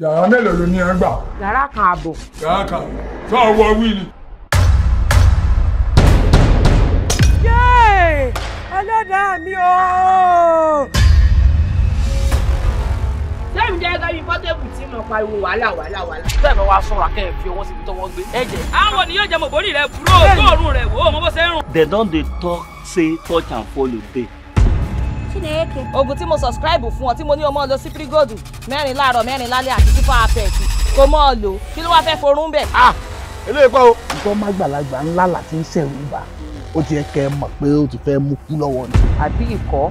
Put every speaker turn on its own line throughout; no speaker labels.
yàrá mélòó ló ní ẹ gbà. yàrá kan àbọ̀. yàrá kan tó wọ
wíìlì. yéè ẹlẹ́dàá mi ooo. sẹ́mi
jẹ́ gẹ́gẹ́ bí pọ́tẹ́bù tí mo pariwo wàhálà wàhálà wàhálà. bẹ́ẹ̀ bá wa sọ̀rọ̀ akẹ́ ẹ̀ fi ọwọ́ síbi tọwọ́ gbé. ẹ jẹ.
àwọn ni yóò jẹ mọ̀ bórí rẹ̀ búrò kóòrùn rẹ̀ wò ó mọ bó ṣe ń rùn.
they don dey talk say touch and follow dey.
Chineke. Oògùn tí mo subscribe fún ọ tí mo ní ọmọ lọ sí pírígòdù mẹ́rin
láàárọ̀ mẹ́rin lálẹ́ àti sípò apẹ̀kì kò mọ́ ọ lò kí ló wá fẹ́ forún bẹ̀. a ah,
eléyìí pọ̀ o. ìtọ́ mágbàlagbà ńlá láti ń ṣẹ̀rù ibà ó ti yẹ kẹ́ ẹ mọ̀ pé ó ti fẹ́ mú kú lọ́wọ́ ni. àbí ikọ́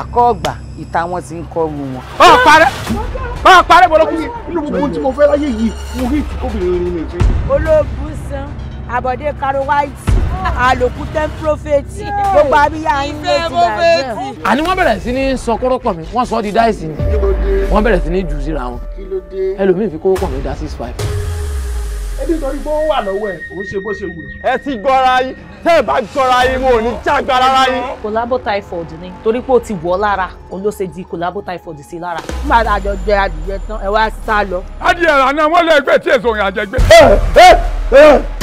àkọ́ọ̀gbà ìta wọn ti ń kọrù wọn. ọ parẹ́ ọ parẹ́ bọ́lá kú gbogbo tí mo fẹ́ láyé yìí mo rí ìtìkọ́bìnrin ní nàìjíríà. olóògùn
san àbọ̀dé karo white àlòkù ten prophet gbogbo abíyá yín
ló ti bàjẹ́.
àní wọ́n bẹ̀rẹ̀ sí ní sọ kọ́rọ́pọ̀ mi wọ́n sọ ọ́ di dáìsì ni wọ́n bẹ̀rẹ̀ sí ní jù síra wọn ẹlòmíì fi kọ́rọ́pọ̀ mi dá six five.
ẹbí torí bó wà lọ́wọ́ ẹ̀ òun ṣe bó ṣe wù. ẹ ti gbọ́ra yín tẹ́ ẹ bá gbọ́ra yín wọn ò ní já gba rárá yín.
collabo typhoid ni torí pé ó ti wọ̀ lára òun ló ṣe di collabo typhoid sí lára. nígbà tá a jọ jẹ adìyẹ tán ẹ wá sá lọ.
adìyẹ rà náà wọ́n lè gbé tí èso òyìn àjẹgbé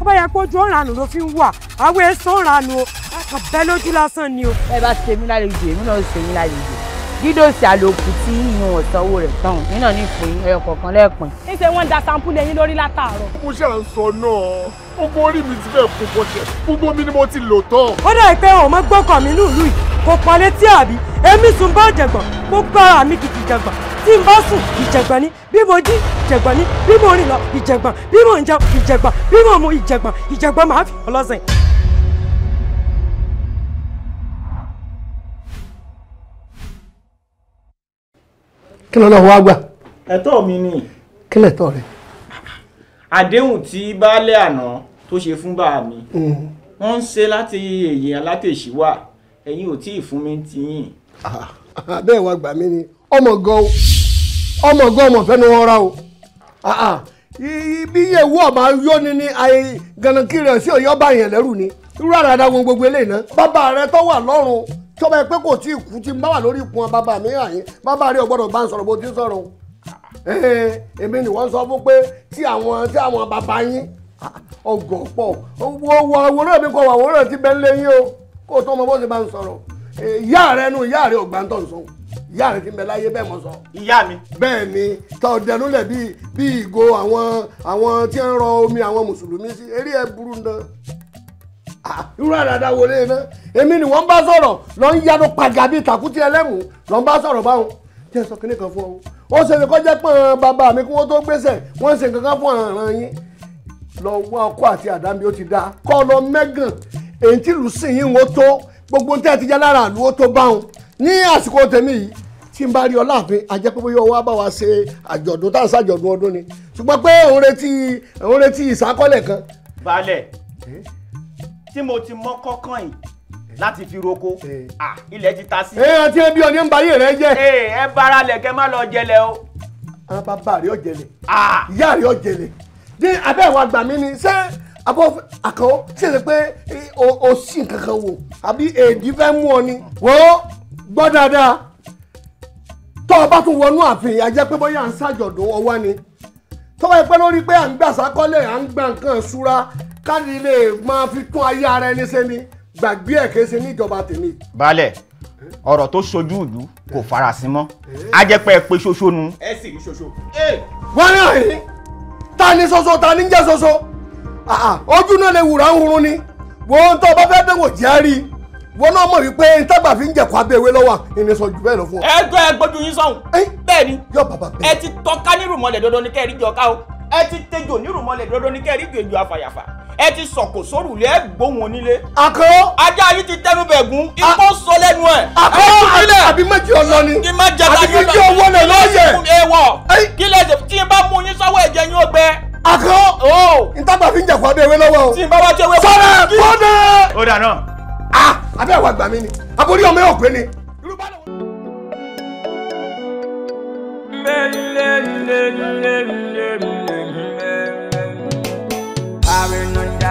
tó bá yẹ kó ojú òranù ló fi ń wà àwọn èso òranù o àkàbẹ́ lójú lásán ni o. ẹ bá ṣe mí lálejò èmi náà ṣe mí lálejò dídòsí àlòkù tí ìyún ọ̀sánwó rẹ̀ tán nínà ní ìfún ẹyọ kọ̀ọ̀kan lẹ́ẹ̀pin. ń ṣe wọ́n da sampúlì ẹyin lórí látàárọ̀. mo ṣe à ń sọ náà gbogbo orí mi ti fẹ́ kó bọ́ṣẹ̀ gbogbo mi ni mo ti lò tán. ó dà pé òun mọ gbọ́kàn mi ní ìlú yìí kò pọ̀ létí àbí èmi sùn bá jẹ̀gbọ̀n mo gbára mi kìkì jẹ̀gbọ̀n tí n bá sùn ìjẹ̀gbọ̀n ni bí mo jí ìjẹ̀gbọ̀n ni bí
mo rìn lọ ìjẹ̀gbọ̀n bí mo ń jẹun ìjẹ̀gbọ̀n bí mo mu ìjẹ̀gbọ̀n ìjẹ̀gbọ̀n máa fi ọlọ́sìn.
kí lọ́nà wá gbà. ẹ̀tọ́ mi ni. kí lẹ̀tọ́ rẹ. àdéhùn tí baálé àná tó ṣe fún bàá mi mm-hmm. wọ́n ń ṣe láti èyí alátẹ̀síwá ẹ̀yin ò tí ì fún mi ti yìn. Ah, ah, bẹ́ẹ̀ wá gbà mí ni ọmọ gan ọmọ gan ọmọ fẹ́ni wọn rà o ah, bí yẹ̀wò ọba yóni ni àyè gànàkì rẹ̀ sí ọ̀yọ́ báyẹn lẹ́rù ni irú àràdà wọn gbogbo eléyìí náà bàbá rẹ tó wà lọ́run tọ́ba ẹ pé kò tí kú tí n wà lórí ìkun bàbá mi àyín bàbá rẹ ò bá ń sọ̀rọ̀ bó ti sọ̀rọ̀ eh, èmi ni wọ́n sọ fún pé tí àwọn tí àwọn bàbá yín ọgọ̀ pọ̀ wo àwòrán mi kọ àwòrán ti bẹ́ẹ̀ lé yín o kó o tó ọmọ bó ti bá ń sọ̀rọ̀ eh, ìyá rẹ nu ìyá rẹ ò gbà ń tọ̀ ìyá rẹ ti ń bẹ́ẹ̀ mọ̀ sọ. ìyá mi. bẹ́ẹ̀ ni ta ọ̀dẹ̀nulẹ̀ bíi bíi ìgò àwọn àwọn tí ń rọ omi àwọn mùsùlùmí sí eré ẹ burú ndan irú àdàdà wo lè ná èmi ni wọ́n bá sọ̀rọ̀ lọ ń yanu pàgà bíi tàkútì ẹlẹ́mù lọ ń bá sọ̀rọ̀ báwọn jẹ́ sọ kíní kan fún ọ ó ṣe fi kọjá pọ́n bàbá mi kí wọ́n tó gbèsè wọ́n ṣe nǹkan kan fún ọ̀ràn yín lọ wá ọkọ àti àdámi ó ti dáa kọ́ lọ mẹ́gàn èyí tí lù sí yín wọ́n tó gbogbo tẹ́ ẹ ti jẹ́ lára àlù ó tó báwọn ní àsìkò tèmi yìí tí n bá rí ọláàfin ajẹ́pẹ́ bóyá ọwọ́ bá wa ṣe àjọ̀dún tá à ń ṣàjọ̀dún ọdún ni ṣùgbọ́n pé òun retí òun retí ìsákọ́lẹ̀ kan. balẹ̀ tí mo ti mọ́ kọ́kàn yìí láti fi roko ilẹ̀ ti ta sí. ẹ ẹ ti bí ọdún bayé rẹ jẹ. ẹ ẹ bára lẹ kẹ má lọ jẹlẹ o. àwọn bàbá rẹ yóò jẹlẹ ìyá rẹ yóò jẹlẹ ní abẹ́ ìwà àgbà mi ni ṣé abọ́ àkọ́ ṣe lè pé o sì kankan wò àbí èdè fẹ́ mú ọ ni. wọ́n gbọ́ dáadáa tọ́ ọ bá tún wọnú àfihàn ajẹ́ pé bóyá à ń ṣàjọ̀dún ọwọ́ ni tọ́wọ́ ẹ pé lórí pé à ń gbàsákọ́lẹ̀ à ń gba nǹkan ìṣúra káàdì ilé máa fi kún ayé ara ẹni ni gbàgbé ẹ̀ kése níjọba tèmi. balẹ̀ ọ̀rọ̀ tó ṣojú ìlú kò farasin mọ́ a jẹ́ pé ẹ ṣoṣo nu. ẹ sì rí ṣoṣo. wọ́n náà yín ta ni ṣoṣo ta ni ń jẹ́ ṣoṣo ah, ah, ojú náà lè wùrà ń hurun ni wo ohun tó bá fẹ́ dẹ́wò jẹ́ rí wọn náà mọ̀ wípé ntẹ́gbà fi ń jẹ̀kọ́ abẹ́wé lọ́wọ́ ìrìnsọ jù bẹ́ẹ̀ lọ fún ọ. ẹ gbọ́ ẹ gbójú yín sọ̀hún. bẹ́ẹ̀ ni ẹ ti tọ́ka nírùmọ̀lẹ̀ dandan ní kẹ́ẹ̀rí jọ̀ọ́ká o ẹ ti tẹjọ nírùmọ̀lẹ̀ dandan ní kẹ́ẹ̀rí jọ̀ọ́jú afàyàfà ẹ ti sọ̀kò sórùlé ẹ gbóhùn onílé. àkọ́. ajá yìí ti tẹnu bẹ̀gún ikọ́ sọ lẹ́nu ẹ̀. àkọ́ àbí méjì ọ̀nà ni àbí méjì ọwọ́ náà lọ́yẹ̀. ewọ kí lè ṣe tí n bá mú yín sọ́wọ́ ẹ̀jẹ̀ yín ó gbẹ. àkọ́ ntàgbà fi ń jẹ̀fọ́ abẹ́ ewé lọ́wọ́ o. tí n bá wá tí ewé. fọ́nẹ̀ fọ́nẹ̀. ó dà náà. a ah! abẹ́ ìwà gbà mí ni aborí ọmọ yóò pé ni.
lẹ́lẹ́lẹ́lẹ́lẹ́lẹ́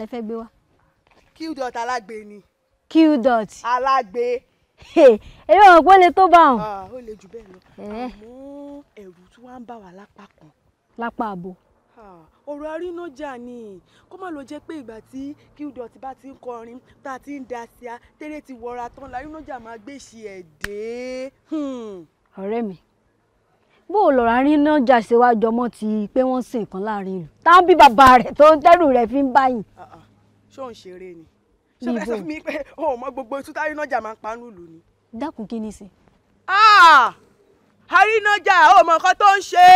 ta fẹ́ gbé wá.
q dot alágbe ni.
q dot. alágbe. èyí ò pé lè tó bá wọn. Ah,
ó lè jù bẹ́ẹ̀ lọ eh.
àmọ́
ẹ̀rù tí wọ́n ń bà wá lápá kan. lápá àbò. Ah, ọ̀rọ̀ arínájà ni kó má lọ jẹ́ pé ìgbà tí q dot bá ti ń kọrin tá a ti ń da sí a tẹ́lẹ̀ ti wọra tán lárínájà máa gbèsè ẹ̀ dé. Hmm.
ọ̀rẹ́ mi bó o lọ̀rọ̀ àárín náà jà ṣe wá jọmọ ti pé wọ́n sìn kan láàrin ìlú tá bí bàbá rẹ̀ tó ń tẹ́rù rẹ̀ fi ń báyìí. Ah, ah.
ṣé òun ṣeré ni ṣé fẹ́ sọ fún mi pé òun mọ gbogbo ìtútà àrínájà máa ń pa nílùú ni. dákun kí ni sí. àrínájà ah! ò mọ nǹkan tó ń ṣe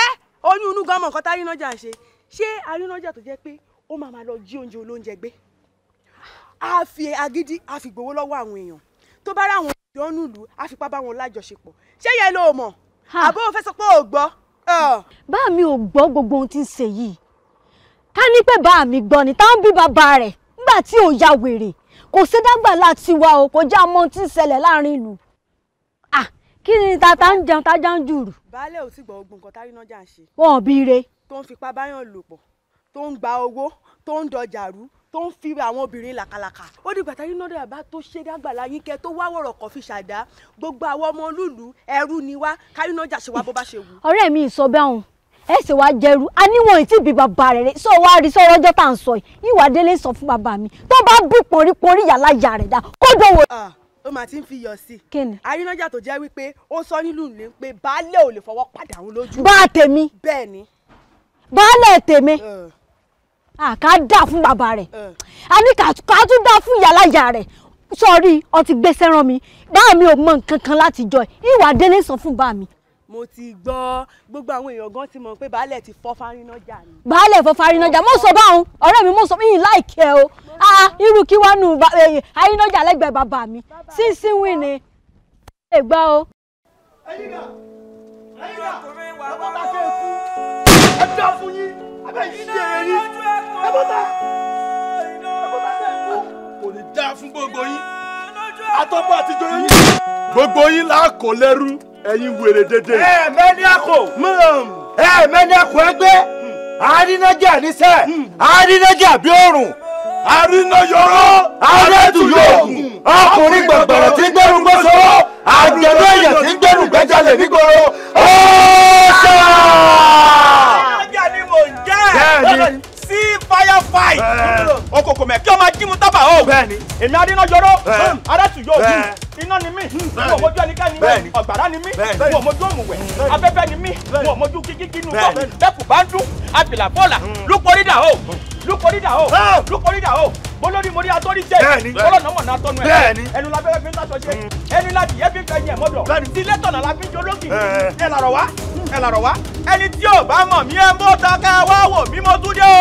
ẹ́ oyún inú gan mọ nǹkan tárínájà ń ṣe ṣé àrínájà tó jẹ́ pé ó máa máa lọ jí oúnjẹ olóúnjẹ gbé a fi agídí a fi gbowó lọ́wọ́ àwọn èèyàn tó bá ráwọn ìjọ nílùú a fipá bá lájọṣepọ̀ ṣé yẹn ló mọ̀ àbó o fẹ́ sọ pé
o gbọ́. bá mi ò gbọ́ gbogbo ohun tí ń ṣe yìí ká ní pé bá mi gbọ́ ni táwọn bí bàbá rẹ̀ nígbà tí ò ya wèrè kò sí dágbà láti wa o kò já mọ tí ń ṣẹlẹ̀ láàrin ìlú. kí ni tata ń jẹun tájà ń jùrù.
baálé ò sì gbọ́ ogun nǹkan táyé náà jà ń ṣe. wọn ò bí re. tó ń fipá báyọ̀ lò pọ̀ tó ń gba owó tó ń dọjà rú tó ń fi àwọn obìnrin làkàlàkà ó dìgbà tá yín náà bá tó ṣe dágbàlá yín kẹ tó wá wọ̀rọ̀ kọ́ fi ṣàdá gbogbo àwọn ọmọ olúlu ẹrú ni wá káyún náà jàṣẹ wá bó bá ṣe
wù. ọ̀rẹ́ mi sọ bẹ́ẹ̀ hùn ẹ ṣe wá jẹrú a níwọ̀n ìtì bí bàbá rẹ̀ rẹ̀ sọ wá rí sọ́rọ́ ọjọ́ tá à ń sọ yìí ìwà délé sọ fún bàbá mi tó bá bù pọ̀nrípọ̀nrí yàrá yà rẹ̀ dá kó dọ̀wọ́
ó máa ti ń fi yọ sí i. kíni. arínájà tó jẹ́ wípé ó sọ nílùú ní pé baálé ò lè fọwọ́ padà òun lójú. bá a tèmi. bẹ́ẹ̀
baálé tèmi. Uh ká dà fún bàbá rẹ̀ a ní ká tún dà fún ìyálàyà rẹ̀ sọ́ọ́rí ọtí gbèsè rán mi bá mi ò mọ nǹkan kan láti jọ ìwà délé sọ fún bá mi.
mo ti gbọ́ gbogbo àwọn èèyàn gan ti mọ̀ pé baálẹ̀ ti fọ́ fárínájà ni.
baálẹ̀ fọ́ fárínájà mo sọ báwọn ọ̀rẹ́ mi mo sọ yìí láìkẹ́ o ah, irú kí wọ́n nu àrínájà eh, lẹ́gbẹ̀ẹ́ bàbá mi sínsìn wí ni ẹ gbọ́ o. ẹyin náà ẹyin náà
ọmọ bá kẹ́ ẹ kú ẹ dá fún yín ẹ ṣe é rí ẹ
bọ́tà ẹ bọ́tà tẹ̀ ń bọ̀. kò ní dáa fún gbogbo yín atọ́pọ̀ àtijọ́ yín. gbogbo yín là á kó lẹ́rú ẹ̀yin wèrè dédé. ẹ mẹ́ni àkó. Hmm. ẹ mẹ́ni àkó ẹgbẹ́ hmm. àrínájà níṣẹ́ àrínájà hmm. bí òrùn. àrínáyọrọ arẹ́tùyọ̀gùn ọkùnrin gbàgbọ́rọ̀ tí ń gbẹ́rù gbọ́sọ̀rọ̀ àjẹ̀dọ̀ èèyàn tí ń gbẹ́rù gbẹ́jalè nígboro ó ṣáà
bẹ́ẹ̀ni sí fire
fight Oko okoko mẹ kí ọmọ ajimu tábà o bẹ́ẹ̀ni èmi adínàjọrọ adátù yóò dùn iná ni mí wọ́n mojú ẹnikẹ́ni ọ̀gbàrá ni mí wọ́n mojú òmùwẹ̀ abẹ́fẹ́ ni mí Mo mojú kíkíkínú tó bẹ́ẹ̀ kù bá ń dún abìlà bọ́ọ̀là hmm. lóko rídà o. Hmm lukori da o lukori da o bolórí mo rí atọ́rí jẹ́ kọ́lọ́nà mọ̀nà atọ́nu ẹ̀ ẹnu labẹ́rẹ́ fi ń taṣọ ṣe mm. ẹnu láti yẹ fi ń fẹ́yìn ẹ̀ mọ́dọ̀ ti lẹ́tọ̀nà la fi ń jolókì ẹ làrọ̀ wá ẹ làrọ̀ wá ẹni tí ò bá mọ̀ mí ẹ mọ́ ta ká wá wò mí mo tún dé o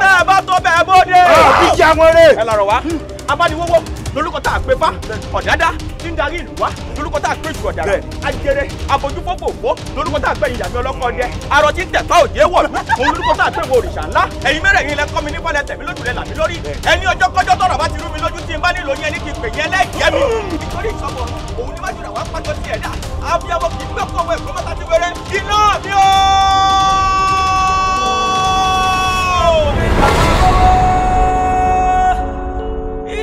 tẹ́ ẹ bá tó bẹ́ẹ̀ bó dé. ọ̀ bí jẹ́ àwọn eré ẹ làrọ̀ wá. Mm abániwọ́wọ́ lórúkọ tá a pè bá ọ̀dádá tí ń darí ìlú wa lórúkọ tá a pè jù ọ̀dàrà ajẹrẹ àfojúfòfòfò lórúkọ tá a pè ìyàmí ọlọ́kọ dẹ arọ tí ń tẹ̀ka òjé wọ̀lú òun lórúkọ tá a pè wo òrìṣà ńlá ẹ̀yin mẹ́rẹ̀ẹ̀rin lẹ kọ́ mi ní pálẹ̀ tẹ̀mí lójú rẹ làmí lórí ẹni ọjọ́ kọjọ́ tọ̀rọ̀ bá ti rú mi lójú tí n bá nílò yẹn ní kí n pè yẹn lẹ́ẹ̀kẹ́ mi nítorí ìṣọ̀bọ̀ òun ní májúra wá pàjọ tiẹ̀ dá abiyamọ kì í gbẹ́kọ̀ọ́ ẹ̀kọ́ mọ́ta ti wẹrẹ iná mi ooo.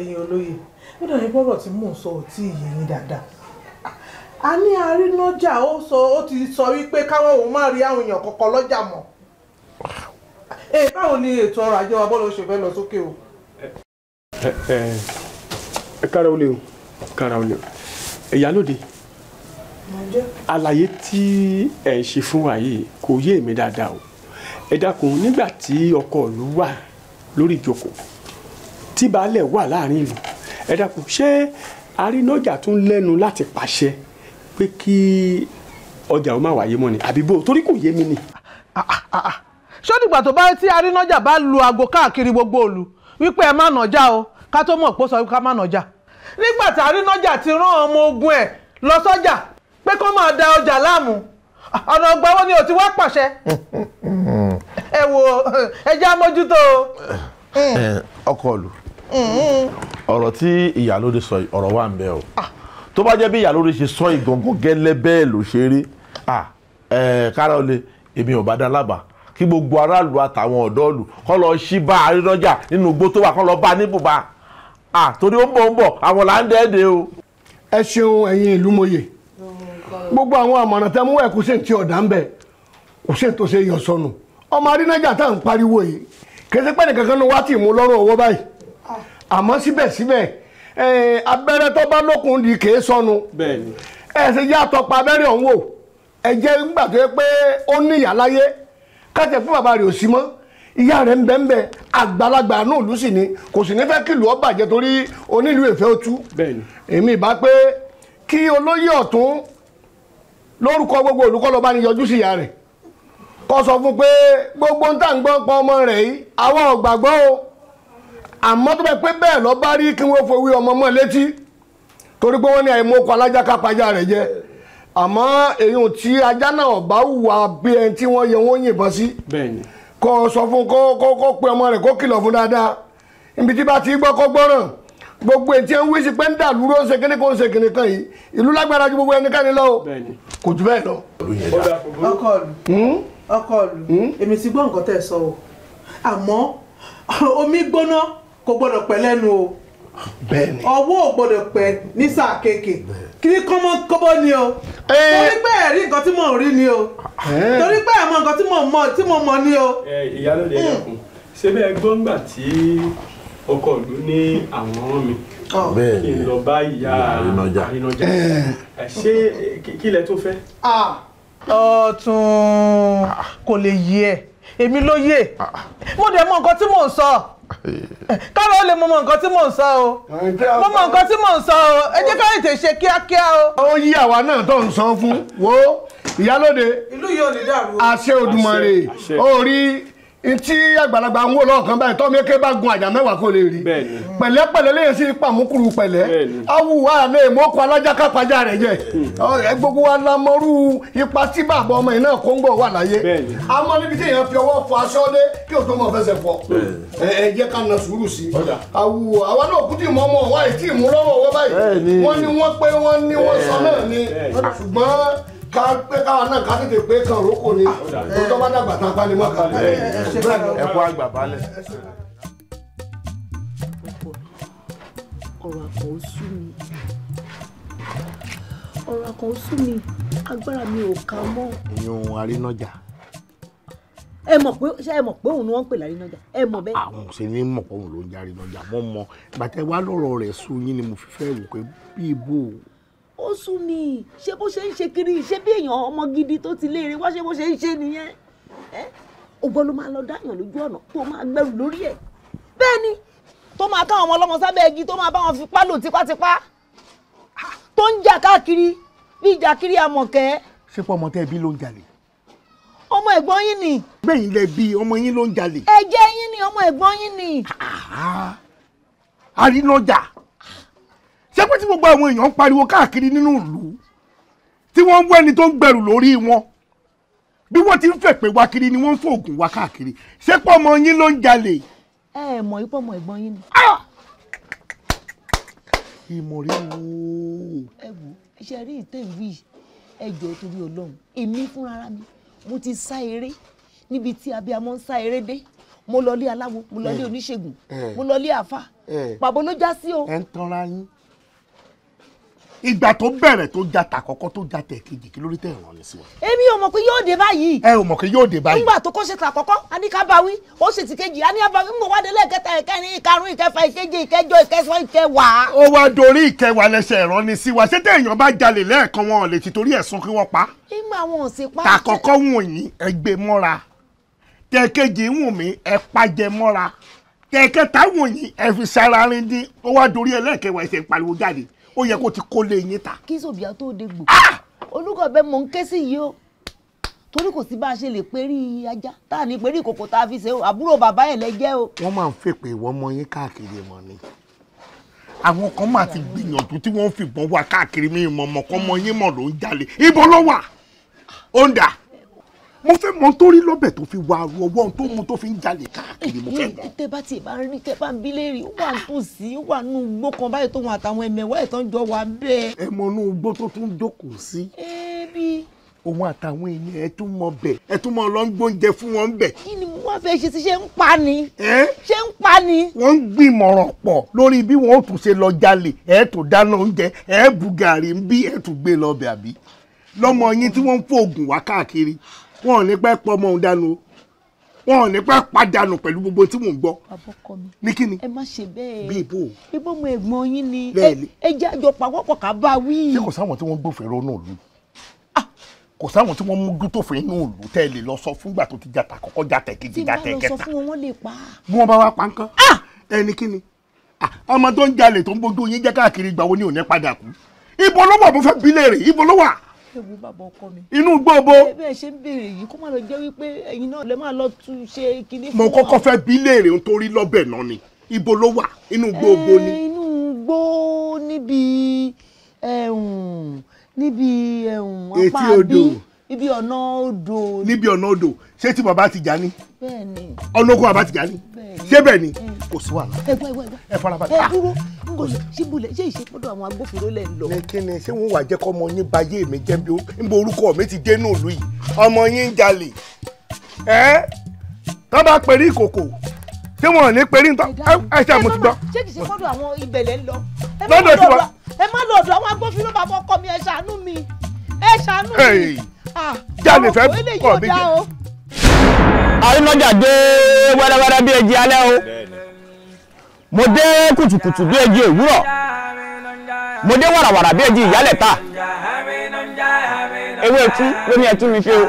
ẹ̀yin olóye ó dàbí bọ́rọ̀ tí mò ń sọ ò tí ì yé yín dáadáa a ní arínájà ó sọ ó ti sọ wípé káwọn òun má rí àwọn èèyàn kọ̀ọ̀kan lọ́jà mọ́ ee báwo ni ètò ọrọ̀ ajé wa bọ́ọ̀lù ṣe fẹ́ lọ sókè o.
ẹ ẹ ẹ kára olè o kára olè o ìyálòde àlàyé tí ẹ ń ṣe fún wa yìí kò yé mi dáadáa o ẹ dákun nígbà tí ọkọ ìlú wà lórí ìjókòó tí baálẹ̀ wà láàrin ìlú ẹ dákun ṣé arínájà tún lẹ́nu láti pàṣẹ pé kí ọjà ó má wáyé mọ́ ni àbí bó torí kò yé mi ni. Ah, ah, ah, ṣó dìgbà tó bá tí arínájà bá lu aago káàkiri gbogbo
òlu wípé ẹ má nàjà o ká tó mọ̀ pé ó sọ ká má nàjà nígbà tí arínájà ti rán ọmọ ogun ẹ̀ lọ sọ́jà pé kó máa da ọjà láàmú ọ̀nà ọgbà wo ni o ti wá pàṣẹ. ẹ wo ẹ já mójútó.
ọkọ lù. Mm-hmm. ọ̀rọ̀ tí ìyálóde sọ ọ̀rọ̀ wà ń bẹ o ah. tó bá jẹ́ bí ìyálóde ṣe sọ ìgangan gẹ́lẹ́ bẹ́ẹ̀ ló ṣe rí ah. kárọ̀lẹ̀ èmi ò bá dá lábàá kí gbogbo aráàlú àtàwọn ọ̀dọ́ọ̀lù kọ́ lọ sí bá àrínájà nínú igbó tó wà kọ́ lọ bá níbùbá ah, torí ó ń bọ̀ ń bọ̀ àwọn là ń dẹ́ẹ̀dẹ́ o. ẹ ṣeun ẹ̀yin ìlú mòye gbogbo àwọn àmọ̀ràn tẹ́ mú ẹ̀ kó ṣèǹtì ọ̀dà ń bẹ̀ kó ṣèǹtò ṣe yọ̀ sọnù ọmọ àrínájà tá à ń pariwo yìí kèsì pẹ́ẹ́nì kankan ló wá tì mú lọ́rùn owó báyìí àmọ́ síbẹ̀síbẹ̀ abẹ́rẹ́ tó bá lókun di kèé sọnù ẹ ṣe yá àtọpa abẹ́rẹ́ ọ̀hún wò ẹ jẹ́ nígbà tó yẹ pé ó níyà láyé kájẹ fún bàbá rẹ̀ ò sí mọ́ ìyá rẹ̀ ń bẹ ń bẹ àgbàlagbà náà lù sí ni kò sì ní fẹ́ kí ìlú ó bàjẹ́ torí onílù èfẹ́ ó tú èmi ìbá pé kí olóyè ọ̀tún lórúkọ gbogbo olùkọ́ lọ́ba ni yọjú sí ìyá rẹ̀ kó sọ fún pé gbogbo ń tà ń gbọ́ pọ̀ ọmọ rẹ̀ yìí àwọn ò o àmọ́ tó bẹ pé bẹ́ẹ̀ lọ bá rí kí wọ́n fowó ọmọ mọ́ létí torí pé wọ́n ní àìmọ́kọ alájà kápájà rẹ̀ jẹ́ àmọ́ èyí tí ajá náà bá wùwà bí ẹni tí wọ́n yẹ wọ́n yìnbọn sí kó sọ fún kó kó kó pe ọmọ rẹ̀ kó kìlọ̀ fún dáadáa ibi tí bá ti gbọ́ kó gbọ́ràn gbogbo ètí ẹ̀ ń wí sí pé ń dà lúró ń ṣe kíní kan ń ṣe kíní kan yìí ìlú lágbára ju gbogbo ẹnikẹ́ni lọ kò jù bẹ́ẹ̀ lọ. ọkọ lu
hmm? ọkọ lu hmm? èmi ti gbọ́ nǹkan tẹ̀ sọ o àmọ́ omi gbóná kò gbọ́dọ̀ pẹ́ lẹ́nu o bẹ́ẹ̀ni ọwọ́ ò gbọ́dọ̀ pẹ́ ní sáà kéèké kiri kọ́mọ kọ́bọ́ ni o torí pé ẹ̀rí nǹkan tí mò rí ni o torí pé ẹ̀mọ nǹkan tí mo, ń mọ tí mò ń mọ ni o.
ìyálòde ẹ̀dàkùn mm. ṣé bẹ́ẹ̀ gbọ́ngbà tí ọkọ ìlú ní àwòrán mi kí n lọ bá ìyá àrínájà ṣé kí ilẹ̀ tó fẹ́.
ọ̀tún ah. kò lè yé ẹ̀ èmi ló yé ah. mo dẹ̀ mọ nǹkan tí mò ń sọ káàró lè mọ mọ nǹkan tí mò ń sọ o mọ mọ nǹkan tí mò ń sọ o ẹ jẹ́ ká ètè
ṣe kíákíá o. ó yí àwa náà tó ń san fún wo ìyálóde àṣẹ Òdùmarè ó ntí àgbàlagbà ń wò lọ́ọ̀kan báyìí tọ́mọ eke ba gun àjà mẹ́wàá kò lè rí pẹ̀lẹ́pẹ̀lẹ́ lẹ́yìn sí pàmùkùrù pẹ̀lẹ́ awùwà lè mọ́kọ alájáká pàjá rẹ̀ hmm. gbogbo wa la mọ́rú ipa tí bàbá ọmọ yìí náà kóńgò wà láyé àmọ́ níbi tí èèyàn fi ọwọ́ fọ aṣọ lé kí o na sùúrù wa ká pé káwọn náà ká tètè pé kan òrókò ni
tó bá dàgbà tá a pa ni mọ́ kan. ẹ kó àgbà balẹ̀.
ọ̀rọ̀ àkàn ó sú mi ọ̀rọ̀ àkàn ó sú mi agbára mi ò ká mọ́.
èyí ohun arínájà
ẹ mọ̀ pé ṣé ẹ mọ̀ pé òun ni wọ́n ń pè lárínájà ẹ mọ̀ bẹ́ẹ̀.
àwọn ṣe ní mọ̀ pé òun ló ń járínájà mọ́ mọ́ gbàtẹ́ wá lọ́rọ̀ rẹ̀ sún yín ni mo fi fẹ́ wò pé bí ibo
ó sún mi ṣé bó ṣe ń ṣe kiri ṣé bí èèyàn ọmọ gidi tó ti léèrè wá ṣé bó ṣe ń ṣe nìyẹn ògbọ́n ló máa lọ dáyàn lójú ọ̀nà tó máa gbẹrù lórí ẹ̀ bẹ́ẹ̀ ni tó máa káwọn ọmọ ọlọ́mọ sábẹ́ igi tó máa bá wọn fipá lò tipátipá
tó ń jà káàkiri bí ìjà kiri àmọ̀kẹ́. ṣé pé ọmọ tẹ́ ẹ ló ń jalè. ọmọ ẹ̀gbọ́n yín ni. gbẹ̀yìn lẹ bí ọmọ yín ló ń jalè. ẹ̀jẹ̀ yín ni ọmọ ẹ̀gbọ́n yín ni. àrínájà ṣé pé tí gbogbo àwọn èèyàn ń pariwo káàkiri nínú ìlú tí wọ́n ń wọ ẹni tó ń gbẹrù lórí wọn bí wọ́n ti ń fẹ̀pẹ̀ wá kiri ni wọ́n ń fòògùn wá káàkiri ṣé pọ̀ ọmọ yín ló ń jalè.
ẹ ẹ mọ̀ ipò ọmọ ẹ̀gbọ́n yín ni. Ah!
ìmọ̀rí wo.
ẹ wo ṣe rí ìtẹ̀ ìwí ẹjọ́ torí ọlọ́run èmi fúnra mi mo ti sá eré níbi tí abiyamọ ń sá eré dé mo lọ lé aláwo mo lọ lé eh. oníṣègùn eh. mo lọ lé àáfà
eh. pàbó ló já sí o. ẹ ń tanra yín ìgbà tó bẹ̀rẹ̀ tó já ta àkọ́kọ́ tó já tẹ̀ kejì kí lórí tẹ̀ ràn ní sí wa.
èmi ò mọ̀ pé yóò dé báyìí.
ẹ ò mọ̀ pé yóò dé báyìí. nígbà
tó kó ṣe ta àkọ́kọ́ aníkábáwí ó ṣe ti kejì aníkábáwí ń bọ̀ wá délé ìkẹta ìkẹrin ìkarùn ìkẹfà ìkeje ìkẹjọ ìkẹsàn ìkẹwàá.
ó wá dorí ìkẹwàá lẹsẹ̀ ẹ̀rọ ni sí wa ṣé tẹ èèyàn bá jalè lẹ́ẹ̀kan wọn ò lè ti torí ẹ̀sùn kí wọ́n pa.
nígbà wọn ò sì pa. tàkọ́kọ́
wùn yín ẹ gbé mọ́ra tẹ̀kejì wùn mí ẹ pàjẹ́ mọ́ra tẹ̀kẹta wùn yín ẹ fi sara rin dín ó wá dorí ẹlẹ́ẹ̀kẹwàá ẹ̀sẹ̀ pariwo jáde ó yẹ kó ti kólé yín ta. kí sòbíà tó dégbò ah! olùkọ́bẹ mò ń ké sí yìí o torí kò sí
bá a ṣe lè pérí ajá tá a ní pérí ìkòkò tá a fi ṣe o àbúrò bàbá ẹ̀ lẹ́jẹ́ o.
wọ́n máa ń fèpè ìwọ ọmọ yín káàkiri mọ́ ni àwọn kan máa ti gbìyànjú tí wọ́n fìbọn wá káàkiri mí mọ́ ọmọ mọ́ yín mọ̀ ló ń jalè ibo ló wà ó ń dà mo fẹ́ mọ tó rí lọ́bẹ̀ tó fi wà aró ọwọ́ tó mú tó fi ń jalè káàkiri mo fẹ́ mọ.
tẹ bá tiẹ̀ bá rí
tẹ bá ń bí léèrè ó wà nítòsí ó wà nù ugbó kan báyìí tó wọn àtàwọn ẹ̀mẹ̀wá ẹ̀ tán jọ wà bẹ́ẹ̀. ẹ mọ inú ugbó tó tún jókòó sí. ẹ bí. òun àtàwọn èèyàn ẹ tún mọ bẹ ẹ tún mọ lọ ń gbóúnjẹ fún wọn bẹ. kí ni mo wáá fẹ́ ṣe ti ṣe ń pa ni. ṣe ń pa ni. wọ́n ń gbìmọ̀ràn pọ̀ lórí bí wọ́n ó tún ṣe lọ jalè ẹ tó dáná oúnjẹ ẹ bù gàrí ń bí ẹ tún gbé lọ bẹ̀ àbí lọ́mọ yín tí wọ́n ń fóògùn wá káàkiri wọn ò ní pẹ́ pọ́ ọmọ òun dànù o wọn ò ní pẹ́ pàdánù pẹ̀lú gbogbo tí mò ń gbọ́. àbọ̀kọ mi ní kí ni. ẹ má ṣe bẹ́ẹ̀ bí ibo. ibo mo ẹ̀gbọ́n yín ni ẹ jẹ́ àjọ pàwọ́pọ̀ ká bá wí. ṣé kò sáwọn tí wọ́n gbófinró náà lù kò sáwọn tí wọ́n mú gútòfin inú òòlù tẹ́ ẹ lè lọ sọ fúngbà tó ti jata kọ́kọ́ jata kejì jata kẹta.
bí
wọ́n bá wá pa nǹkan ah! ẹni kí ni ah, ọmọ tó ń jalè tó ń bójú yín jẹ́ káàkiri ibo ló wà mo ibo ló
ewu bàbá ọkọ mi. inú gbogbo. bẹ́ẹ̀ ṣe ń béèrè yìí kó má lọ jẹ́ wípé ẹ̀yin náà lè máa lọ tún ṣe kinní. mo kọ́kọ́ fẹ́
bí léèrè ń torí lọ́bẹ̀ náà ni ibo ló wà inú gbogbo ni.
inú gbó níbi níbi apá bí
níbi ọ̀nà odò. níbi ọ̀nà odò ṣé ti bàbá ti jà ni. bẹ́ẹ̀ ni. ọlọ́kùn bàbá ti jà ni. bẹ́ẹ̀ ni. ṣé bẹ́ẹ̀ ni kò sí wàhálà. ẹ
gbọ́ ẹ gbọ́ ẹ farabalẹ̀. ẹ dúró Dangote síbulẹ̀ ṣé ìṣèpọ̀dọ̀ àwọn agbófinró lẹ̀ ń lọ. ní
kíni ṣé wọn wà jẹ́ kọ́ ọmọ yín ba yé mi jẹ́ bí ó ń bo orúkọ mi ti dénú ìlú yìí ọmọ yín ń jalè ẹ́ tó bá pèrè ìkòkò ṣé wọn ò ní pèrè nǹkan
ẹ ṣe àmọ́ ti gbọ́.
ṣé kìí ṣe fọ́dọ̀ àwọn ibẹ̀lẹ̀ ń lọ. lọ́dọ̀ sí wa. ẹ má lọ ọ̀dọ̀ àwọn agbófinró bàbá ọkọ mi ẹ ṣàánú mi ẹ ṣàánú mi. jalè fẹ́ kọ̀ bí
mo dé kùtùkùtù bí ẹjí òwúrọ̀ mo dé wàràwàrà bí ẹjí ìyálẹ̀ta ewé etí ló ní ẹtú mi ṣe o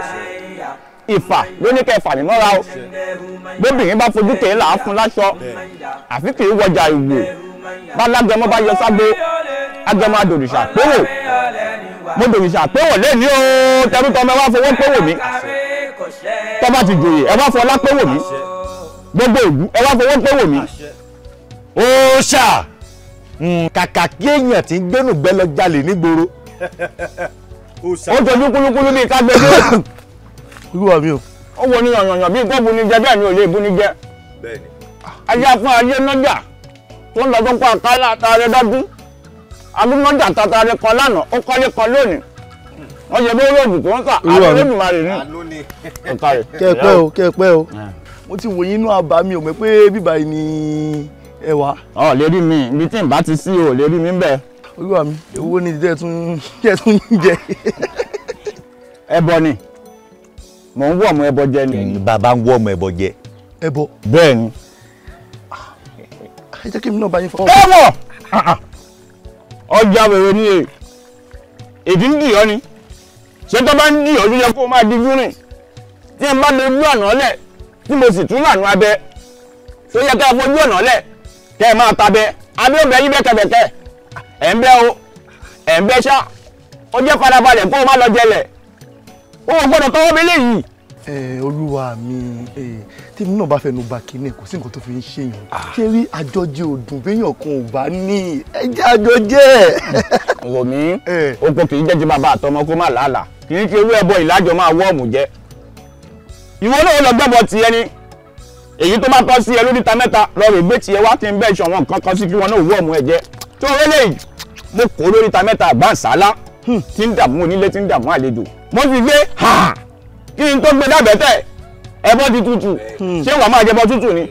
ìfà ló ní kẹfà mi mọ́ra o bóbìnrin bá fojú kèé là á fún láṣọ àfi kì í wọjà ìwò bá lágẹmọ bá yọ ságbó agẹmọ adòrìṣà péwò mo dòrìṣà péwò lẹ́ni o tẹrútọmọ ẹ wá fọwọ́ péwò mi tọ́ bá ti jòyè ẹ wá fọlá péwò mi gbogbo ìlú ẹ wá fọwọ́ péwò mi. ó ṣà hmm, kàkà kí èèyàn ti ń gbénú gbẹlẹ jalè kúlúkúlú ká mi o. ó wọ ní yànyànyàn bíi gbọ́ buni jẹ ni ò lè buni jẹ. ajá fún ayé nọ́jà tó ń lọ tó ń kọ́ àkàlà agúnmọ́jà tàtàrẹ kọ lánàá ó kọ́lé kọ lónìí
wọ́n yẹ tó ń sà ní.
o kẹ́ẹ̀pẹ́ o hmm. mo ti wòye inú àbá ò pé bíbá yìí ni. ẹ wá. ọ lè rí mi ibi tí n bá ti sí o lè rí mi bẹ́ẹ̀. olúwa mi owó ni jẹ́ tún jẹ́ tún jẹ. ẹbọ ni mò
ń wọ̀ ẹbọ jẹ ni. bàbá ń wọ̀ ẹbọ jẹ. ẹbọ. bẹ́ẹ̀ ni.
ẹ jẹ́ kí mi náà bá yín fọwọ́. ẹ wọ̀ ọjà wèrè ni èdè e. ń dìyọ́ ni ṣé tó bá ń dìyọ́ ló yẹ kó máa di gúnrìn tí n bá dojú ọ̀nà lẹ̀ tí mo sì tún lànà abẹ ṣó yẹ ká fojú ọ̀nà lẹ̀ kẹ́ ẹ máa tabẹ abẹ́ òbẹ̀ yín bẹ́kẹ̀bẹ̀kẹ̀ ẹ̀ ń bẹ́ o ẹ̀ ń bẹ́ ṣá ó jẹ́ farabalẹ̀ kó o má lọ jẹlẹ̀ o ò gbọ́dọ̀ tọwọ́ mi léyìí. ẹ olúwa mi tí mi náà bá fẹnu ba kínní kò sí nǹkan tó fi ń ṣèyàn ah. ṣé rí àjọjẹ òdùn béèyàn kan ò bá ní ẹ jẹ àjọjẹ. wò mí oko kì í jẹ́ ju bàbá àtọmọ kó má làálàá kì í ṣe irú ẹbọ ìlàjọ máa wọ́ọ̀mù jẹ ìwọ náà lọ gbẹ́bọ tiẹ̀ ni èyí tó bá tọ́ sí ẹ lórí ta mẹ́ta lọ́rọ̀ ìgbé tiẹ̀ wá ti ń bẹ́ẹ̀ ṣọ̀wọ́n kankan sí kí wọn náà wú ọ̀mù ẹ̀ tó rẹ́ lè mo kó lórí ta mẹ́ta àgbàǹsálá hmm, tí ń dààmú onílé tí ń dààmú àlejò mo ti gbé kí n tó gbé dábẹ́tẹ̀ ẹbọ ti tútù
hmm. ṣé wàá máa jẹbọ
tútù ni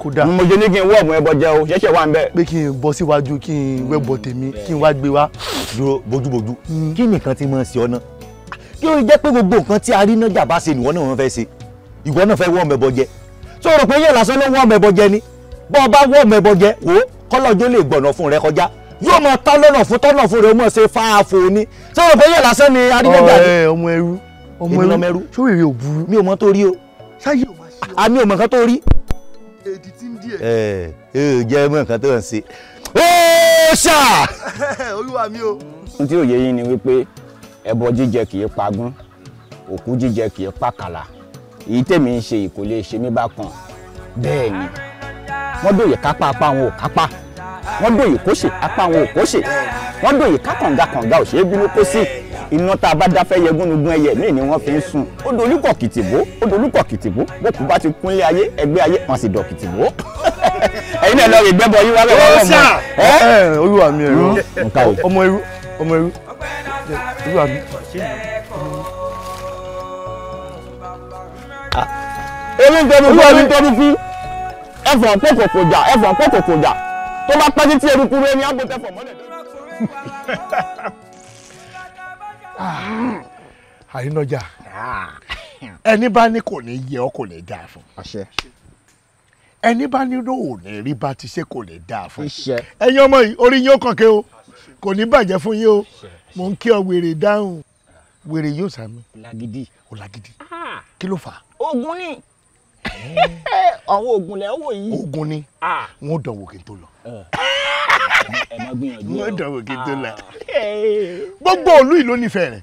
kódà mo jẹ ní kí n wọ ọmọ ẹbọ jẹ o ṣẹ̀ṣẹ̀ wà ń bẹ. pé kí n bọ síwájú kí n wẹbọ tèmi hmm. kí n wá gbé wá. dúró bójúbójú kí nìkan ti máa ń ọ náà kí ó jẹ́ pé gbogbo nǹkan tí a rí náà jàbá ṣe nìwọ náà wọ́n fẹ́ ṣe ìwọ náà fẹ́ wọ ọmọ ẹbọ jẹ tó rò pé yẹn lásán ló ń wọ́ ọmọ ẹ̀bọ jẹ ni bọ́ ọ bá wọ́ ọmọ ẹ̀bọ jẹ wò ó kọ́lọ́jọ́ lè gbọ̀nà fún rẹ kọjá yóò mọ tán lọ́nà fún tọ́nà fún rẹ ó mọ̀ ṣe fáàfò ni tó rò pé yẹn lásán ni adídẹ́gbà ni. ọ̀rẹ́ ọmọ ẹrú ọmọ ẹrú ṣó èrè ò burú. mi ò mọ tó rí o ṣáyé o. àmì ò mọ nǹkan tó rí. èdè tí ń díẹ̀.
ẹ ẹ jẹ́ mọ nǹkan tó ń ṣe.
ó ṣà. olúwa mi o.
ohun tí òye yín ni wípé ẹbọ jíjẹ kì í pagún òkú jíjẹ kì í pàkàlà
èyí tèmi ń ṣe kò lè ṣe mí bákan bẹ́ẹ̀ ni wọ́n dòye kápá apá àwọn òkápá wọ́n dòye kóṣe apá àwọn òkóṣe wọ́n dòye kákàǹgà
kàǹgà ò ṣe é bínú kó sí iná tá a bá dáfẹ́ yẹgúnnugún ẹyẹ míì ni wọ́n fi ń sun ó dolúkọ̀ kìtìbó
ó dolúkọ̀ kìtìbó bókun bá ti kúnlé ayé ẹgbẹ́ ayé wọn sì dọ̀ kìtìbó ẹ̀yin náà lọ rí gbẹ́bọ yín wá bẹ́ẹ̀ wọ́n mọ̀ ẹ́ olúwa mi ẹ̀rọ ọmọ irú ọmọ irú olúwa mi. orí ń tẹnu fún orí ń tẹnu fún ẹfọ àpòkò kò jà ẹfọ àpòkò kò jà tó bá pẹ́ títí eruku rẹ ní àpò tẹfọ mọ́lẹ̀. àrínájà ẹni bá ní kò ní yẹ ọ kò lè dáa fún ẹni bá ní ló ò ní rí bá ti ṣe kò lè dáa fún ẹ̀yin ọmọ yìí orí yín ó kàn ké o kò ní bàjẹ́ fún yín o mò ń kí ọ wèrè dáhùn wèrè yóò sàmì. làgìdì. o làgìdì ah. kí ló fà á. ogun ni àwọn oògùn lẹ wò yìí. oògùn ni wọn dánwò kí n tó lọ. ẹ má gbìyànjú o wọn dánwò kí n tó lọ. gbogbo olú yìí ló nífẹ̀ẹ́ rẹ̀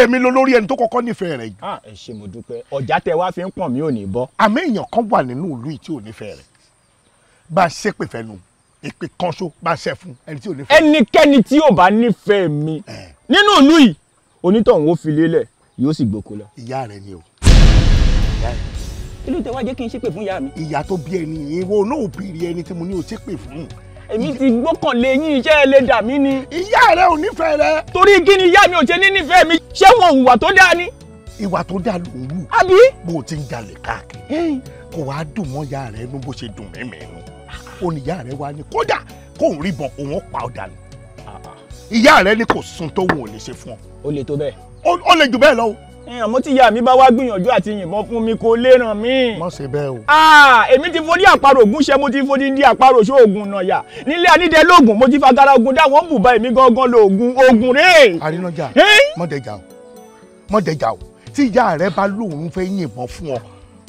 èmi ló lórí ẹni tó kọ́kọ́ nífẹ̀ẹ́ rẹ̀ jù. ẹ ṣé mo dúpẹ́ ọ̀já tẹ wá fi ń pọ̀n mí ò ní bọ́. àmì èèyàn kan wà nínú ìlú yìí tí ò nífẹ̀ẹ́ rẹ̀ bá a ṣépè fẹ́nu èpè kan ṣó bá a ṣẹ́ fún ẹni tí ò nífẹ̀ẹ́. ẹnikẹ́ni tí ò bá nífẹ̀ẹ́ mi nínú ìlú yìí onítọ̀hún ó fi lélẹ̀ yóò sì gboko lọ. ìyá rẹ ni o ìyá ẹ̀ kí ló tẹ wá jẹ́ kí n ṣépè fún ìyá mi. ìyá tó bí ẹni yìí wo náà ò béèrè ẹni tí mo ní o ṣépè fún. èmi ti gbọ́kànlé yín iṣẹ́ ẹ lè dà mí ni. ìyá rẹ ò nífẹ̀ẹ́ rẹ. torí kí ni ìyá mi ò ṣe ní nífẹ̀ẹ́ mi ṣé wọn hùwà tó dáa ni. ìwà tó dáa ló ń wù. àbí. bó o ti ń jalè káàkiri kò wá dùn mọ́ ìyá rẹ nú bó ṣe dùn mẹ́mẹ́nu ó ní ìyá rẹ wá ní kódà kó ń ríbọn òun pa ọ̀dà ni ah, ah. ìyá rẹ ní kò sun tó wù ò lè ṣe fún ọ. ó le ó àmọ́ tí ìyá mi bá wá gbìyànjú àti yìnbọn fún mi kò lè ràn mí. má ṣe bẹ́ẹ̀ o. Ah, èmi ti fodi àparò ògùn ṣe mo ti fodi ndí àparò ṣó oògùn nàyà nílé anídẹ lóògùn mo ti fagara oògùn dáwọn bùbá èmi gangan lóògùn oògùn rè. àrínájà mọ̀dẹ̀jà o mọ̀dẹ̀jà o tí ìyá rẹ bá lóun fẹ́ yìnbọn fún ọ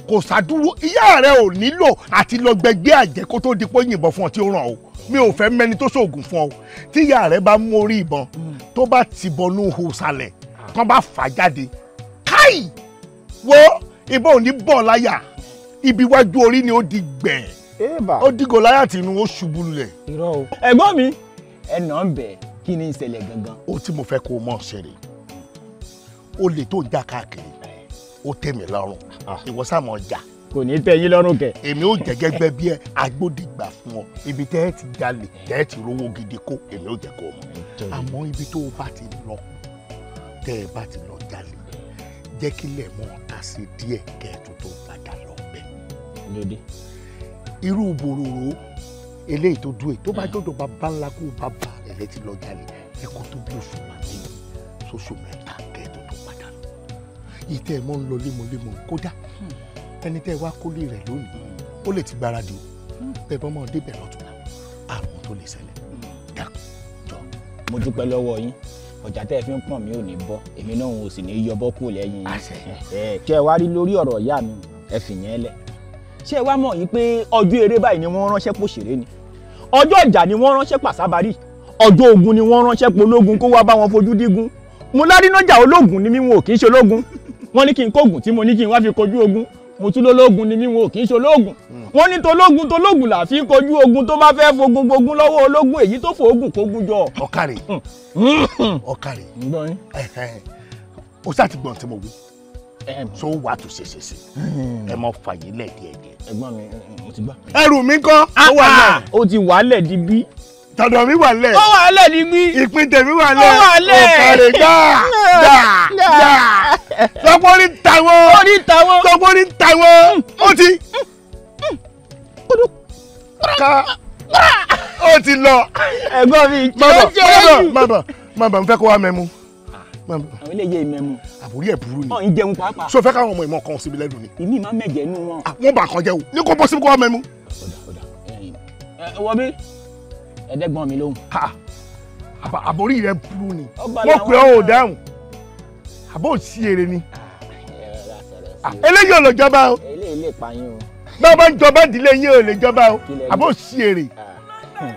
kò sádúró ìyá rẹ ò nílò àti lọ gbẹgbẹ àjẹ kó tó di pé yìnbọn fún ọ tí ó ràn o mi ò fẹ́ mẹ́ni tó ṣoògùn fún ọ tí ìyá rẹ bá mú orí ìbọn hmm. tó bá ti bọnú hù bá fà jáde káì wo ìbọn ò ní bọ̀ láyà ibi iwájú orí ni ó di gbẹ̀ ó di Gòláyátì inú ó ṣubú lulẹ̀. ẹ̀gbọ́n mi ẹ̀nà ń bẹ̀ kí ni ìṣẹ̀lẹ̀ gangan. ó tí mo fẹ́ kó o mọ̀ ṣeré o lè tó ń já káàkiri ó tẹ́ mi lọ́rùn ah. ìwọ sáà mọ̀ ọjà. kò ní tẹ́ yín lọ́rùn kẹ. èmi ò jẹ́ gẹ́gẹ́ bí ẹ agbódìgbà fún ọ ibi tẹ́ ẹ ti jalè tẹ́ ẹ ti rówó gidi kó èmi ò jẹ́ kó o mọ̀ àmọ́ ibi tó o bá ti lọ tẹ́ ẹ bá ti lọ jẹ́ kílẹ̀ mọ́ ọ̀tá sí díẹ̀ kẹ́ẹ̀tù tó padà lọ bẹ́ẹ̀. irú bòròrò eléyìí tó dúró tó bá jọ̀dọ̀ bàbá ńlá kó bàbá rẹ̀ lẹ́tí lọ jalè ẹ̀kọ́ tó bí oṣù màmí sóṣù mẹ́ta kẹ́ẹ̀tù tó padà lọ. ìtẹ́ ẹ̀ mọ́ ń lọ lémọ́lémọ́ kódà ẹni tẹ́ ẹ wá kólé rẹ̀ lónìí ó lè ti gbáradì o bẹ́ẹ̀ bọ́ mọ́ débẹ̀ lọ́tún àrùn tó lè ṣẹlẹ̀ dákùjọ. mo dúpẹ́ lọ́wọ́ yín ọjà tẹ́ ẹ fi ń pọ̀n mi ò ní bọ́ èmi náà ò sì ní yọbọ́ kúrò lẹ́yìn yín ṣe wá rí lórí ọ̀rọ̀ ìyá mi ẹ fi yẹn lẹ̀ ṣé wá mọ̀ yìí pé ọjọ́ eré báyìí ni wọ́n ránṣẹ́ pòṣèré ni ọjọ́ ìjà ni wọ́n ránṣẹ́ pàṣábàárì ọjọ́ ogun ni wọ́n ránṣẹ́ pológun kó wá bá wọn fojú dígun mo lárínájà ológun ni mi wọn ò kì í ṣe ológun wọ́n ní kí n kóògùn tí mo ní kí n wá fi kojú ogun mo tún lólógun ni mí wọn ò kì í ṣe ológun hmm. wọn ní tológun tológun là fi kojú ogun tó bá fẹ́ fogun gbogun lọ́wọ́ ológun èyí tó fòógùn kógun jọ. ọ̀kàrè hmm. Hmm. ọ̀kàrè o sá ti gbọ́n tí mo wí so wà á tún ṣe ṣe ṣe ẹ mọ fàyè lẹ̀ díẹ̀díẹ̀. ẹ̀gbọ́n mi mo ti gbà. ẹrù mi kọ́ ah, ah. ó ti wà lẹ̀ di bí tọ̀dọ̀ mi wà lẹ̀. ó wà lẹ̀ ní mí. ìpín tèmi wà lẹ̀. ó wà lẹ̀. ọ̀kàrẹ̀ gbà gbà gbà. lọ́pọ̀ ní tàwọn. ó ní tàwọn. lọ́pọ̀ ní tàwọn. ó ti. ká ó ti lọ. ẹ̀gbọ́n mi jẹ́ jẹ́ yìí. má bà má bà má bà n fẹ́ kó wa mẹ́mu. àwọn eléyè ìmẹ̀mú. àbúrí ẹ̀ burú ni. ọ̀ ń jẹun pàápàá. so fẹ́ káwọn ọmọ ìmọ̀ kan síbi lẹ́nu ni. ìmí máa ń mẹ̀jẹ̀ nù wọn. Ah, wọ́n bà kàn jẹ́ o ní kó bọ́ síbi kó wa mẹ̀mú. ọ̀dà ọ̀dà ẹ̀yin ẹ̀ wọ́n ẹ̀ẹ́dẹ́gbọ̀n mi lóhùn. àbórí rẹ burú ni wọ́n pè ọ́ ò dáhùn àbó ò sí èrè ni ah, eléyìí ò lè jọba o bá a bá ń jọba ìdílé yín ò lè jọba o àbó ò sí èrè. Ah,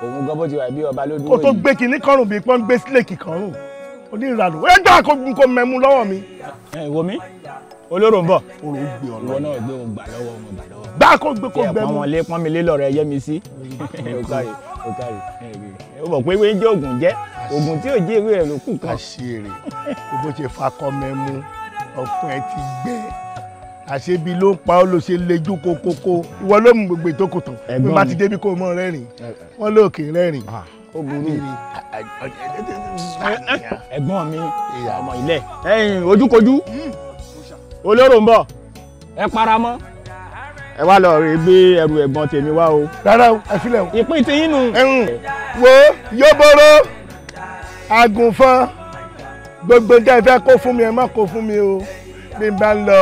hmm. òun gan bó ti wà bí ọba ló dúró yìí. kó tó gbé kinní kọrùn bí pọ́n gbé sílẹ̀kì kọrùn onírànù ẹ gbà kó mẹ́mú lọ́wọ́ mi. ẹ wo mi olóró ń bọ̀. oró gbé ọ lọ. ìwọ náà gbé òun lọ́wọ́ ọmọ gbà gbà kó gbé kó gbẹ mú. ẹ pọn mi lé lọrọ ẹ yẹ mi sí ó kárí ó mọ̀ pé ewé ń jẹ́ oògùn tí ò jẹ́ ewé rẹ̀ ló kù kan. àṣírí bó ṣe fakọ mẹ́mú ọkùn ti gbẹ àṣebi ló ń pa ó ló ṣe lejú kókókó ìwọ ló mú gbogbo ìtókòtò bí bá ti débi kó mọ rẹ́rìn wọn lóòkè rẹ́rìn ó burú ẹ̀gbọ́n mi ọmọ ilẹ̀ ẹ̀yìn ojúkojú hmm. olóró ń bọ̀ ẹ para mọ́ ẹ wá lọ rè gbé ẹrù ẹ̀gbọ́n tèmi wá o. rárá o ẹ filẹ̀ o. ìpín ti yín nù. wo yóboro àgùnfọn gbogbo dá ẹ kó fún mi ẹ má kó fún mi o bí n bá ń lọ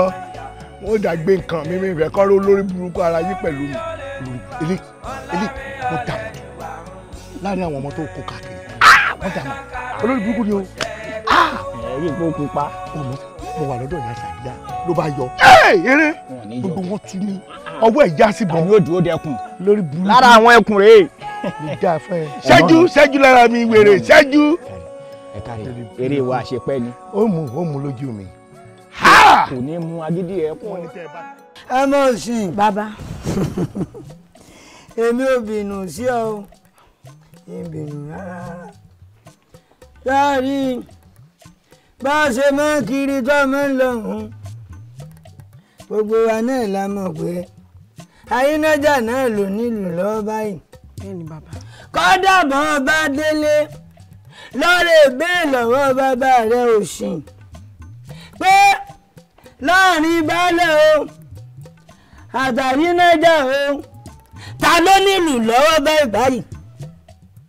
wọn ò dàgbé nǹkan mi mi fẹ́ kọ́ ló lórí burúkú ara yín pẹ̀lú mi èlé èlé mo dà mọ́ láàrin àwọn ọmọ tó kó káàkiri wọ́n ah, dà mọ́ olórí burúkú ni o. ẹ̀rí ìpò pupa. mo wà lọ́dọ̀ ìyá sàdíyà ló bá yọ. eré gbogbo wọn tú mi ọwọ́ ẹ̀ já sí bọ̀. àyè òdùwó dẹkùn. lórí burúkú lára àwọn ẹkùn rèé. ṣẹ́jú ṣẹ́jú lára mi wèrè ṣẹ́jú. ẹ káre eré wa àṣepẹ́ ni. ó mú ó mú lójú mi. kò ní mú agídí ẹ kún. ẹ mọ̀ sí. bàbá
èmi ò bínú sí ọ ìbínú rárá láàrin bá a ṣe máa kiri tó máa ń lọ hùn gbogbo wa náà la mọ̀ pé ayínájà náà ló nílùú lọ́wọ́ báyìí. kọ́dà bọ́ ọba délé lọ́rẹ̀ bẹ́ẹ̀ lọ́wọ́ bàbá rẹ̀ òsìn pé láàrin baálẹ̀ o àtàyínájà o ta ló nílùú lọ́wọ́ báyìí báyìí.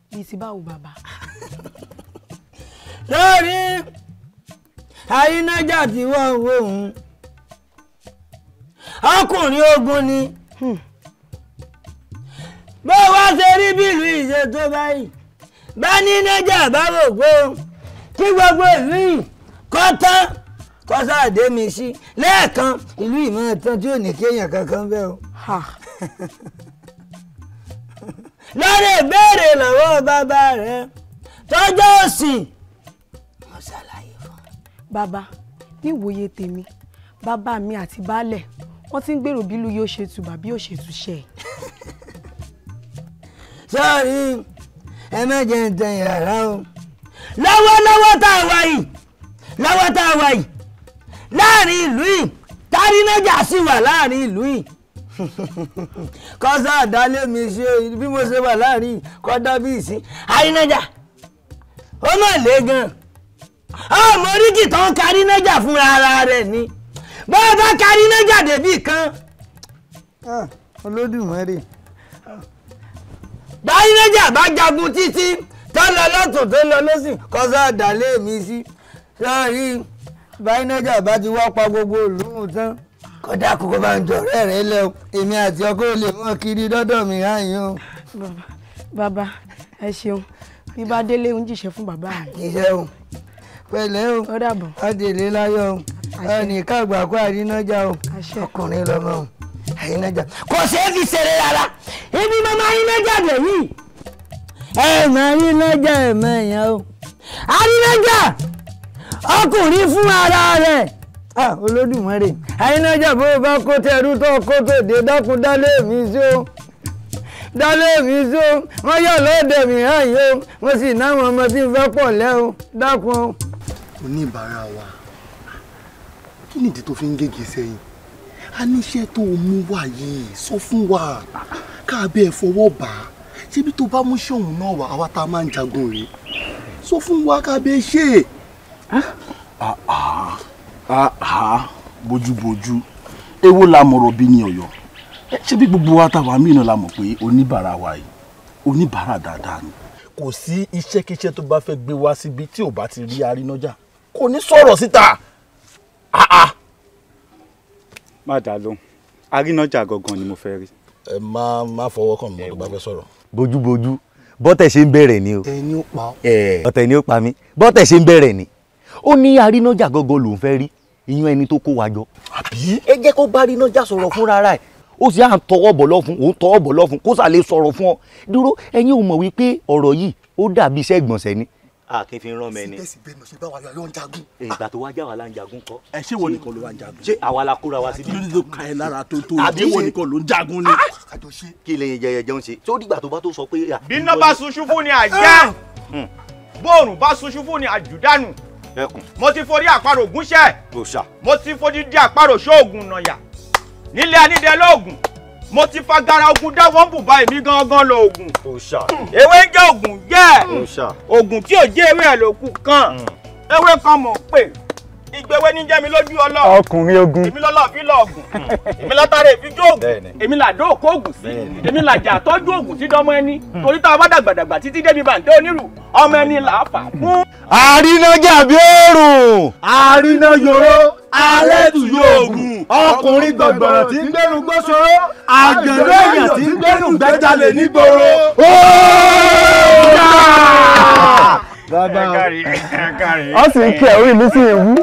bíi ti báwo bàbá.
lórí ayínájà tí wọ́n wò ó ọkùnrin ogun ni
bó wá ṣe rí bílù ìṣe tó báyìí bá ní nẹ́jà
bá wò pé kí gbogbo ìlú yìí kọ́ tán kọ́sáàdé mi sí lẹ́ẹ̀kan ìlú ìmọ̀ tán tí ò ní kéèyàn kankan bẹ́ẹ̀ o. lọ́rẹ̀ ìbéèrè lọ́wọ́ bàbá rẹ
tọ́jú òsì
mo ṣàlàyé
fún un. bàbá níwòye tèmi bàbá mi àti baálẹ̀ wọ́n ti ń gbèrò bílú yóò ṣe tù bàbí yóò ṣe tù ṣe.
sọ́ọ̀rì
ẹ má jẹ́ ń tan yàrá o lọ́wọ́lọ́wọ́ tá a wà yìí lọ́wọ́ tá a wà yìí láàrin ìlú yìí tárínájà sì wà láàrin ìlú yìí kọ́sá àdálé mi ṣe bí mo ṣe wà láàrin kọ́dá bí ìsín àrínájà ó mà lé gan-an àmọ́ oríkì tó ń ka àrínájà fúnra ara rẹ̀ ni bọ́ọ̀ bá kárí iná jáde bíi kan.
Ah, olódùmarè.
báyìíjà bá jagun títí tó lọ lọ́tún tó lọ lọ́sìn kọ́sá àdálé mi sí sọ́ọ́rí báyìíjà bá ti wá pa gbogbo òlùmù tán kódà kókó bá ń jọ̀rẹ́ rẹ lẹ o èmi àti ọkọ ò lè mọ kiri dọ́dọ̀ mi ráyìn o.
bàbá ẹ ṣeun bí bá délé ń jíṣẹ́ fún bàbá mi. jíṣẹ́ o pẹ̀lẹ́ o ó dàbọ̀ o ẹnìkan
àgbàkọ àrínájà o ọkùnrin lọmọ o àrínájà kò ṣeé fi ṣeré rárá ibi mọ́mọ́ àrínájà dé yìí. ẹ mọ àrínájà ẹ mọ èèyàn o àrínájà ọkùnrin fún ara rẹ̀ olódùmarè àrínájà bó bá kó tẹrú tó kó tó dé dákun dálé mi sí o dálé mi sí o wọ́n yọ̀ lóde mi hàn yìí o mo sì náwọn ọmọ tí ń fẹ́ pọ̀ lẹ́ o dákun
oníbàárà wa kí nìdí tó fi ń gègé sẹ́yìn a níṣẹ́ tó o mú wá yìí sọ fún wa káàbẹ̀ fọwọ́ bá a ṣébi tó bá mú ṣọ̀hún náà wá àwa tá a máa ń jagun rèé sọ fún wa káàbẹ̀ ṣe.
Ah, ah, ah,
bójúbójú èwo la mọ̀rọ̀ bí ní ọ̀yọ́ ṣébi gbogbo wa táwa mìíràn la mọ̀ pé oníbàárà wa yìí oníbàárà dáadáa ni kò sí iṣẹ́kíṣẹ́ tó bá fẹ́ gbé wá síbi tí ò bá ti rí arínájà kò ní sọ̀rọ̀ síta. Ah, ah.
má dà lóhùn arínájà gangan ni mo fẹ́ rí. ẹ má
má fọwọ́ kàn mí ọdún bá fẹ́ sọ̀rọ̀. bójúbójú bọ́tẹ̀ ṣe ń bẹ̀rẹ̀ ni o. ẹni ó pa ọ́. ọ̀tẹ̀ ni ó pa mí bọ́tẹ̀ ṣe ń bẹ̀rẹ̀ ni. ó ní arínájà gangan lòún fẹ́ rí ìyún ẹni tó kó wa jọ. àbí. ẹ jẹ́ kó bá arínájà sọ̀rọ̀ fúnra rẹ̀ ó sì á ń tọwọ́ bọ̀ lọ́fun òun tọwọ́ bọ̀ lọ́fun kó sà lè sọ̀rọ̀ fún ọ dúró ẹ̀yin ò mọ̀ wípé ọ̀rọ̀ yìí ó dàbí iṣẹ́ ìgbọ̀nsẹ̀ ni a kì í fi rán mẹ́ni. síbẹ̀síbẹ̀ mo ṣe bá wa lọ ń jagun. ìgbà tó wájà wa la jagun kọ. ẹ ṣé wo nìkan ló wá ń jagun. ṣé àwa la kóra wa síbi. lórí tó ka ẹ lára tó tó àbí wo nìkan ló jagun ni. kí lè yẹn jẹyẹ jẹun ṣe tó dìgbà tó bá tó sọ pé. bíná bá ṣuṣu fún ni àjá ah! hmm. bóòrùn bá ṣuṣu fún ni àjùdánù. mo ti forí àparò gúnṣẹ́ mo ti forí di àparò ṣóògùn mo ti fagara ogun dá wọn bùbá èmi gangan lọ ogun. òòṣà. ewé ń jẹ́ ogun jẹ́. òòṣà. ogun tí ò jẹ́ ewé ẹ̀ ló kan. Mm. ewé kan mọ̀ pé ìgbéwé ní jẹ́mi lójú ọlọ́
ọkùnrin ogun èmi
lọ́lọ́ fi lọ ògùn èmi látàrí ìfijó ògùn èmi làdó òkó ògùn sí èmi làjà tọ́jú ògùn sí dọ́mọ ẹni hmm. torí tá a bá dàgbàdàgbà títí débi bàǹtẹ́ onírù ọmọ ẹni là á fà fún. àrínájà bí oòrùn àríná yòró alẹ́tù yòògùn ọkùnrin gbọ̀ngbọ̀n tí ń gbẹ́nu gbóṣòro àgbẹ̀rẹ̀ èèyàn tí ń gbẹ́nu gbẹ́jalè nígboro. ó yà á
bàbá ọ sì ń kí ẹ
orí mi sì ń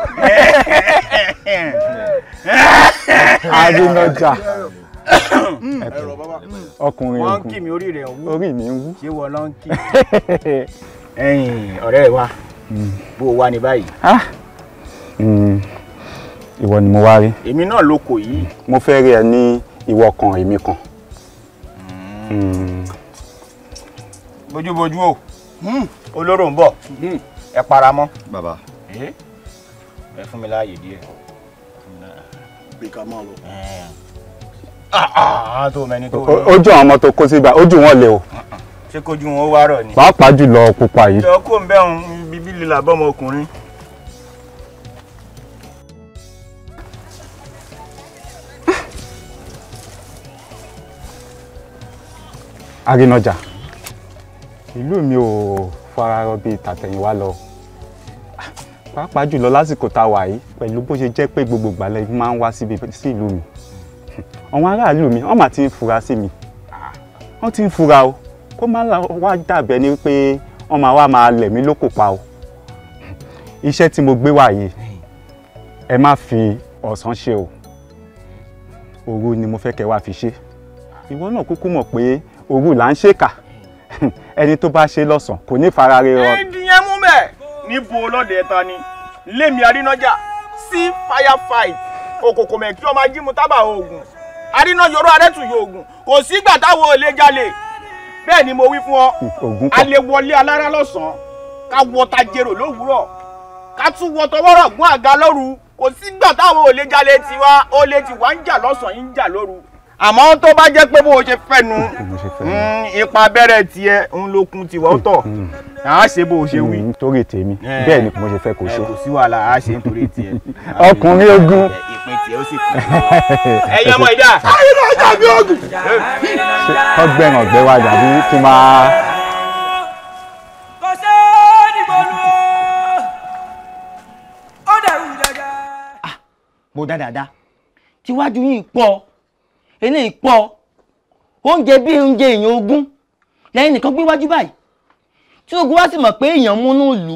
wú àdínọjà
ọkùnrin ogun
orí mi ń wú ṣé wọ́n lọ ń kí ẹ̀yin ọ̀rẹ́ wa mm. bó o wá ní báyìí. Ah. Mm. ìwọ ni mo wá rí.
èmi náà ló kò yìí.
mo fẹ́ rí ẹ ní ìwọ kan èmi kan.
Mm. bójúbójú o. Hmm olóró ń bọ̀
hmm. ẹ para mọ́.
bàbá eh? ẹ fún mi láàyè díẹ̀. bí ká máa lọ. Eh.
Ah, ah, ah, tó mẹni tó lọ. ojú àwọn ọmọ tó kó sí ibà ojú wọn lè o. ṣé kojú wọn wá rọ ni. pàápàá jùlọ pupa yìí. ìjọ kó ń bẹ́
òun bíbí lílà bọ́mọ ọkùnrin.
Aginaja ìlú mi ò fara rọ bíi tàtẹ̀yìnwá lọ pàápàá jùlọ lásìkò tá a wà yìí pẹ̀lú bó ṣe jẹ́ pé gbogbo ìgbàlẹ̀ máa ń wá sí ìlú mi àwọn aráàlú mi wọ́n mà ti ń fura sí mi wọ́n ti ń fura o kó má wá dàbẹ́ ni pé wọ́n máa wá máa lẹ̀ mí lóko pa o iṣẹ́ tí mo gbé wá yìí ẹ má fi ọ̀sán ṣe o òru ni mo fẹ́ kẹ́ wá fi ṣe ìwọ náà kúkú mọ̀ pé òru là ń ṣèkà ẹni tó bá ṣe lọ́sàn kò ní fara rẹ ọ.
ìdíyẹn mú bẹ́ẹ̀ níbo ọlọ́dẹ ta ni lèmi arínájà sí firefight òkòkò mẹ́kí ọmọ ajímú tábà oògùn aríná yorùbá arẹ́tù yòògùn kò sígbà táwọn olè jalè bẹ́ẹ̀ ni mo wí fún ọ hmm, alẹ́wọlé alára lọ́sàn-án ká wọta jèrò lówùúrọ̀ ká tún wọtọ wọ́rọ̀ gún àga lóru kò sígbà táwọn olè jalè tiwa olè tiwa ń jà lọ́sàn-án ń jà lóru àmọ́ tó bá jẹ́ pé bó o ṣe fẹ́ nu
mm,
ipa abẹ́rẹ́ tiẹ̀ ń lókun tiwọ́ tọ̀ à mm. á ṣe bó o ṣe wí.
nítorí mm, tèmi eh. bẹ́ẹ̀ ni mo ṣe fẹ́ kó eh, ṣe. kò
sí wàhálà a ṣe nítorí tiẹ̀. ọkùnrin ogun. Eh, ìpín tiẹ̀ ó sì kú.
ẹ̀yin ọmọ ìdá. ayé
náà tàbí ogun.
ọgbẹ́ràn ọ̀gbẹ́ wa dàbí kí n máa. kò ṣe é dìbò lu
ó dẹrù jẹjẹ. Ah, mo dá dáadáa tíwájú yìí pọ̀ eléyìí pọ̀ oúnjẹ bí oúnjẹ èèyàn ogún lẹ́yìn nìkan gbé wájú báyìí tí ogun wá sì mọ̀ pé èèyàn múnú ìlú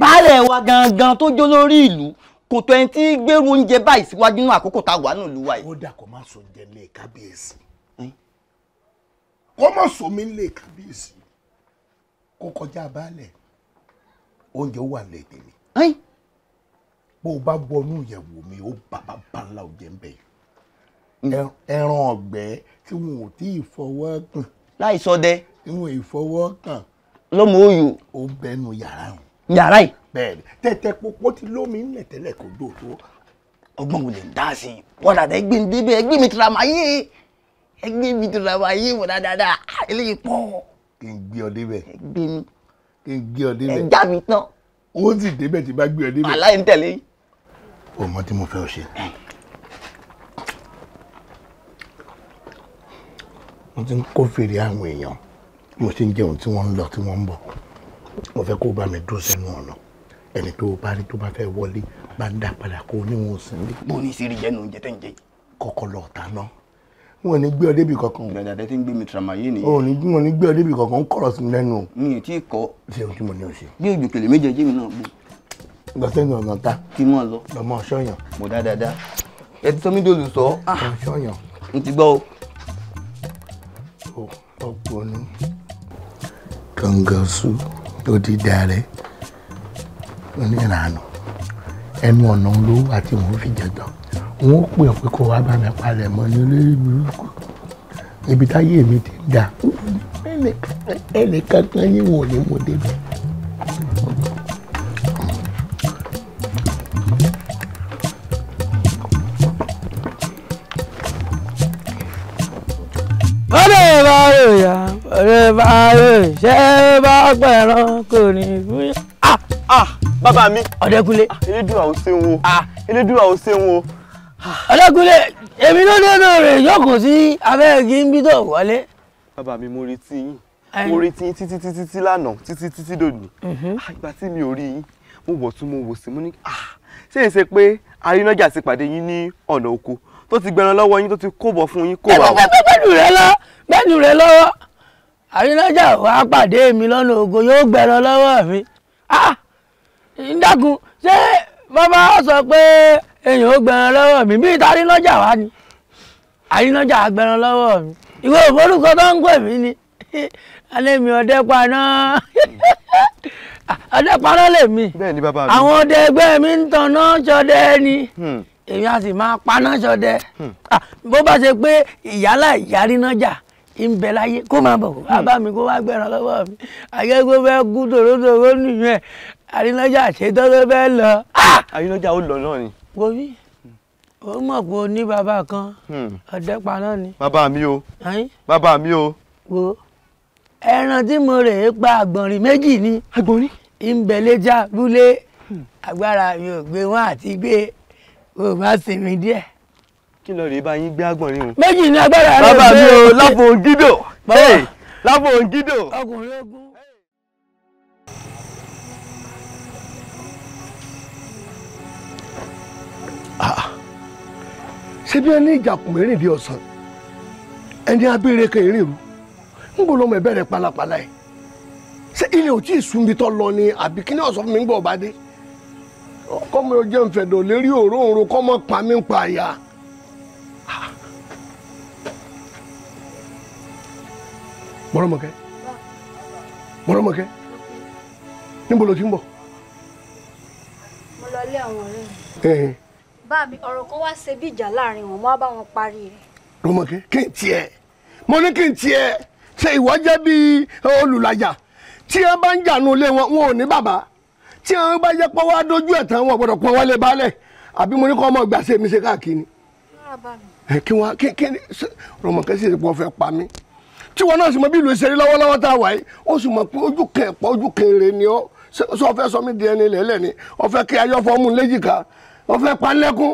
baálẹ̀ wa gangan tó jó lórí ìlú kò tó ẹni tí gbèrú oúnjẹ báyìí síwájú nínú àkókò tá a wà nínú ìlú wa yìí. ó dà kó má sọ oúnjẹ lé kábíyèsí kó má sọ mí lé kábíyèsí kó kọjá baálẹ̀ oúnjẹ wà lẹ́ẹ̀dẹ̀ mi bó o bá wọnú ìyàwó mi ó bàbá bá ńlá oúnjẹ ń bẹ̀ Mm. ẹran ọ̀gbẹ́ tí wọn ò tí ì fọwọ́ kàn. láì sọdẹ. tí wọn ì fọwọ́ kàn. lọ́mọ òyò. ó bẹnu yàrá hàn. yàrá yìí. bẹ́ẹ̀ni tẹtẹ pópó tí lómi ń lẹ tẹ́lẹ̀ kó dò tó. ọgbọ́n wo lè ń dá sí i wọ́n dàda ẹgbẹ́ mi débẹ̀ ẹgbẹ́ mi tìrama yé ẹgbẹ́ mi tìrama
yé wọ́n dàda ah, eléyìí pọ̀.
kí n gbé ọ débẹ̀. ẹgbẹ́ mi. kí n gbé ọ débẹ̀. ẹja mi tán. ó sì débẹ̀ tí bá gbé ọ débẹ̀. àlàyé ń tẹ̀lé. ọmọ tí mo fẹ́ ọ ṣe. mo ti ń kó fèrè àwọn èèyàn mo ti ń jẹun tí wọ́n ń lọ tí wọ́n ń bọ̀ mo fẹ́ kó bá mi dúró sẹ́nu ọ̀nà ẹni tó bá rí tó bá fẹ́ wọlé bá ń dà padà kó níwọ̀n sí ní. mo ní ìṣirí jẹ́nu oúnjẹ tẹ́ ń jẹ. kọ́kọ́ lọ ọ̀tá náà wọn ní gbé ọ débi kankan. dàdà tẹ ti ń gbé mi tìrama yé nìyẹn. òní wọn ní gbé ọ débi kankan ń kọ̀rọ̀ sí mi lẹ́nu. mi ò tí ì kọ́. ṣé o tí mo ní o ṣe. bí òjò kèlè méje jẹ́mi náà gbó. lọ sẹ́yìn ọ̀nà ta. kí mọ̀ lọ. lọ́mọ ṣọ́yàn. mo dá dáadáa. ẹ ti sọ mí dòlù sọ. ṣọ́yàn. n ti gbọ́ o ọ̀fọ̀ ọ̀pọ̀nù kàngàṣù òdìdàrẹ́ oníranù ẹnu ọ̀nà olówó àti wọn fi jẹjọ wọn ó pè ọ́ pé kó wá bá mi palẹ̀ mọ́ ní olórí burúkú ibi táyé mi ti ń dà ẹnìkan kan yín wò ní mo débẹ̀.
bá rè ṣe bá pẹ̀rán kò ní
fún yà. ah ah bàbá mi. ọ̀dẹ́kunlé. elédùn àwọn ṣe ń wo. ah elédùn àwọn ṣe ń wo. Ah, ah. ọ̀dẹ́kunlé èmi ló dédé rè yọkùn sí abẹ́ẹ̀gì ń bí tó wọlé. bàbá mi mo retí yín mo retí yín títí títí títí lánàá títí títí dòní. Mhm. Ah, ìgbà tí mi ò rí yín mo wọ̀ tún mo wò sí mo ní. ṣé èsè pé arínájà ti pàdé yín ní ọ̀nà oko tó ti gbẹran lọ́wọ́ yín tó ti kóbọ̀ fún yín kó wà. bẹ́ẹ̀ bẹ́ẹ̀ bẹ́ẹ̀ bẹ́ẹ̀ bẹ́ẹ̀ bẹ́ẹ̀ bẹ́ẹ̀ bẹ́ẹ̀ bẹ́ẹ̀ bẹ́ẹ̀ bẹ́ẹ̀ bẹ́ẹ̀ àrínájà wàá pàdé mi lọ́nà ògo yóò gbẹ̀rọ lọ́wọ́ mi
ń ah!
dákun ṣé bàbá sọ pé èèyàn ó gbẹ̀rọ lọ́wọ́ mi bí ìtarínájà wá ni àrínájà gbẹ̀rọ lọ́wọ́ mi ìwé
òforúkọ tó ń pè mí ni alẹ́mi ọdẹ paná
ọdẹ paná lèmi àwọn ọdẹ ẹgbẹ́ mi ń tanná ṣọdẹ ni hmm. èmi a sì máa paná ṣọdẹ hmm. ah, bó bá ṣe pé ìyálà ìyárínájà ìbẹ̀ láyé kó máa bọ̀ abámi kó wá gbẹ̀ràn lọ́wọ́ mi àgẹ́gbẹ́ fẹ́ kú tòrótòró
nìyẹn àrínájà ṣetán ló fẹ́ lọ. àrínájà ó lọ náà ni. wo bí
o mọ̀ pé o ní bàbá kan hmm. ọ̀dẹ́pà náà ni.
bàbá mi o bàbá
mi o. wo ẹran tí mo rè é pa àgbọ̀nrín méjì ni. àgbọ̀nrín. ìbẹ̀ lè já búlé agbára mi ò gbé wọn àti gbé o bá sinmi díẹ̀
kí lọ rèé bá yín gbé àgbọ̀nrín o. méjì ní agbára rẹ bẹ́ẹ̀ bàbá mi o láfo gídò láfo gídò. ọkùnrin ogun. Ah, ah. ṣé bí ẹni ìjàkùn erin di ọ̀sán ẹni abẹ́rẹ́ kan erin ru ń bò lọ́mọ ẹ̀bẹ̀ rẹ̀ pálapàla ṣé ilé ò tí ì sunbi lọ ni àbí kí ni ọ̀sán fún mi ń gbọ́ ọ̀bá dé kọ́mọ ojú ẹ̀ǹfẹ̀dọ̀ lérí òróǹro kọ́mọ pa mí ń pa àyà. mọ́rọ́mọ́kẹ́ mọ́rọ́mọ́kẹ́ níbo lo ti ń bọ̀.
mo lọ ilé àwọn ọ̀rẹ́ mi. bá mi ọ̀rọ̀ kan wá ṣe bí ìjà láàrin wọn mo wá bá wọn parí rẹ̀.
rọmọkẹ́ kí n tiẹ̀ mo ní kí n tiẹ̀ ṣe ìwọ jẹ́ bíi olùlàjà tí wọ́n bá ń jànú ilé wọn wọn ò ní bàbá tí wọ́n bá jẹ́ pọ́wọ́ adójú ẹ̀ tán wọn gbọ́dọ̀ pọ́n wọlé baálẹ̀ àbí mo ní kọ́ ọmọ ìgbà mi ṣe káàkiri. kí wọ́n kí kí rọmọkẹ́ sì ti pọ́ fẹ́ pa mí tí wọn náà sì mọ bí ìlú ṣe rí lọ́wọ́lọ́wọ́ tá a wà yìí ó sì mọ pé ojú kan ẹ̀pọ̀ ojú kan èrè ni ọ́ sọ fẹ́ sọ mí di ẹni lẹ́lẹ́ ni ó fẹ́ kí ayọ́ fọ́ọ̀mù léjìká ó fẹ́ pa lẹ́kún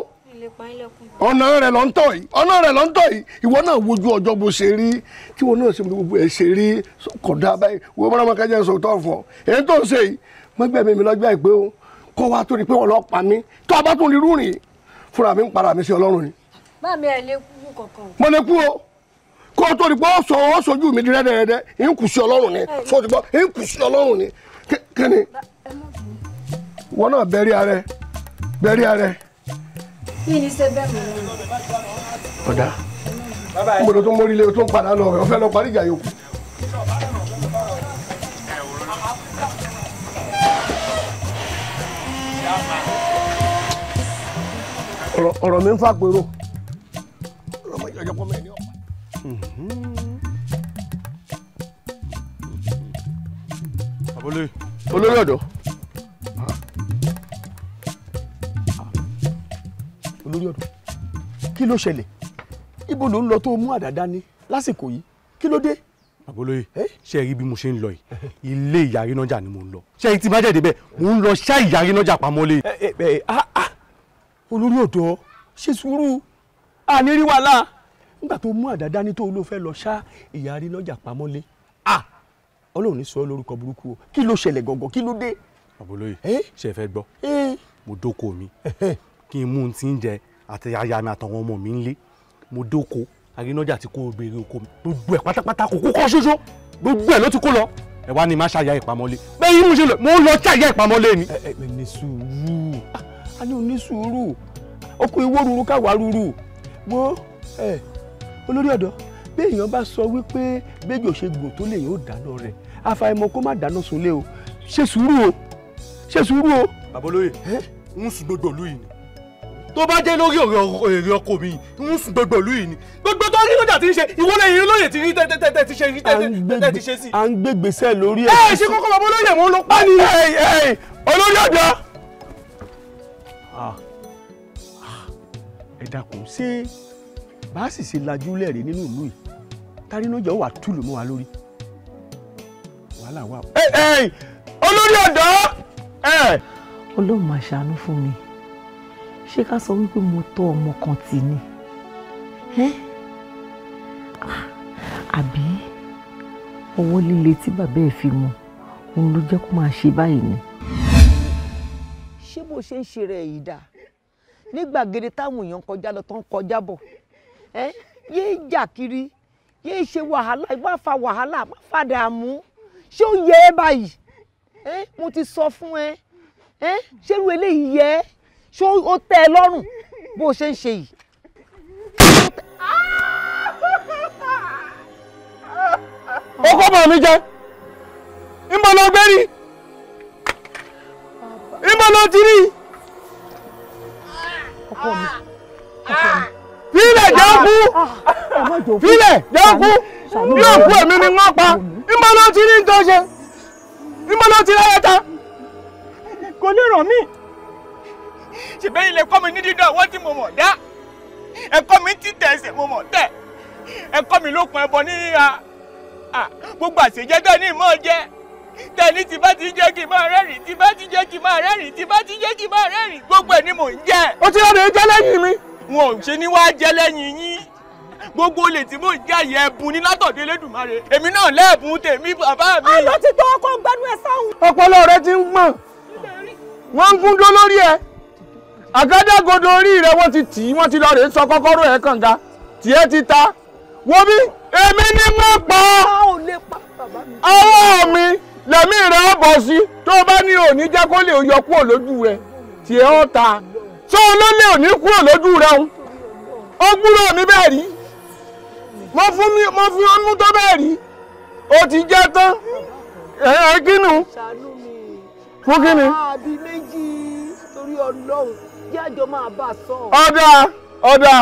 ọ̀nà rẹ̀ ló ń tọ̀ yìí ọ̀nà rẹ̀ ló ń tọ̀ yìí ìwọ náà wojú ọjọ́ bó ṣe rí tí wọn náà sì mọ gbogbo ẹ̀ ṣe rí kódà báyìí wo bọ́dọ̀ mọ kájẹ́ sọ tọ́ a bá para mi sí ọlọ́run ni.
bá mi ẹ̀
kó o tó di pé ó sọ ó sojú mi di rẹ́dẹ̀rẹ́dẹ́ ń kù sí ọlọ́run ni sọ ti gbọ́ ń kù sí ọlọ́run ni kí ni wọn náà bẹ̀rí ara ẹ bẹ̀rí ara ẹ.
yìí ṣe bẹ́ẹ̀ mọ̀
ọ́. ọ̀dà gbọdọ̀ tó mórí lé tó ń padà lọ ọ lọ parí ìjà yòókù. ọ̀rọ̀ mi ń fà pérò ọ̀rọ̀ mi ń jọjọ́ pọ́ mẹ́rin olórí olórí ọ̀dọ́ olórí ọ̀dọ́ kí ló ṣẹlẹ̀ ibo ló ń lọ tó mú àdá dání lásìkò yìí kí ló dé. àbólóyè ṣe rí bí mo ṣe ń lọ yìí ilé ìyá ni mo ń lọ ṣe èyí tí bá jẹ́ débẹ̀ mo ń lọ ṣá ìyá arínájà pamọ́ lé. Ah, ah. olórí ọ̀dọ́ ṣe sùúrù àníríwá nígbà tó mú àdá dání tó ló fẹ́ lọ ṣá ìyá rí lọ́jà pamọ́lé ah ọlọ́run ní sọ ọ́ lórúkọ burúkú o kí ló ṣẹlẹ̀ gangan kí ló dé. àbólóyè ṣe fẹ́ gbọ́ mo dóko mi kí n mú un ti ń jẹ àti aya mi àtàwọn ọmọ mi ń lé mo dóko arínájà ti kó gbèrè oko mi gbogbo ẹ̀ pátápátá kò kó ṣoṣo gbogbo ẹ̀ ló ti kó lọ ẹ wá ní má ṣàyà ìpamọ́lé bẹ́ẹ̀ mo ṣe lọ mo lọ ṣàyà ìpamọ́lé ni.
ẹ ẹ ní sùúrù ah,
a ní onísùúrù ọkùnrin wó ruru káwa ruru wo ẹ olórí ọ̀dọ́ bí èèyàn bá sọ wípé bẹ́ẹ̀ yóò ṣe gùn tó lè yóò dáná rẹ̀ àfàìmọ̀ kó má dáná sunlé o ṣe sùúrù o ṣe sùúrù o. bàbá olóyè ń sùn gbogbo ìlú yìí ni tó bá dé lórí èrè ọkọ mi ń sùn gbogbo ìlú yìí ni gbogbo tó rí lójà ti ń ṣe ìwọ lẹ́yìn olóyè ti rí tẹ́tẹ́tẹ́ ti ṣe rí tẹ́tẹ́ ti ṣe sí. à ń gbégbèsè lórí ẹ. ẹ ṣe kókó bàbá olóyè mo ń lọ pa ni. olórí ọ̀dọ́. ẹ dákun ṣé bá sì ṣe lajú lẹ́rìí nínú ìlú yìí tárínájà ó wà túlù mọ́ wa lórí wàhálà wà. olórí ọ̀dọ́. olóhùn máa ṣàánú fún mi ṣé ká sọ wípé mo
tọ́ ọmọ kan tì ni àbí ọwọ́ líle tí bàbá ẹ̀ fi mu òun ló jẹ́ kó máa ṣe báyìí ni. ṣé bó ṣe ń ṣe rẹ̀ yìí dáa ní gbàgede táwọn èèyàn kọjá lọ tó kọjá bọ̀ ẹ yéé jà kiri yéé ṣe wàhálà ìbá fa wàhálà má fa dààmú ṣé ó yẹ ẹ báyìí ẹ mo ti sọ fún ẹ ẹ ṣé irú eléyìí yẹ ẹ ṣé ó tẹ ẹ lọ́rùn bó o ṣe ń ṣe yìí.
ó kọ́ mọ̀ mi jẹ́ ìmọ̀ lọ gbẹ́rì ìmọ̀ lọ tìrì. ọkọ mi ọkọ mi filẹ̀ jẹ́ kú filẹ̀ jẹ́ kú bí òkú èmi ni wọ́n pa ìmọ̀ ló ti ní tó ṣe ìmọ̀ ló ti lẹ́yẹ ta.
kò lè ràn mí. ṣèbẹ́ ilé kọ́ mi ní dídán ọwọ́ tí mo mọ̀ dá ẹ̀kọ́ mi ti tẹ̀ ẹsẹ̀ mo mọ̀ tẹ̀ ẹ̀kọ́ mi ló pọn ẹbọ ní gbogbo àṣejẹ́ tẹ́ ní ìmọ̀ jẹ́ tẹ̀lé tí bá ti jẹ́ kí n máa rẹ́rìn tí bá ti jẹ́ kí n máa rẹ́rìn tí bá ti jẹ́ kí n máa rẹ́rìn gbogbo ẹ̀ ni mò ń jẹ́. o ti rẹ̀ jẹ́ lẹ́yìn mi wọn ò ṣe ní wá jẹ lẹ́yìn yín gbogbo olè tí mò ń jẹ́ àyè ní látọ̀dé lẹ́dùnmáre èmi náà lẹ́ẹ̀bùn tèmi bàbá mi. ayọ̀ ti tó ọkọ gbẹnu ẹ sáwọn. ọpọlọ rẹ ti ń gbọ̀n wọ́n ń gúndó lórí ẹ àgádágodo orí rẹ wọ́n ti tì í wọ́n ti lọ rèé sọ kọ́kọ́rọ́ ẹ kànga tì ẹ ti ta wo bí èmi ní mọ pa ọwọ́ mi lẹ́mí rẹ bọ̀ sí tó bá ní òní jẹ́ kó lè yọ kúrò lójú rẹ tì ẹ ọ̀ ta tó olólè ò ní kúrò lójú rẹ òun ó gbúrò mi bẹ́ẹ̀ rí mo fún mi mo fún ọmú tó bẹ́ẹ̀ rí ó ti jẹ́ tán ẹ̀ ẹ́ kínú fún kínní. àbí méjì torí
ọlọ́run jẹ́ àjọ máa bá a sọ. ọ̀dà
ọ̀dà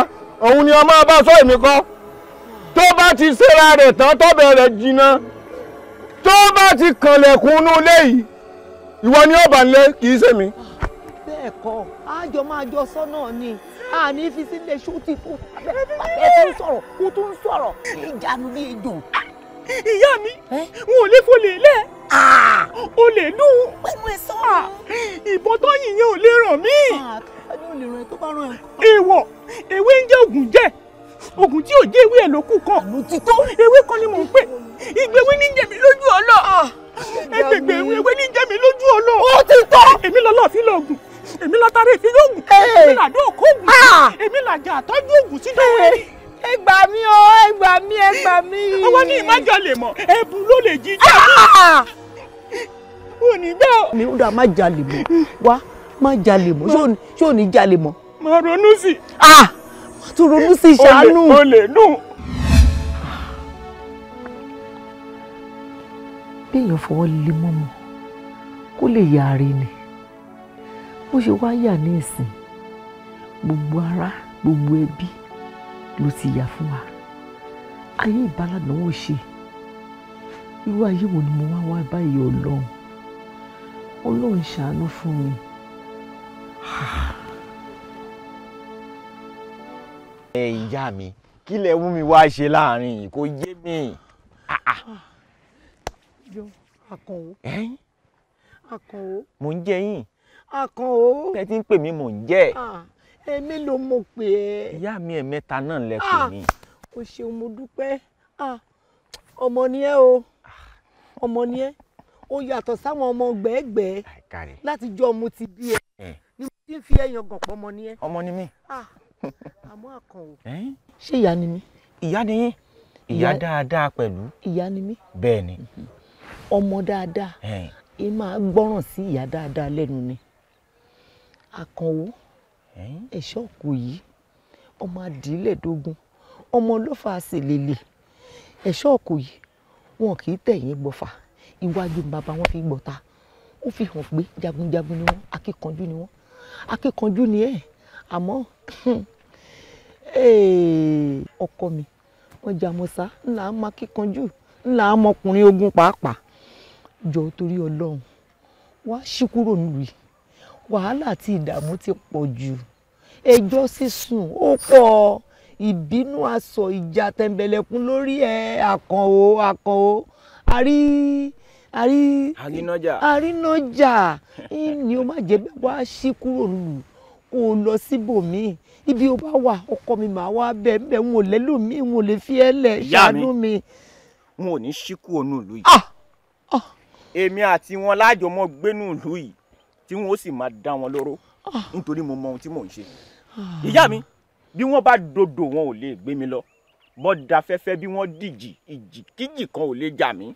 òun ni ọmọ bá sọ èmi kọ́ tó bá ti ṣera rẹ̀ tán tọ́bẹ̀ rẹ̀ jìnnà tó bá ti kànlẹ̀kùn inú ilé yìí ìwọ ni ó bá kì í ṣèmi.
bẹ́ẹ̀ kọ́ àjọ máa jọ sọ́nà ni àní fi sílẹ̀ ṣútì fún ẹ tún sọ̀rọ̀ ó tún sọ̀rọ̀ ìjánu ní ejò.
ìyá mi n ò lè folè lẹ o lè lù ú pẹ̀lú ẹ sọ ìbọn tó yìn yẹn ò lè ràn mí. èèwọ̀ ewé ń jẹ́ ògùn jẹ́ ògùn tí ò jẹ́ ewé ẹ̀ ló kù kan ewé kan ni
mò ń pè ìgbéwé ní jẹ̀mí lójú ọlọ́ ẹgbẹ̀gbẹ̀ ewé ní jẹ̀mí lójú ọlọ́ ó ti tọ́ èmi lọ́lọ́ fi lọ́ọ̀gùn èmi látàrí ìfiyé ògùn èmi làdó òkú ògùn
èmi làjà àtọ́jú ògùn sínú ìwé ni. ẹ gbà mí o ẹ gbà mí ẹ gbà mí. ọwọ́ ní ìmájà lè mọ̀ ẹ̀bù ló lè jíjà. ò ah! ní gbà.
mi
ò dá má jalè mọ́ wá má jalè mọ́ ṣé ò ní jalè mọ́.
má ronú sí. ah
má tún ronú sí ṣàánú. o lè nù. bí èèyàn fọwọ́ lé mọ́ mọ́ kó lè yára ni bó ṣe wá yà ní ìsìn gbogbo ará gbogbo ẹbí ló ti yà fún wa ayé ìbálàdàn ò ṣe
irú ayé wo ni mo wá wá báyìí ọlọ́run ọlọ́run ṣàánú fún mi. ẹ ìyá mi kí lẹ mú mi wá ṣe láàrin yìí kò yé mi. yọ ah, ah. àkànwó àkànwó. mò ń jẹ yín akàn o. ẹ ti ń pè mí mò ń jẹ́. èmi ló mo pè é. ìyá mi ẹ̀mẹ́ta náà lẹ
pè mí. o ṣeun mo dúpẹ́ ọmọ ni ẹ o ọmọ ni ẹ o yàtọ̀ sáwọn ọmọ gbẹ́gbẹ́
láti jọ mo ti bí ẹ ni mo ti ń fi ẹyàn gàn pọ̀ ọmọ ni ẹ. ọmọ ni mí. àmọ́ akàn o. ṣé ìyá ni mí. ìyá ni yín ìyá dáadáa pẹ̀lú. ìyá ni mí. bẹ́ẹ̀ ni.
ọmọ dáadáa ẹ máa gbọ́ràn sí ìyá dáadáa lẹ́nu ni àkànwó ẹ̀ṣọ́ òkú yìí ọmọ àdìlẹ̀dógún ọmọ ọlọ́fà àṣìlélè ẹ̀ṣọ́ òkú yìí wọn kì í tẹ̀yìn gbọ́fà iwájú bàbá wọn fi gbọ́ta ó fi hàn pé jagunjagun ni wọn akíkanjú ni wọn akíkanjú ni ẹ àmọ́ ọkọ mi wọn jàmọ̀sá ńlá máa kíkanjú ńlá ọmọkùnrin ogun pàápàá jọ torí ọlọ́run wá ṣí kúrò nílùú yìí wàhálà àti ìdààmú ti pọ̀ jù ẹjọ́ sísùn ó pọ̀ ìbínú aṣọ ìjà tẹ̀m̀bẹ̀lẹ̀kún lórí ẹ̀ àkànwò àkànwò àrí àrí àrínájà àrínájà
ni o má jẹ́ bẹ́ẹ̀ wá sí kúrò lù kó o lọ síbòmíì ibi o bá wà ọkọ mi màá wá bẹ́ẹ̀ bẹ́ẹ̀ n ò lẹ́lòmíì n ò lè fi ẹ́ lẹ̀ ṣàánú mi. n ò ní ṣíkú ònú ìlú yìí ah, ah. èmi àti wọn lájọmọ gbénú ìlú yìí tí wọn ó sì máa dá wọn lóró ah. nítorí mo mọ ohun tí mò ń ṣe ah. ìyá mi bí wọ́n bá dodo wọn ò lè gbé mi lọ bọ́ da fẹ́fẹ́ bí wọ́n dìjì ìjìkíjì kan ò lè jà mí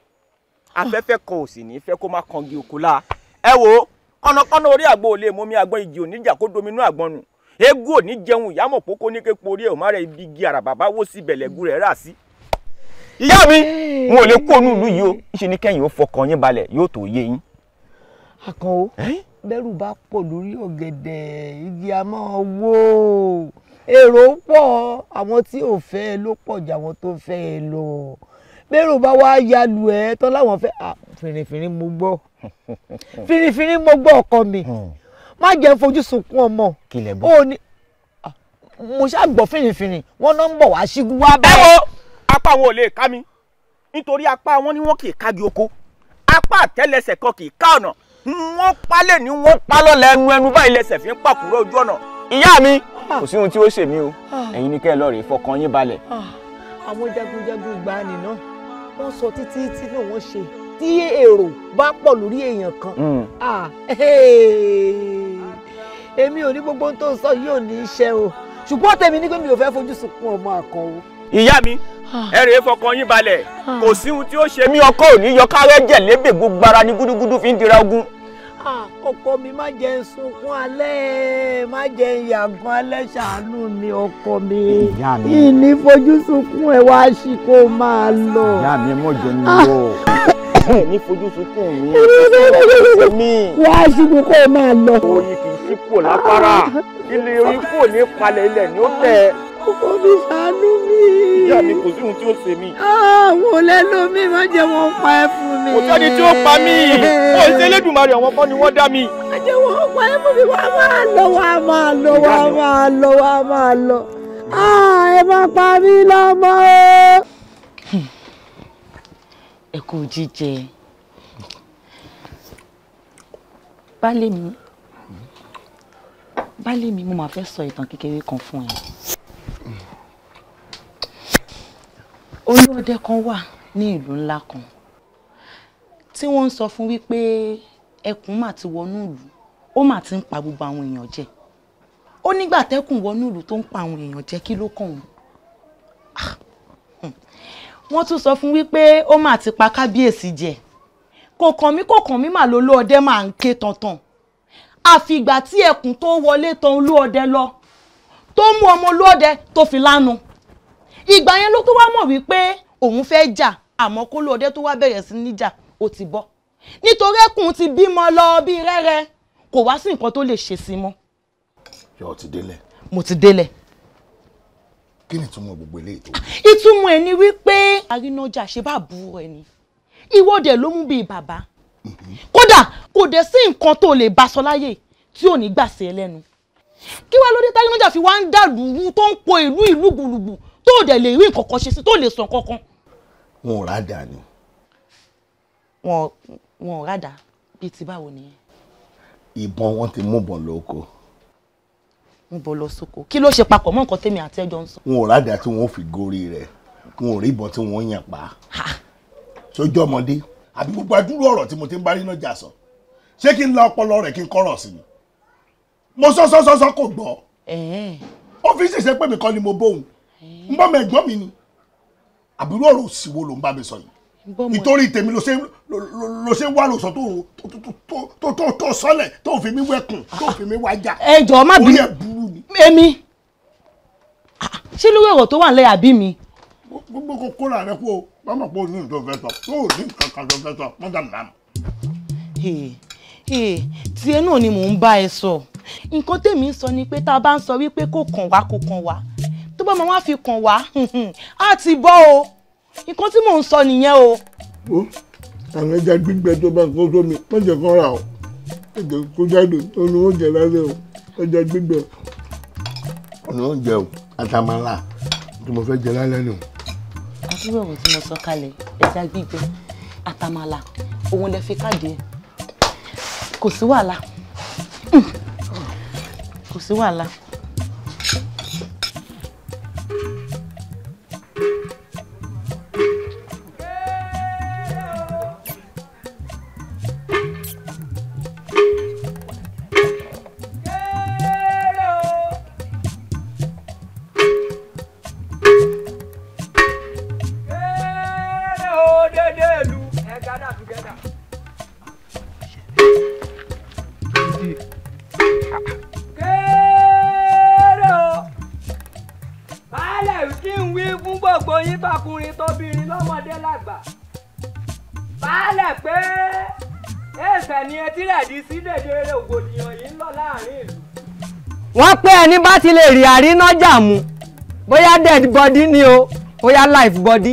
ah. afẹ́fẹ́ kan ò sì ní fẹ́ kó má kangi oko la ẹ wo kọ́nàkọ́nà orí àgbọn ò lè mú mi àgbọn ìjì oníjà kó dominú àgbọn nù eégú ò ní jẹun ìyámọ̀ pókó ní képo orí ẹ̀ ò má rẹ̀ ibi igi àràbàbá wó sí bẹ̀lẹ̀gù rẹ̀ rà sí. ìyá mi n ò lè kó onú ìlú yìí o
ṣe ni kẹ́yìn ó fọkàn yín balẹ̀ yóò tó yé yín. àkànó
bẹ́rù bá pọ̀ lórí ọ̀gẹ̀dẹ̀ igi a máa wó èrò pọ̀ àwọn tí ò fẹ́ ẹ ló pọ̀ jù àwọn tó fẹ́ ẹ lọ bẹ́rù bá wá
yalù ẹ tán láwọn fẹ́
fìrìfìrìn mo gbọ́ fìrìfìrìn mo gbọ́ ọkọ mi hmm. má jẹ́ fojú sunkún ọmọ ó ní mo ṣàgbọ́ fìrìfìrìn wọ́n náà ń bọ̀ wá ṣígun wá báyìí. ẹ wo apá wọn ò lè ká mi nítorí apá wọn ni wọn kì í kági oko apá àtẹ́lẹsẹ̀ kan kì í ká ọ̀nà wọ́n pa lè ní wọ́n pa lọ́la ẹnu ẹnu báyìí lẹsẹ̀ fi ń pàkúrọ̀ ojú ọ̀nà ìyá mi kò sí ohun tí ó ṣe mí o ẹ̀yin ni kẹ́ ẹ lọ rèé fọkàn yín balẹ̀.
àwọn jagunjagun gbani náà wọ́n sọ títí tí náà wọ́n ṣe tí èrò bá pọ̀ lórí èèyàn kan hmm. èmi ò ní gbogbo ohun tó ń sọ yìí ò ní í ṣe o ṣùgbọ́n tèmi ní pé mi ò fẹ́ fojú sunkún ọmọ àkànwò.
ìyá mi ẹrẹ fọkàn yín balẹ̀ kò sí ohun tí ó ṣe mí ọkọ ò ní yọ kárẹ́ jẹ̀ lébè gbogbo ara ní gúdúgúdú fi ń dira ogun.
ọkọ mi má jẹ́ ń sunkún alẹ́ má jẹ́ ń yàgàn alẹ́ ṣàánú
mi ọkọ mi ìní fojú sunkún ẹ wá sí kó máa lọ. ìyá mi mọ̀ jẹ́ mi lọ ní fojú sunkún mi wá síbi kó máa lọ. oyin kì í sí kò lápára ilé oyin kò ní palẹ̀ ilẹ̀ ni ó tẹ̀ omi ṣàánú mi. ìyá mi kò sí ohun tí ó ṣe mí. Ah, àwọn olè máa jẹ́ wọ́n pa ẹ́ fún mi. kò sẹ́ni tí ó pa mí. ó ṣe Elédùmarè àwọn kan ni wọ́n dá mi. má jẹ́ wọ́n pa ẹ́ fún mi wá máa lọ wá máa lọ wá máa lọ wá máa
lọ. Ah, ẹ má pa mí lọ́mọ
ẹ kú jíjẹ
baálé mi baálé mi mo máa fẹ́ sọ ìtàn kékeré kan fún ẹ. olóòdẹ kan wà ní ìlú ńlá kan tí wọ́n ń sọ fún wípé ẹkùn mà ti wọnú ìlú ó mà ti ń pa gbogbo àwọn èèyàn jẹ ó nígbà tẹ́kùn wọnú ìlú tó ń pa àwọn èèyàn jẹ kí ló kàn wọ́n ah, hmm. wọ́n tún sọ fún wípé ó mà ti pa kábíyèsí jẹ kò kàn mí kò kàn mí mà lólú ọdẹ máa ń ké tantan àfìgbà tí ẹkùn tó wọlé tan olú lọ tó mú ọmọ olú tó fi lánàá ìgbà yẹn ló tó wá mọ̀ wípé òun fẹ́ jà àmọ́ kó lóòdẹ tó wá bẹ̀rẹ̀ sí níjà ó ti bọ́ nítorí ẹkùn ti bímọ lọ bí rẹ́rẹ́ kò wá sí nǹkan tó lè ṣe sí mọ́.
yóò ti délẹ̀. mo ti délẹ̀.
kí ni ìtumọ̀ gbogbo eléyìí tó. ìtumọ̀ ẹ̀ ni wípé àrínájà ṣe bá bu rẹ̀ ni ìwọ́dẹ̀ ló mú bíi bàbá mhm. kódà kò dẹ̀ sí nǹkan tó lè bá sọ láyè tí ò ní gbà sí ẹ lẹ́nu kí wàá lóde tárínájà fi wá ń dàlúrú tó ń po ìlú ìlú gbùlùgbù tó dẹ̀ lè rí nǹkan kan ṣe sí tó lè sàn kankan.
wọn ò rádà ni.
wọn wọn ò rádà bíi ti báwo nìyẹn.
ìbọn wọn ti mú bọ̀ lóko.
mú bọ̀ lọ sóko kí ló ṣe papọ̀ mọ́ nǹkan tèmi àti ẹjọ́ ń sọ.
wọn ò rádà tí wọn ò fi gorí rẹ̀ wọn ò rí ìbọn tí wọn yàn pa. sójú àbí gbogbo adúrú ọ̀rọ̀ tí mo ti ń bá rí náà jà sọ ṣé kí n la ọpọlọ rẹ̀ kí n kọ́rọ̀ sí ni mo sọ sọ sọ sọ kò gbọ́ ó fi pé mi kọ́ ni mo bóun ń bọ́ mẹ́gbọ́n mi ni àbúrò ọ̀rọ̀ òsì wo ló ń bá mi sọ yìí nítorí tèmi ló ṣe ló ṣe wá lòsàn tó tó tó tó sọlẹ̀ tó fi mi wẹ̀kùn tó fi mi wájà. ẹ jọ̀ọ́ má bí èmi
ṣé ló wẹ̀rọ̀ tó wà ń lẹ́ àbí mi.
gbogbo kò kóra rẹ kú o wọn mọ̀ pé o ní nǹkan fẹ́ sọ tó o ní nǹkan kan tó fẹ́ sọ wọn dà mí láàmú.
tiẹ̀ náà ni mò ń bá ẹ sọ nǹkan tèmi sọ ni pé tá a bá ń sọ wípé kò kàn wá kò kàn wá tó bá máa wá fi kàn wá á ti bọ́ o nǹkan tí mò ń sọ
nìyẹn o. o àwọn ẹja gbígbẹ tó bá kó sómi wọ́n jẹ́ kán rà o ètò kó jáde tó ní oúnjẹ lálẹ́ o ẹja gbígbẹ ọ̀nà oúnjẹ o àtàmàlà tí mo fẹ́ jẹ lálẹ́ nù.
àtúwẹ̀wò tí mo sọ kalẹ̀ ẹja gbígbẹ àtàmàlà òun lè fi káàdì ẹ kò sí wàhálà hmm. kò sí wàhálà.
baálẹ̀ pé èèfẹ̀ ni etí rẹ̀ di sí dèdèrè ògbòdìyàn yìí ń lọ láàrin ìlú. wọ́n pé ẹni bá ti lè rí àrínájà mu bóyá dead body ni o bóyá life body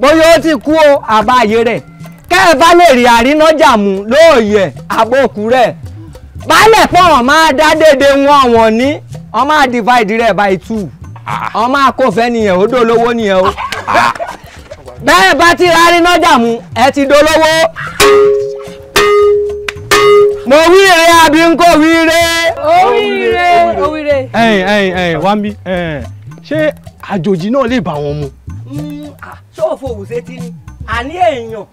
bóyá ó ti kú o àbáyé rẹ̀ kẹ́ ẹ bá lè rí àrínájà mu lóòyè àbókù rẹ̀ baálẹ̀ pé wọ́n máa dá dédé wọn wọ̀n ní wọ́n máa divide rẹ̀ by two ah. wọ́n máa kó fẹ́ nìyẹn ó dólówó nìyẹn o. Ah bẹ́ẹ̀ bá ti ra rí nọ́jà mu ẹ ti dolówó. mo wíire àbí n kò wíire. ó wíire ó wíire. ẹyìn
ẹyìn ẹyìn wá mi ṣé àjòjì náà lè bá wọn mu.
Mm, ah, ṣé òfò òwúṣe ti ní àní èèyàn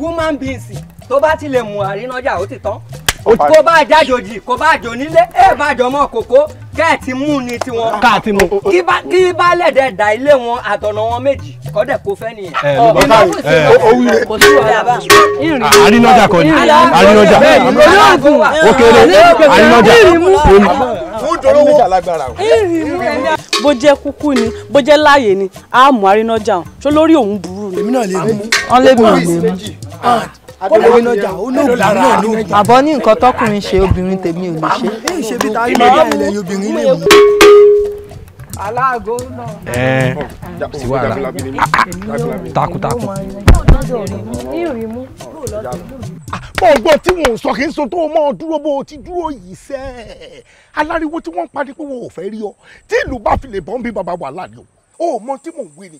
woman beans tó bá tilẹ̀ mú àrínájà ó ti tán kó bá jájòjì kó bá jò nílé ẹ bá jọ mọ kókó kẹ́ẹ̀tì mú ni tiwọn. káàtì mú. kí bá lẹ̀dẹ̀ dà ilé wọn àtọ̀nà wọn méjì kọ́dẹ̀ kó fẹ́ nìyẹn. ẹ ló bá káyọ̀ kò sí wàhálà bá. àrínájà kọ́ni àrínájà
ó kéré
àrínájà
bó jẹ́ kúkú ni bó jẹ́ láàyè ni àmọ́ àrínájà ṣó lórí òun burú ni. èmi náà lè mú.
ọ̀n lè mú olórí lọ́jà olóògùn náà ló bí. àbọ̀ ní nǹkan tọkùnrin ṣe obìnrin tèmi ò lè
ṣe. ẹ ṣe bí ta ilé ìyá ilẹ̀
aláàgó náà. ẹ sì wà rà takuntakun.
Ah, ah, ah, mo gbọ́ tí wọ́n sọ kí n sọ tó o mọ́ ọ dúró bó o ti dúró yìí sẹ́ aláriwo tí wọ́n parí pé wọn ò fẹ́ rí ọ tí ìlú bá fi lè bọ́ ń bí baba wà láàrin o ò mọ tí mò ń wí ni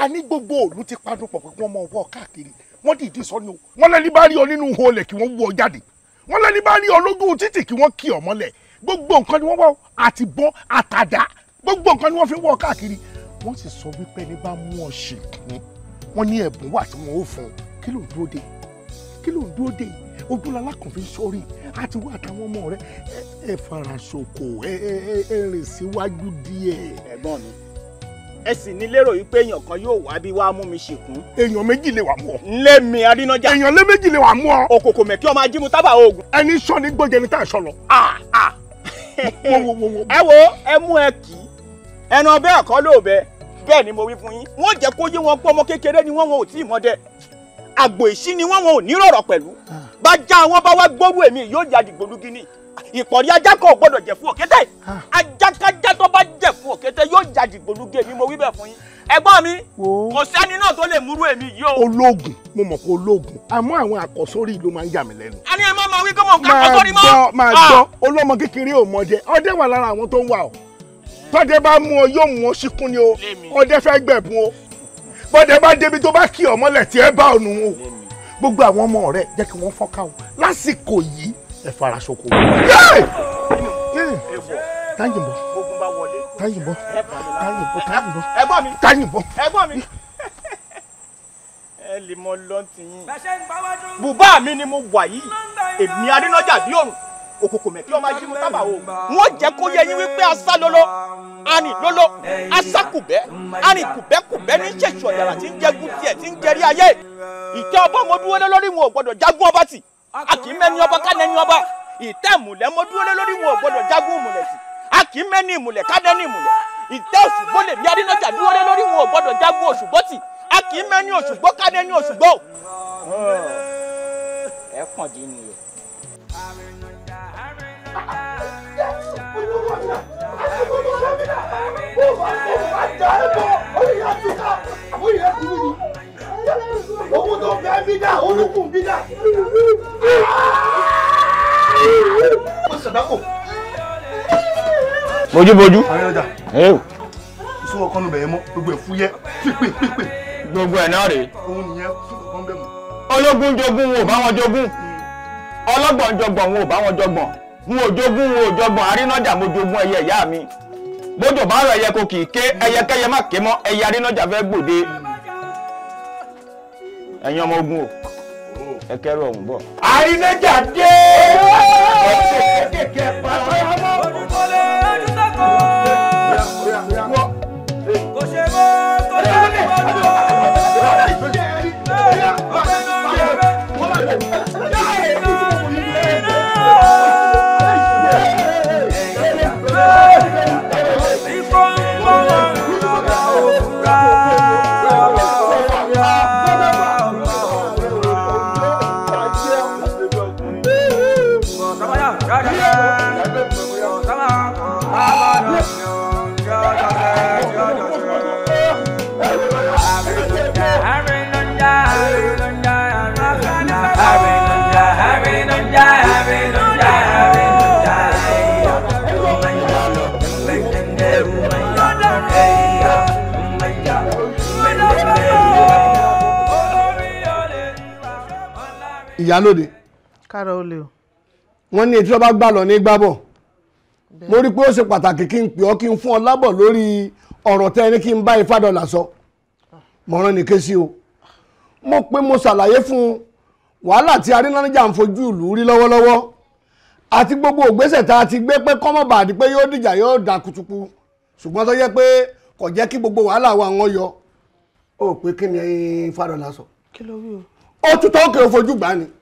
a ní gbogbo òlu ti panu pọ̀ pé wọ́n mọ ọwọ́ káàkiri wọ́n dìde sọ ni o wọ́n lẹ́ni bá rí ọ nínú ihò olè kí wọ́n wú ọ jáde wọ́n lẹ́ni bá rí ọ lójú títì kí wọ́n kì ọ mọ́lẹ̀ gbogbo nǹkan ni wọ́n wá àti bọ́ àtàdá gbogbo nǹkan ni wọ́n fi wọ́ káàkiri wọ́n sì sọ wípé ní bá mú ọ ṣègùn wọ́n ní ẹ̀bùn wà tí wọ́n ó fún un kí ló ń dúró dé kí ló ń dúró dé ojúlọ alákànfin sórí àti wá àtàwọn ọmọ rẹ ẹ faraṣoko ẹ ẹ ẹ rìn síwájú díẹ̀. ẹ̀gbọ́n mi ẹ sì ní lérò yìí pé èèyàn kan yóò wá bí wàá mú mi ṣìkún. èèyàn méjì lè wà mú ọ. nlé mi èèyàn lé méjì lè wà mú ọ. òkòkò mẹ́kí ọmọ ajímú tábà oògùn. ẹni sọ ní gbọ́njẹ ní tá à sọ lọ. ẹ wo ẹ mú ẹ kì í ẹran bẹ́ẹ̀ kọ́ ló bẹ bẹ́ẹ̀ ni mo wí fún yín wọ́n jẹ́ kó yé wọn pé ọmọ kékeré ni wọ́n wọn ò tí ì mọ́dẹ àgbò ìsí ni wọ́n wọn ò ní rọ̀rọ̀ pẹ̀lú bá já wọn bá wá gbóru èmi yóò yá dìgbòlugi ni ìkọ̀rí ajá kan ò gbọ́dọ̀ jẹ̀ fún òkété ajákájá tó bá jẹ̀ fún òkété yóò jàjì gbòlúgé mi mo wí bẹ́ẹ̀ fún yín ẹ̀gbọ́n mi kò sẹ́ni náà tó lè múrú èmi yìí o. ológun mo mọ̀ pé ológun àmọ́ àwọn àkọ́sórí ló máa ń yà mí lẹ́nu. ẹni ẹ má máa wí kó mọ̀ nǹkan àkọ́sórí mọ́. máa ah. gbọ́ olómọ kékeré ò mọ jẹ ọdẹ wà lára àwọn tó ń wà ọ tọ́dẹ bá mú ọ yóò mú ọ síkún ni o ọdẹ fẹ́ gbẹ̀bùn o bọ́dẹ bá débi tó bá kí ọmọlẹ̀ tí ẹ bá ọ̀nù o gbogbo àwọn ọmọ rẹ jẹ́ kí wọ́n fọ́ká o lásìkò yìí ẹ fara ṣoko. táyìnbó táyìnbó táyìnbó táyìnbó táyìnbó táyìnbó. ẹ lè mọ lọ́ntì yín bùbá mi ni mo wà yìí èmi arínájà bí òrùn òkòkò mẹ kí ọmọ ajínigbó tábà o wọn jẹ kó yẹ yín wípé asá lolo ani lolo asá kùbẹ ani kùbẹkùbẹ ní ṣèṣù ọ̀dàrà tí ń jẹ gùn tiẹ̀ tí ń jẹrí ayé ìtẹ́ ọba mo dúró lórí wọn ò gbọdọ̀ jágún ọba tì a kì í mẹ́ni ọba ká nẹni ọba ìtẹ́ ìmùlẹ̀ mo dúró lé lórí wọn ò gbọdọ̀ jágún ìmùlẹ̀ sí a kì í mẹ́ni ìmùlẹ̀ ká dẹ́ni ìmùlẹ̀ ìtẹ́ òṣùgbó lèmi adínájà dúró lé lórí wọn ò gbọdọ̀ jágún òṣùgbó tì a kì í mẹ́ni òṣùgbó ká dẹ́ni òṣùgbó.
ẹ kàn dín ní ẹ.
Oh, my God.
owó tó fẹ́ bí dà olókùn bí dà. ó sàdákò. bójúbójú. àwọn ọjà ìṣòro kan níbẹ̀ yẹn mọ́ gbogbo ẹ̀ fúyẹ́ pípé
pípé. gbogbo ẹ̀ náà rèé.
òun nìyẹn fún ọ̀kan bẹ́ẹ̀ mọ́. ológun jogún wọn ò bá wọn jogún hmm. ọlọ́gbọ̀n jọgbọ̀n wọn ò bá wọn jọgbọ̀n n ò jogún wọn ò jọgbọ̀n arínájà mo jogún ẹyẹ ìyá mi bójú bá rọ ẹyẹ kò kì í ké ẹyẹkẹyẹ má ké mọ́ ẹyẹ arínájà fẹ́ gbòde. Hmm ẹ̀yin ọmọ ogun o ẹ ọ̀hún bọ̀.
àìlẹ́jà dé kékeré pàṣẹ ọmọ kò ṣe mọ́.
ìyálòde wọ́n ní etí ọba gbà lọ ní gbàbọ̀ mo rí pé ó ṣe pàtàkì kí n pè ọ́ kí n fún ọ lábọ̀ lórí ọ̀rọ̀ tẹ́ ẹni kí n bá dọ̀là sọ mọ̀ràn ní sí o mo pé mo ṣàlàyé fún wàhálà tí arínájà ń rí lọ́wọ́lọ́wọ́ àti gbogbo ògbésẹ̀ ti gbé pé pé yóò dìjà yóò dà ṣùgbọ́n tó yẹ pé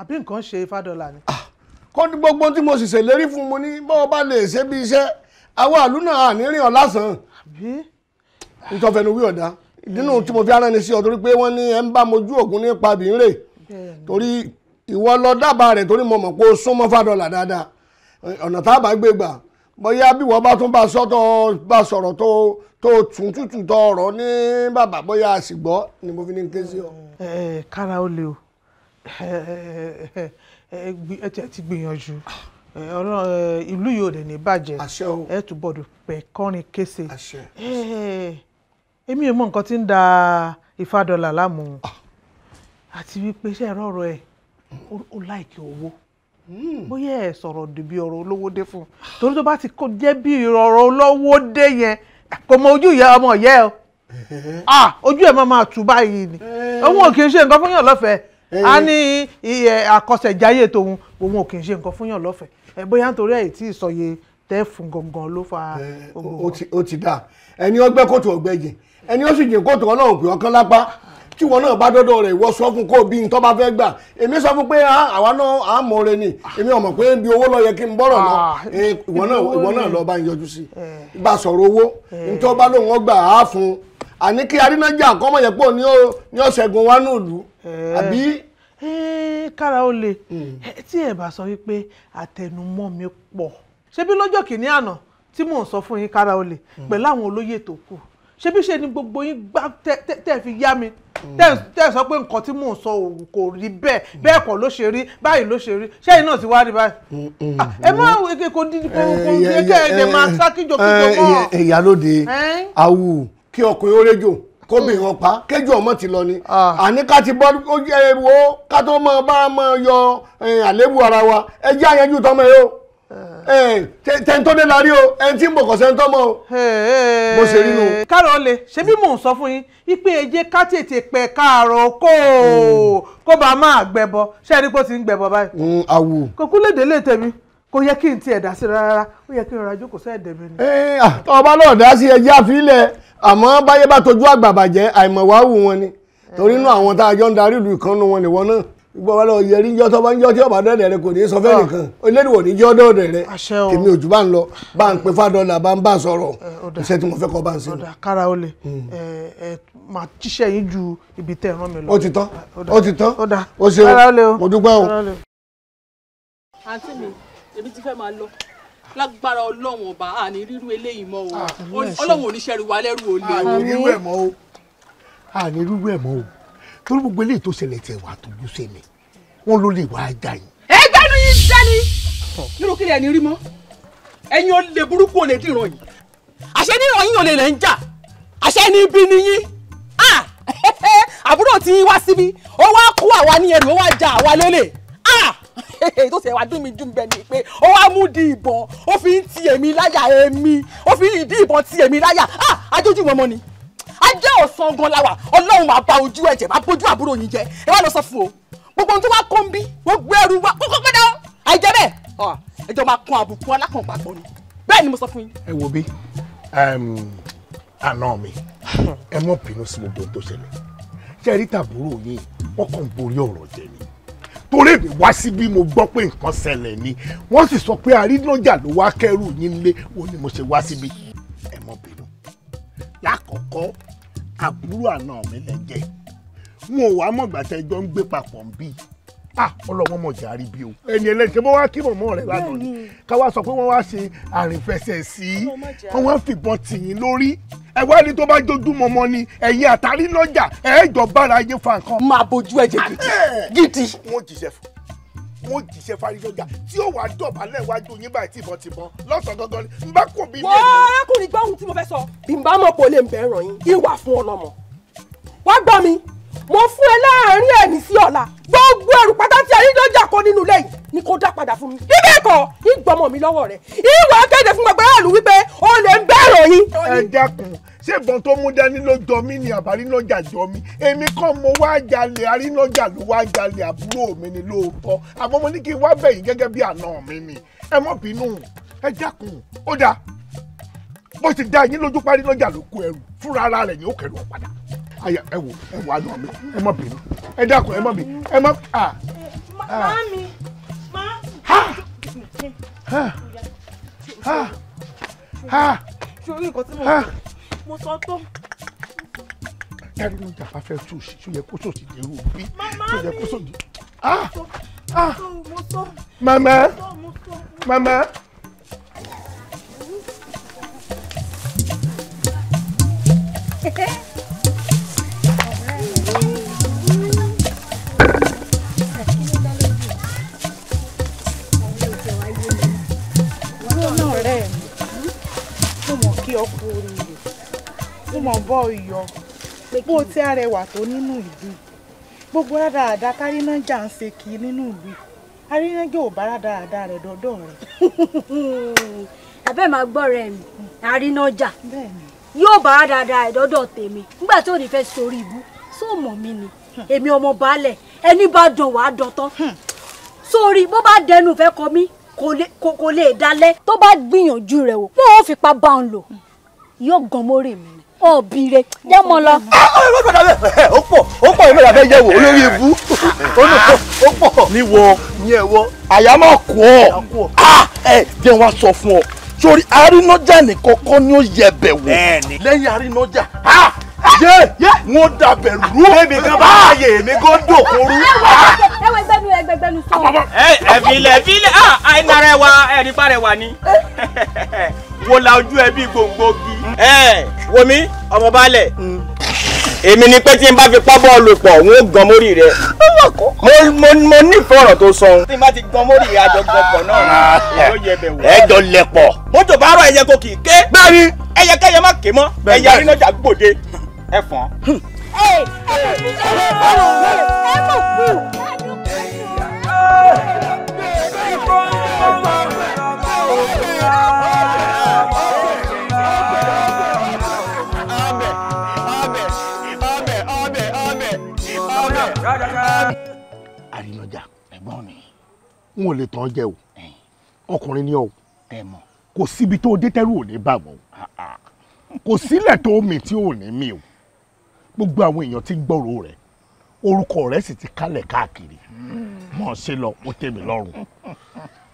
àbí nǹkan ṣe ifá dọ́là ni. Ah, kó ní gbogbo tí mo sì ṣèlérí fún mo ní bọ́ọ̀ bá lè ṣe bí iṣẹ́ àwọn àlùnà àníríàn ọ̀ lásán ìtọ́fẹnuwí ọ̀dà nínú tí mo fi ara ẹni sí ọ torí pé wọ́n ní ẹ ń bá mojú ògùn nípa bìínrè torí ìwọ lọ dábàá rẹ̀ torí mo mọ̀ pé o súnmọ́ fádọ́là dáadáa ọ̀nà tá a bá gbé gbà bóyá bí wọ́n bá tún bá sọ tó bá sọ̀rọ̀ tó tó tún tútù tó ọ̀rọ̀ ní bàbá bóyá àsìgbọ́ ni mo fi ní ké sí ọ. ẹ
ẹ kára ó le o ẹ tẹ ti gbìyànjú ìlú yìí ò dẹ̀ ní bàjẹ́ ẹ túbọ̀ dùpẹ́ kọrin kése èmi ò mọ nǹkan tí ń da ìfadọ́là láàmú ah. àti wípé iṣẹ́ ìrọ̀rọ̀ ẹ̀ ó láìkí owó hmm. bóyá ẹ sọ̀rọ̀ dèbí ọ̀rọ̀ olówó dé fún un torí tó bá ti kó jẹ́ bí ọ̀rọ̀ olówó dé yẹn kò mọ ojú ìyá ọmọ ìyá ẹ ah, ojú ẹ̀ máa tù báyìí ni òun ò kì ṣe nǹkan fún yàn lọ́fẹ̀ẹ́. Eh. a ní iye àkọsẹ̀jáyé tòun òun ò kì í ṣe nǹkan fún yàn lọ́fẹ̀ẹ́ eh, bóyá nítorí ẹ̀ tí ìsọyè tẹ́ fún gangan ló fa eh, gbogbo. o ti dáa
ẹni ọgbẹ́ kòtò ọgbẹ́ jìn ẹni ó sì jìn kòtò ọlọ́run pè ọkàn lápá tí wọn náà bá dọ́dọ̀ rẹ̀ ìwọ sọ fún kó bí nǹkan bá fẹ́ gbà èmi sọ fún pé ah, àwa náà à ń mọ̀ọ́rẹ́ ni èmi ọmọ pé bí owó lọ yẹ kí n bọ́rọ̀ lọ ah, ìwọ náà lọ bá ń yọjú sí i bá sọ̀rọ̀ owó nítorí bá lóun ọgbà á fún un àní kí arínájà kọ́mọ̀ yẹ pọ̀ ní ọ̀sẹ̀gun wa náà lù
eh, àbí.
Eh, kára ó le hmm. eh, tí ẹ bá sọ wípé
àtẹnumọ́ mi pọ̀ ṣebí lọ́jọ́ kìíní àná tí mò ń sọ fún yín kára ó le hmm. pẹ̀lú àwọn olóyè tó kù ṣebí ṣe ni gbogbo yín gbá tẹ́ fi yá mi hmm. tẹ́ sọ pé nǹkan tí mò ń sọ kò rí bẹ́ẹ̀ bẹ́ẹ̀ kọ́ ló ṣe rí báyìí ló ṣe rí sẹ́yìn náà ti wá rí báyìí. Ah, ẹ má kò dín kò kò kò kẹ́ ẹ̀ dẹ̀ máa sá kíjokíjo mọ́.
ìyálóde awu kí ọkùnrin ó réjò kóbìnrin wọn mm. pa kéjù ọmọ ti lọ ni ah. àní ká ti bọ́ ó jẹ́ ewo ká tó máa bá máa yọ àléébù ara wa ẹ jẹ́ àyànjú tọmọ yìí o ah. tẹ́ntọ́dé la rí o ẹni tí ń bọ̀ kọ̀ sẹ́ńtọ́ mọ́ o mo
ṣe rí nu. káàrọ̀ olè ṣé bí mò ń sọ fún yín wípé ẹ jẹ́ ká tètè pẹ̀ káàrọ̀ mm. kó kó bá máa gbẹ̀bọ ṣé ẹ pé ó ti ń gbẹ̀bọ báyìí. awo. Mm, kókó lè délé tèmi kò yẹ kí n tiẹ̀ dá sí rárá ó yẹ kí n rọra jókòó sẹ́ẹ̀dẹ̀ mi ni.
Eh, ah, ọba náà dá sí ẹjẹ́ àfilẹ̀ àmọ́ báyé bá tojú àgbà bàjẹ́ àìmọ̀wáwù wọn ni torí inú àwọn tá a jọ ń darí ìlú ìkànnù wọn nìwọ náà gbogbo wa lọ yẹrí njọ́ tó bá njọ́ tí ọba dọ́dẹ̀ rẹ kò ní sọ fẹ́ẹ́ ah. nìkan elédìwọ̀ ní jọ́ dọ́dẹ̀ rẹ kìmí òjú bá ń lọ bá ń pe fádọ́là bá ń bá sọ̀rọ̀ eh, iṣẹ́ tí mo fẹ́ kọ́ bá
ń ṣe. ọ̀dà kára ó lè máa hmm. jíṣẹ́ eh, eh, yín ju ibi tẹ́ ẹ̀ràn mi lọ. ó ti tán ó ti tán ó ṣeun mo dúpẹ́ o. àǹtí mi èmi ti fẹ́ máa lọ lágbára ọlọ́run ọba àní rírú eléyìí mọ́ o ah, ọlọ́run oníṣẹ́
rí wa lẹ́rù olè o. àní rírú ah, ẹ̀ mọ́ o àní rírú ẹ̀ mọ́ o torí gbogbo eléyìí tó ṣẹlẹ̀ tẹ̀ wá tó bú sẹ́mi wọ́n ló lè wá ajá yín. ẹ gbẹ́nu yín dání nínú kí lẹ́ẹ̀ ní rí mọ́ ẹ̀yin ò lè burúkú ò lè dìran yìí àṣẹ nírọ̀ yín ò lè lẹ́
ń jà àṣẹ ní ibi ni yín ah! àbúrò tí yín wá síbí
ó wá kó àwa ní ẹrù ó wá ja àwa lólè tó ṣe wá dùn mí dùn bẹ́ẹ̀ ni pé ó wá mú di ìbọn ó fi ń ti èmi láyà èmi ó fi ìdí ìbọn ti èmi láyà ah ajójú mọ́mọ́ ni ajé ọ̀sán gan la wà ọlọ́run máa ba ojú ẹ̀jẹ̀ máa bójú àbúrò yín jẹ ẹ wá lọ sọ fún o gbogbo ohun tó wá kó ń bí wọ́n gbé ẹrú wa kókó pẹ́ dáwọ́ àìjẹ́ bẹ́ẹ̀ ah! ẹjọ́ máa kan àbùkù alákànpàgbọ́ ni bẹ́ẹ̀ ni mo sọ fún yín. ẹ wo bí àná mi ẹ mọ̀ bínú sí gbogbo ohun tó ṣẹlẹ̀ ṣe tàbúrò yín wọ́n kàn ń torí èmi wá síbí mo gbọ́ pé nǹkan ṣẹlẹ̀ ni wọ́n sì sọ pé àrínájà ló wá kẹ́rù yín lé òun ni mo ṣe wá síbí ẹ mọ̀ bínú. lákọ̀ọ́kọ́ àbúrò àna mi lẹ jẹ́ wọn ò wá mọ̀gbà tẹ́ jọ ń gbé papọ̀ ń bí ọlọ́wọ́n mọ̀ járí bí o ẹni ẹlẹ́sẹ̀ bọ́ wá kí mọ̀mọ́ rẹ̀ lánàá ni ká wá sọ pé wọ́n wá ṣe àrìnfẹsẹ̀ sí i wọ́n wá fìbọn tì yín lórí ẹ wá ní tó bá jójúmọ́ mọ́ ni ẹ̀yin àtàrí lọ́jà ẹ jọ bára yín fa nǹkan. máa bójú ẹ̀jẹ̀ gidi. gidi. wọ́n jíṣẹ́ fún wọ́n jíṣẹ́ farijọ́jà tí ó wàá dọ̀bálẹ̀ wájú yín báyìí tìbọn tìbọn lọ́sàn-án gangan ni n bá kò bí. wọ́n arákùnrin gbọ́ ohun tí mo fẹ́ sọ. bí n bá mọ̀ kó lè bẹ̀rẹ̀ yín ìwà fún ọlọ́mọ wá gbọ́ mi mo fún ẹ láàrin ẹ̀mí sí ọ̀la gbogbo ẹrù pátá tí ayé lọ́jà kó nínú ilé yìí ni kò dá padà fún mi. bí bẹ́ẹ̀ kọ́ ìgbọ́mọ mi lọ́wọ́ rẹ̀ ìwà kéde fún gbogbo aráàlú wípé o lè ń bẹ̀rù yín. ẹ dákun ṣé ìbọn tó mú dání ló jọ mí ni àbárínájà jọ mí èmi kàn mo wá jalè àrínájà ló wá jalè àbúrò mi ni lóòótọ́ àmọ́ mo ní kí n wá bẹ̀yìn gẹ́gẹ́ bí àna mi ni ẹ mọ̀ bínú ẹ dákun ó dáa bó ti dá yín lójú parínájà ló kó ẹrù fúnra ara rẹ̀ ni ó kẹrù ọ̀ padà àyà ẹ wò ẹ wò àánú mi ẹ má bínú ẹ dákun ẹ má bínú ẹ má. mami ma. ha ha ha ha. sori nǹkan tí mo mo sọ tó dárí jàpá fẹ́ tó sì tó yẹ kó sòsì dé irú bí tó yẹ kó sòsì.
Ah! Ah!
mama mama.
Hehe
bọ́ ìyọ bó o ti arẹwà tó nínú ìlú gbogbo
rádaràda kárínájà ń ṣe kí nínú ìlú arínájà ò bá rádaràda rẹ̀ dọ́dọ̀ rẹ̀.
àbẹ́ máa gbọ́ rẹ̀ mi arínájà yóò bá rádaràda rẹ̀ dọ́dọ̀ tèmi nígbà tí ò ní fẹ́ sórí ìbú sóòmọ̀ mi ni hmm. èmi ọmọ baálẹ̀ ẹni bá dàn wàá dọ̀tán hmm. sórí bó bá dẹnu fẹ́ kọ mí kò lè dalẹ̀ tó bá gbìyànjú rẹ̀ wò pé ó fi pa bá òun lò hmm. yóò gan mórè mi ni òbíire jẹ́ mo lọ. Ah,
ah, ah, ó pọ̀ ó pọ̀ ìmọ̀ ìyàfẹ́ yẹ̀wò olórí ibú ó pọ̀ níwọ̀ níwọ̀ àyà máa kú ọ jẹ́ wá sọ fún ọ sórí arínájà nìkan kọ́ ni ó yẹ bẹ̀ wò lẹ́yìn arínájà yé wọn dàbẹ̀ rú. èmi kan bá ààyè èmi kan dòkòrú. ẹ
wọ ẹgbẹ́nu ẹgbẹ́nu sọ. ẹ ẹ fi ilẹ̀ fi ilẹ̀ àìnara ẹwà
ẹ̀rípa rẹ̀ wà ní. wo la ojú ẹ bí gbòǹgbò gi. ẹ wo mi ọmọ balẹ̀ èmi ni pé tí n bá fi pọ́ bọ́ọ̀lù pọ̀ n ó gan mórí rẹ mo nífẹ̀ẹ́ ọ̀rọ̀ tó sọ. tí n bá ti gan mórí rẹ àjọ gan pọ̀ náà ló yẹ bẹ̀ wò. ẹjọ lẹ pọ̀. mọ́tò bá rọ ẹyẹ kò kì í ké. bẹ́ẹ̀ni. ẹyẹ kẹyẹ má ké mọ́ ẹyẹ arínájà gbòde ẹ fọ́n.
ẹ ẹ ẹ
mọ̀ kú
àrínájà ẹ̀gbọ́n mi. n ò lè tàn jẹ o ọkùnrin ni ọ o kò síbi tó dé tẹ́rù ò ní bàwọ̀ o kò sílẹ̀ tó mi tí ò ní mi o gbogbo àwọn èèyàn ti gbọ́rọ̀ rẹ̀ orúkọ rẹ̀ sì ti kálẹ̀ káàkiri
hmm. mọ̀
ṣe lọ ó tẹ̀mí lọ́rùn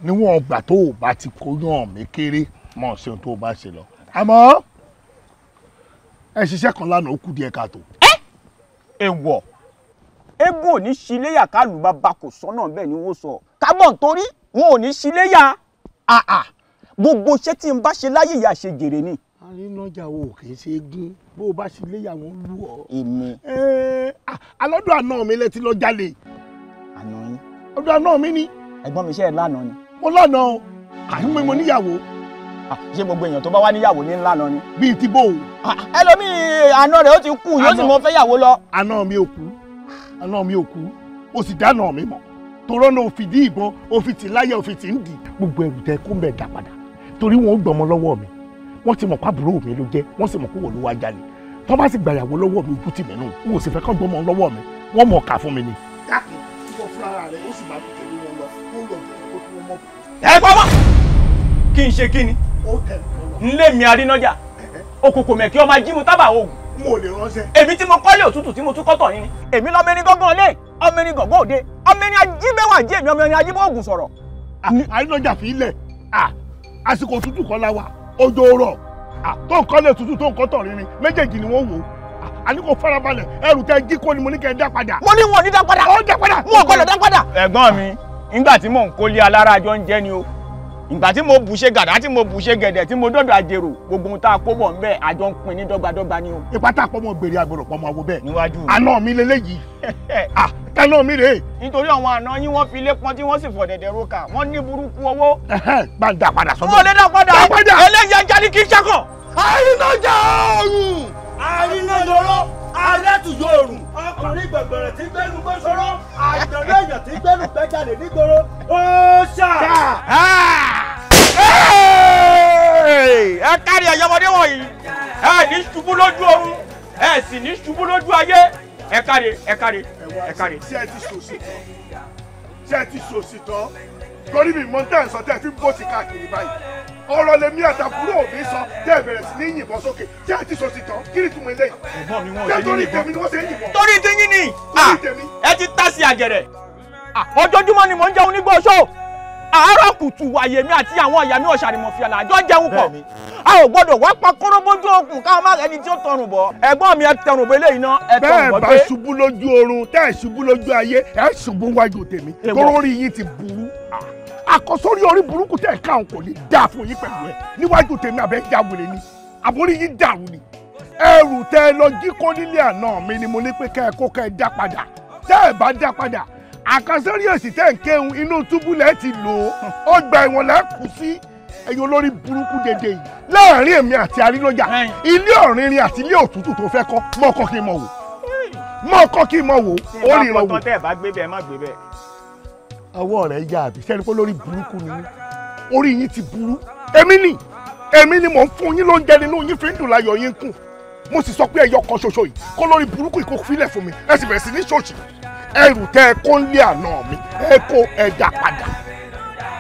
níwọ̀n ọgbà tó o bá ti kó yàn mí kéré mọ̀ ṣeun tó o bá ṣe lọ. àmọ́ ẹ ṣiṣẹ́ kan lánàá ó kù díẹ̀ káàtó. ẹ èèwọ̀ egbò ò ní ṣíléyà kálù bàbá kò sọ́nà bẹ́ẹ̀ ni wọ́n sọ kábọ̀ nítorí wọn ò ní ṣíléyà àà gbogbo iṣẹ́ tí n bá ṣe láyé ìyá ṣe jèrè ni. àrínájà o kì í ṣe é gún bó o bá ṣíléyà wọn lù ọ. èmi. alọ́dọ̀ àná mi lẹ ti lọ jalè. àná yín. ọdọ àná mi ni. ẹ̀gbọ́n mi ṣe é lánàá ni mo lànà o àyìn mi mo níyàwó. Ah, ṣé gbogbo èèyàn tó bá wá níyàwó ní ńlá náà ni. bíi ti bò ó. Ah, ah, ẹlòmíì àna rẹ̀ ó ti kú yóò sì mọ fẹ́ yàwó lọ. àna mi ò kú àna mi ò kú ó sì dáná mi mọ̀ torọ́ náà òfìdí ìbọn òfìtì láyà òfìtì ń dì. gbogbo ẹrù tẹ kó mẹ́ẹ̀ dà padà torí wọn ò gbọmọ lọ́wọ́ mi wọ́n ti mọ̀ pàbúrò mi ló jẹ́ wọ́n sì mọ̀ kó wò ló wá jalè tọ́ bá sì gbàyàwó lọ́wọ́ mi ojú tì mí nù n ò sì fẹ́ kán gbọmọ lọ́wọ́ mi wọ́n mọ̀ ká fún mi ni. dákì ìwọ fúnra rẹ ó sì máa dùn ẹ kí n ṣe kí ni nlé mi arínájà òkùnkùn mẹ́kí ọmọ ajímu tábà oògùn. èmi tí mo kọ́lé òtútù tí mo tún kọ́tọ̀ yín èmi gángan lé òde èmi oògùn sọ̀rọ̀. arínájà fi àsìkò òtútù kọ́ la wa tó ń kọ́lé òtútù tó ń kọ́tọ̀ rírin méjèèjì ni wọ́n wò ó àní kò farabalẹ̀ ẹrù tẹ ni mo ní kẹ́ ẹ dá mo ní wọn ò ní dá padà. ó dá padà. mo ò dá padà. ẹ̀gbọ́n mi nígbà tí mò ń kólé alára àjọ ń jẹ́ ni o ìgbà tí mo bù ṣe gàdá tí mo bù ṣe gẹ̀dẹ̀ tí mo dọ́dọ̀ àjèrò gbogbo ohun tá a kó bọ̀ ń bẹ̀ àjọ ń pin ní dọ́gbadọ́gba ni o. ipa tá a pọ́ mọ́ gbèrè àgbọ̀rọ̀ pọ́ mọ́ àwo bẹ́ẹ̀. níwájú mi àná mi leléyìí à kaná mi rèé. nítorí àwọn àná yín wọ́n fi ilé pọ́n tí wọ́n sì fọ̀ dẹ̀dẹ̀ roka wọ́n ní burúkú owó. bá ń dà padà sọ́dọ̀. wọ́n lè dà padà eléyìí ajá ni kì í ṣakọ̀ àrínàlọ́rọ́ alẹ́tùjọ́ òrùn ọkùnrin gbẹ̀gbẹ̀rẹ̀ tí gbẹ́nu gbẹ́sọ́rọ́ àjọ̀lẹ́ èèyàn tí gbẹ́nu gbẹ́jalè nígboro ó ṣà. ẹ kárí ẹ̀yọ́mọdé wọ̀nyí ẹ ní ṣubú lójú ọ̀run ẹ sì ní ṣubú lójú ayé ẹ kárí ẹ kárí ẹ kárí. ṣé ẹ ti ṣòṣì tán ṣé ẹ ti ṣòṣì tán torí mi mọ́tẹ́ ẹ̀ sọ tẹ́ ẹ fi bó ti káàkiri báyìí ọ̀rọ̀ lèmi àtàbúrò òbí sọ tẹ́ ẹ bẹ̀rẹ̀ sí ní yìnbọn sókè tí àti sọ sí tán kí ni tún mi lẹ́yìn. ẹ̀gbọ́n mi wọn ò ṣe yìnbọn torí tèmi ni wọ́n ṣe ń yìnbọn. torí tèmi ni ah, ẹ ti tá sí àgẹ̀rẹ̀ ah, ojoojúmọ́ ni mò ń jẹun nígbà ọṣọ́ àárọ̀ kùtù àyèmí àti àwọn ìyá mi ọ̀ṣà ni mo fi àlàjọ jẹun pọ̀ a ò gbọ́dọ̀ wá pa kóróbójú òkun káwọn má rẹ ni tí ó tọrùn bọ̀ ẹ̀gbọ́n mi ẹ tẹrùn bọ eléyìí náà ẹ tọrùn bọ pé. bẹ́ẹ̀ bá ṣubú lójú oorun tẹ́ ẹ ṣubú lójú ayé ẹ ṣubú wájú tèmi kóró rí yín ti burú àkọsórí orí burúkú tẹ̀ ká òun kò ní dáa fún yín pẹ̀lú ẹ̀ níwájú tèmi àbẹ́ jáwèrè ni àbórí yín dàrú ni ẹrù tẹ ẹ lọ jí kó nílé àná mi ni mo ní pé kẹ ẹ kó kẹ ẹ dá padà tẹ ẹ bá dá padà àkàsórí èsì tẹ ń kéhun inú túbú lẹ ti lò ó ọgbà ẹ̀wọ̀n lẹ kù sí ẹ̀yin olórí burúkú dédé yìí láàrin èmi àti arílọ́jà ilé ọ̀rìnrin àti ilé òtútù tó fẹ́ kọ́ mọ́ ọkọ kí n mọ̀ wò mọ́ ọkọ kí n mọ̀ wò ó rí ìrànwọ́. tí wọ́n bá tẹ́ ẹ̀ bá gbé bẹ́ẹ̀ má gbé bẹ́ẹ̀ ọwọ́ rẹ̀ yá àbí sẹ́ni pé lórí burúkú ni orí yín ti burú èmi ni èmi ni mò ń fún yín lóúnjẹ nínú yín fi ń dùn láyọ̀ yín kù mo sì sọ pé ẹyọ kan ṣoṣo yìí kó lórí burúkú yìí kó filẹ̀ fún mi ẹ sì bẹ̀rẹ̀ sí ní ṣòṣì ẹrù tẹ ẹ kó ń lé àná mi ẹ kó ẹja padà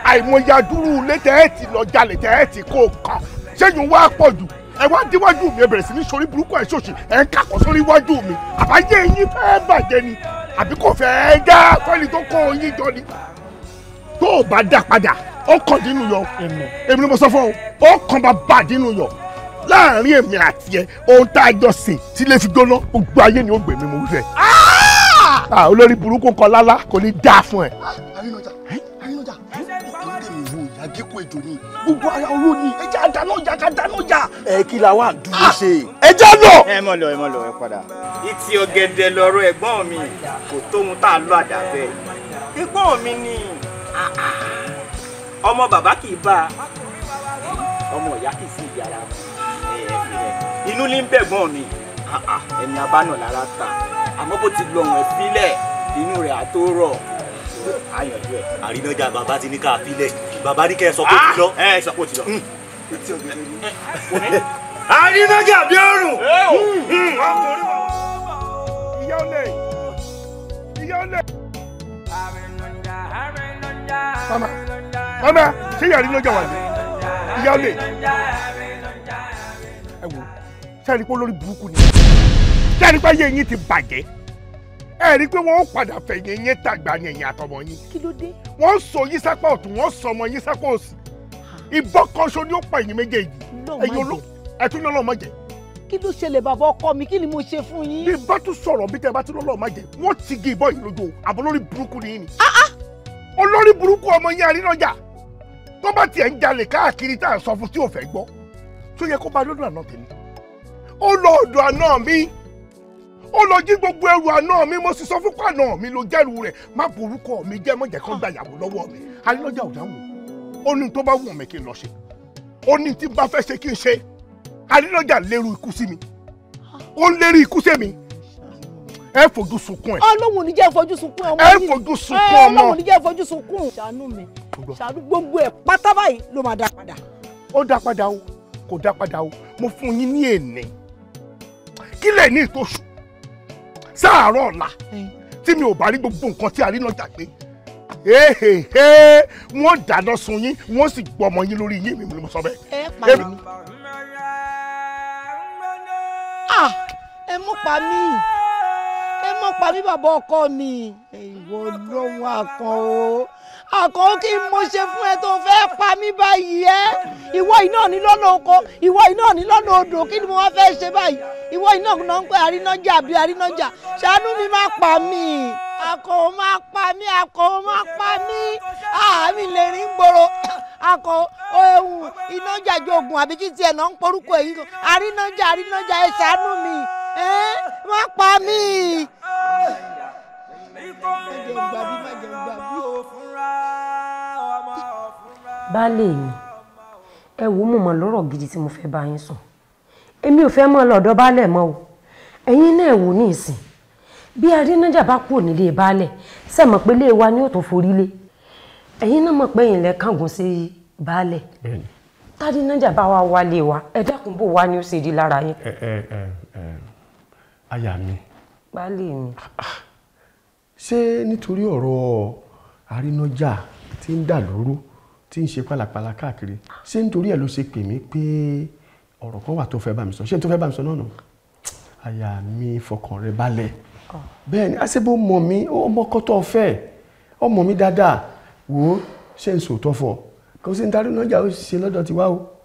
àìmọye adúrú ilé tẹ ẹ ti lọ jalè tẹ ẹ ti kó kàn ṣéyìn wá pọ̀ jù ẹ wá díwájú mi ẹ bẹ̀rẹ̀ sí ní sori burúkú ẹ ṣòṣì ẹ ń kakọ̀ sórí iwájú mi àbáyé yín fẹ́ bàjẹ́ ni àbí kò fẹ́ dá fẹ́ni tó kó yín jọ ni tó o bá dà padà ó kàn dínú yọ èmi ni mo sọ fún ọ ó kàn bá bà dínú yọ láàrin èmi àti ẹ ohun tá a jọ sìn tí lè fi gbóná gbogbo ayé ni ó gbèmí mo fẹ́ olórí burúkú kan lálá kò ní dáa fún ẹ. Ah, àdínkù ètò ni gbogbo ara oró ni ẹjẹ àdáná ọjà ká dáná ọjà. ẹ kí la wà dúró ah! ṣe. ẹ já lọ. ẹ mọ lọ ẹ mọ lọ ẹ padà. ìtì ọ̀gẹ̀dẹ̀ lọ̀rọ̀ ẹ̀gbọ́n mi kò tóhun tá a lọ àdá bẹ́ẹ̀. ẹ̀gbọ́n mi ni ọmọ bàbá kì í bá ọmọ ìyá kì í sí ìyára inú ní bẹ̀gbọ́n mi ẹni abánà lára ta àmọ́ bó ti lọ àyànjú ẹ. àrínájà bàbá ti ní ká filẹ̀ bàbá ní kẹ́ ẹ sọ pé ó ti lọ. Ah! Eh, ẹ sọ pé ti lọ. àrínájà bí ọrùn. mama mama ṣé yàrá ìnájà wà ní ìyá ọ̀lẹ. ẹ wo sẹ́ni pé olórí burúkú ni sẹ́ni pé ayé yín ti bàjẹ́ ẹ rí i pé wọ́n ó padà fẹ̀yìn yẹn tàgbà yẹ̀yìn àtọmọ yín. kí ló dé. wọ́n sọ yín sápá ọ̀tún wọ́n sọ ọmọ yín sápá òsì. ìbọn kan ṣo ni ó pa ẹ̀yin méjèèjì. ẹ̀yin oló ẹ̀tún ní ọlọ́mọ jẹ. kí ló ṣẹlẹ̀ bàbá ọkọ mi kí ni mo ṣe fún yín. bí bá tún sọ̀rọ̀ bí tẹ bá tún lọ́lọ́mọ jẹ wọ́n ti gé ìbọn yìí lójú àbọ̀ lórí burúkú ni yín. Ah, ah. olórí burúkú ọmọ yín arínájà tó bá tiẹ̀ ń jalè káàkiri tá à ń sọ fún tí ò fẹ́ gbọ́ tó yẹ kó bá lọ́dọ̀ àná tèmi ó lọ àná mi ó lọ jí gbogbo ẹrù àná mi mo sì sọ fún pàná mi ló jẹ́rù rẹ̀ má borúkọ mi jẹ́ mọ́jẹ́ kán gba ìyàwó lọ́wọ́ mi alọ́jà ọ̀dà wò ó ní tó bá wù mí kí n lọ ṣe ó ní tí bá fẹ́ ṣe kí n ṣe alọ́jà lérú ikú sí mi ó ń lérí ikú sí mi ẹ fojú sunkún ẹ. ọlọ́run ní jẹ́ fojú sunkún ọmọ yìí ẹ fojú sunkún ọmọ ọlọ́run ní jẹ́ fojú sunkún. ṣàánú mi ṣàánú gbogbo ẹ pátá báyìí ló máa dá padà. ó dá padà o kò dá padà o mo fún yín ní èèní kílẹ̀ ní ìtòsùn sáàárọ̀ ọ̀la tí mi ò bá rí gbogbo nǹkan tí a rí náà jàgbé wọ́n dáná sun yín wọ́n sì gbọmọ yín lórí yín mi mo sọ bẹ́ẹ̀.
ẹ pa mí.
Ah, ẹ mú pa mí ẹ mú pa mí bàbá ọkọ mi ìwọ lọ́wọ́ àkàn o àkàn kí n mo ṣe fún ẹ tó fẹ́ pa mí báyìí ẹ ìwọ iná ní lọ́nà oko ìwọ iná ní lọ́nà odò kí ni mo wá fẹ́ ṣe báyìí ìwọ iná náà ń pẹ́ àrínájà àbí àrínájà ṣàánú mi má pa mí àkàn má pa mí àkàn má pa mí àmì lè rí gbòòrò àkàn ewu iná jàjọ ogun àbí kí tiẹ̀ náà ń porúkọ èyí kan àrínájà àrínájà ẹ
ṣàánú mi ẹ má pa mí baálé
mi ẹ wò mo mọ̀ lọ́rọ̀ gidi tí mo fẹ́ bá yín sùn èmi ò fẹ́ mọ́ lọ́dọ̀ baálẹ̀ mọ́ o ẹ̀yin náà wò ní ìsìn bí adínájà bá kúrò nílé baálẹ̀ ṣe mọ̀ pé ilé wa ni ó tó forí lé ẹ̀yin náà mọ̀ pé ìyìnlẹ̀ kángun sí baálẹ̀ tádínájà bá wa wálé wa ẹ dákun bò wá ni ó ṣe di lára yín.
ẹ ẹ
ẹ aya mi. baálé mi. Ah, ah ṣé nítorí ọ̀rọ̀ àrínájà tí ń dà lóró tí ń ṣe pálapàla káàkiri ṣé nítorí ẹ̀ ló ṣe pè mí pé ọ̀rọ̀ kan wà tó fẹ́ bá mi sọ ṣé tó fẹ́ bá mi sọ náà nù àyà mi fọkàn rẹ balẹ̀ bẹ́ẹ̀ ni àṣẹ bó mọ̀ mí ọmọ kọ́tọ̀ fẹ́ ọmọ mi dáadáa wò ó ṣe ń sòótọ́ fọ kò sí ń darí nájà ó ṣe lọ́dọ̀ tiwa o